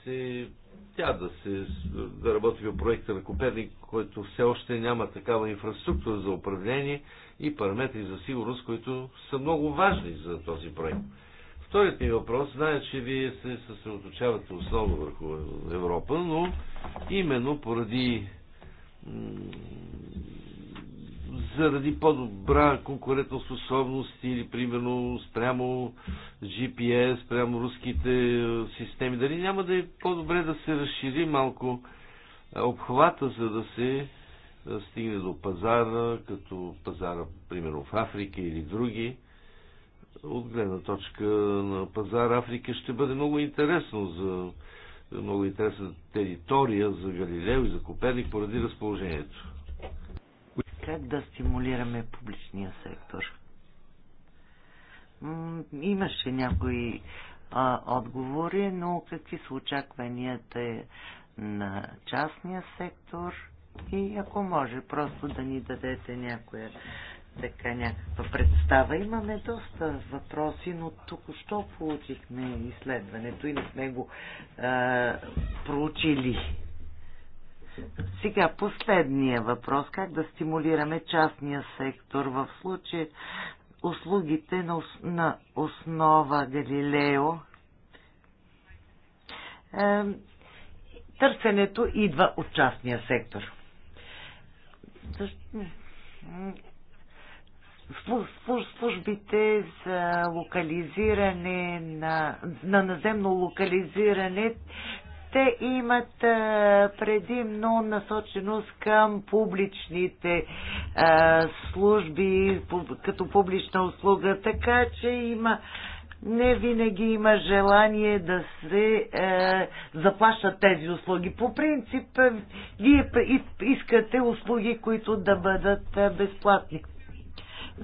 се тя да се да работи в проекта на Коперник, който все още няма такава инфраструктура за управление и параметри за сигурност, които са много важни за този проект. Вторият ми въпрос, зная, че вие се съсредоточавате основно върху Европа, но именно поради заради по-добра конкурентоспособност или примерно спрямо GPS, спрямо руските е, системи. Дали няма да е по-добре да се разшири малко е, обхвата, за да се е, стигне до пазара, като пазара, примерно в Африка или други. От гледна точка на пазар Африка ще бъде много интересно за много интересна територия за Галилео и за Коперник поради разположението как да стимулираме публичния сектор. Имаше някои а, отговори, но какви са очакванията на частния сектор и ако може просто да ни дадете някоя така някаква представа. Имаме доста въпроси, но тук, що получихме изследването и не сме го а, проучили. Сега последния въпрос. Как да стимулираме частния сектор в случай услугите на, на основа Галилео? Е, търсенето идва от частния сектор. Службите за локализиране на, на наземно локализиране те имат предимно насоченост към публичните служби като публична услуга, така че има не винаги има желание да се е, заплащат тези услуги. По принцип, вие искате услуги, които да бъдат безплатни.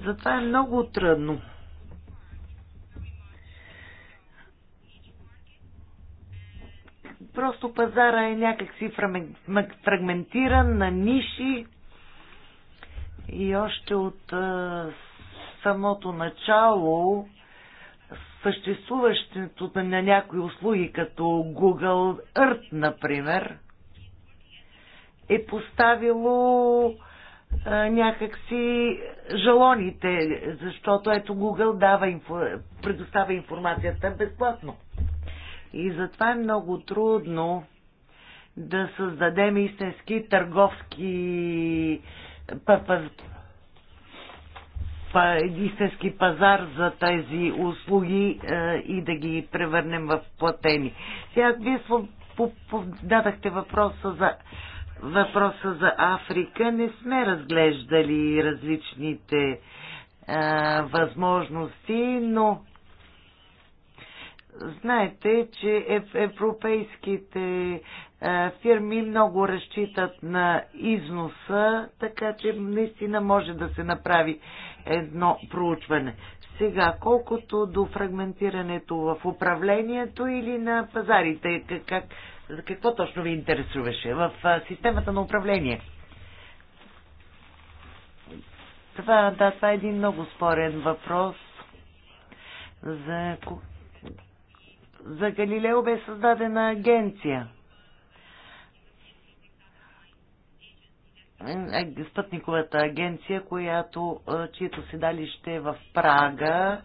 Затова е много трудно Просто пазара е някакси фрагментиран на ниши и още от самото начало съществуващото на някои услуги, като Google Earth, например, е поставило а, някакси жалоните, защото ето Google дава, предоставя информацията безплатно. И затова е много трудно да създадем истински търговски истински пазар за тези услуги е, и да ги превърнем в платени. Сега вие дадахте въпроса за въпроса за Африка. Не сме разглеждали различните е, възможности, но Знаете, че европейските е, фирми много разчитат на износа, така че наистина може да се направи едно проучване. Сега, колкото до фрагментирането в управлението или на пазарите, как, за какво точно ви интересуваше? В системата на управление. Това, да, това е един много спорен въпрос за за Галилео бе създадена агенция. Е, спътниковата агенция, която, е, чието седалище е в Прага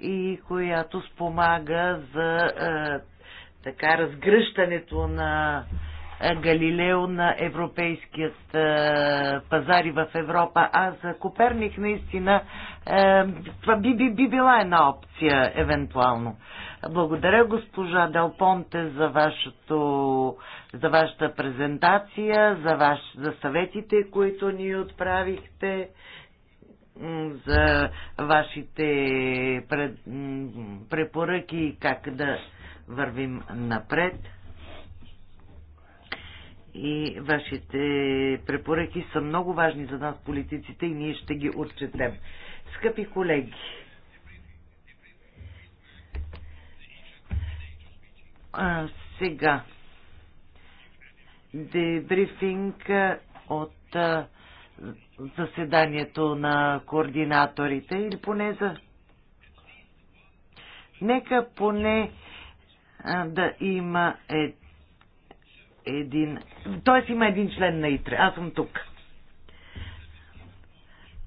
и която спомага за е, така разгръщането на е, Галилео на европейският е, пазар и в Европа. А за Коперник наистина е, това би, би, би била една опция, евентуално. Благодаря госпожа Делпонте за, вашето, за вашата презентация, за, ваш, за съветите, които ни отправихте, за вашите пред, препоръки и как да вървим напред. И вашите препоръки са много важни за нас, политиците, и ние ще ги отчетем. Скъпи колеги, А, сега. Дебрифинг от а, заседанието на координаторите или поне за... Нека поне а, да има е, един... Тоест има един член на ИТРЕ. Аз съм тук.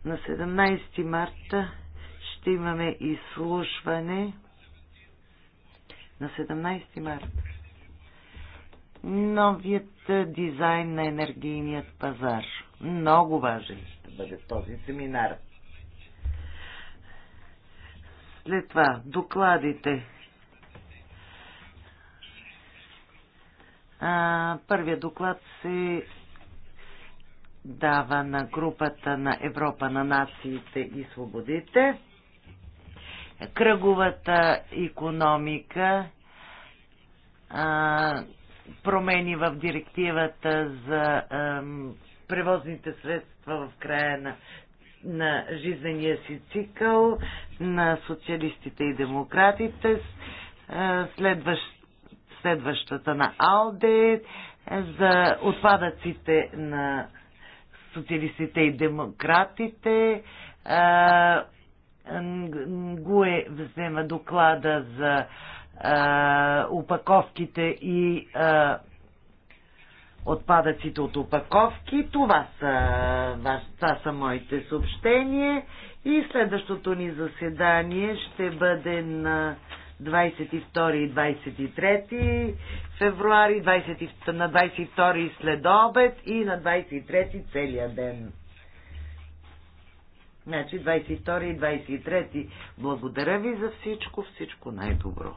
На 17 марта ще имаме изслушване на 17 март. Новият дизайн на енергийният пазар. Много важен ще бъде този семинар. След това докладите. А, първият доклад се дава на групата на Европа на нациите и свободите. Кръговата економика промени в директивата за превозните средства в края на, на жизнения си цикъл на социалистите и демократите, следващ, следващата на АЛДЕ, за отпадъците на социалистите и демократите. ГУЕ взема доклада за Опаковките упаковките и а, отпадъците от опаковки. Това са, това са моите съобщения и следващото ни заседание ще бъде на 22 и 23 февруари, 20, на 22 след обед и на 23 целия ден. Значи 22 и 23. Благодаря ви за всичко, всичко най-добро.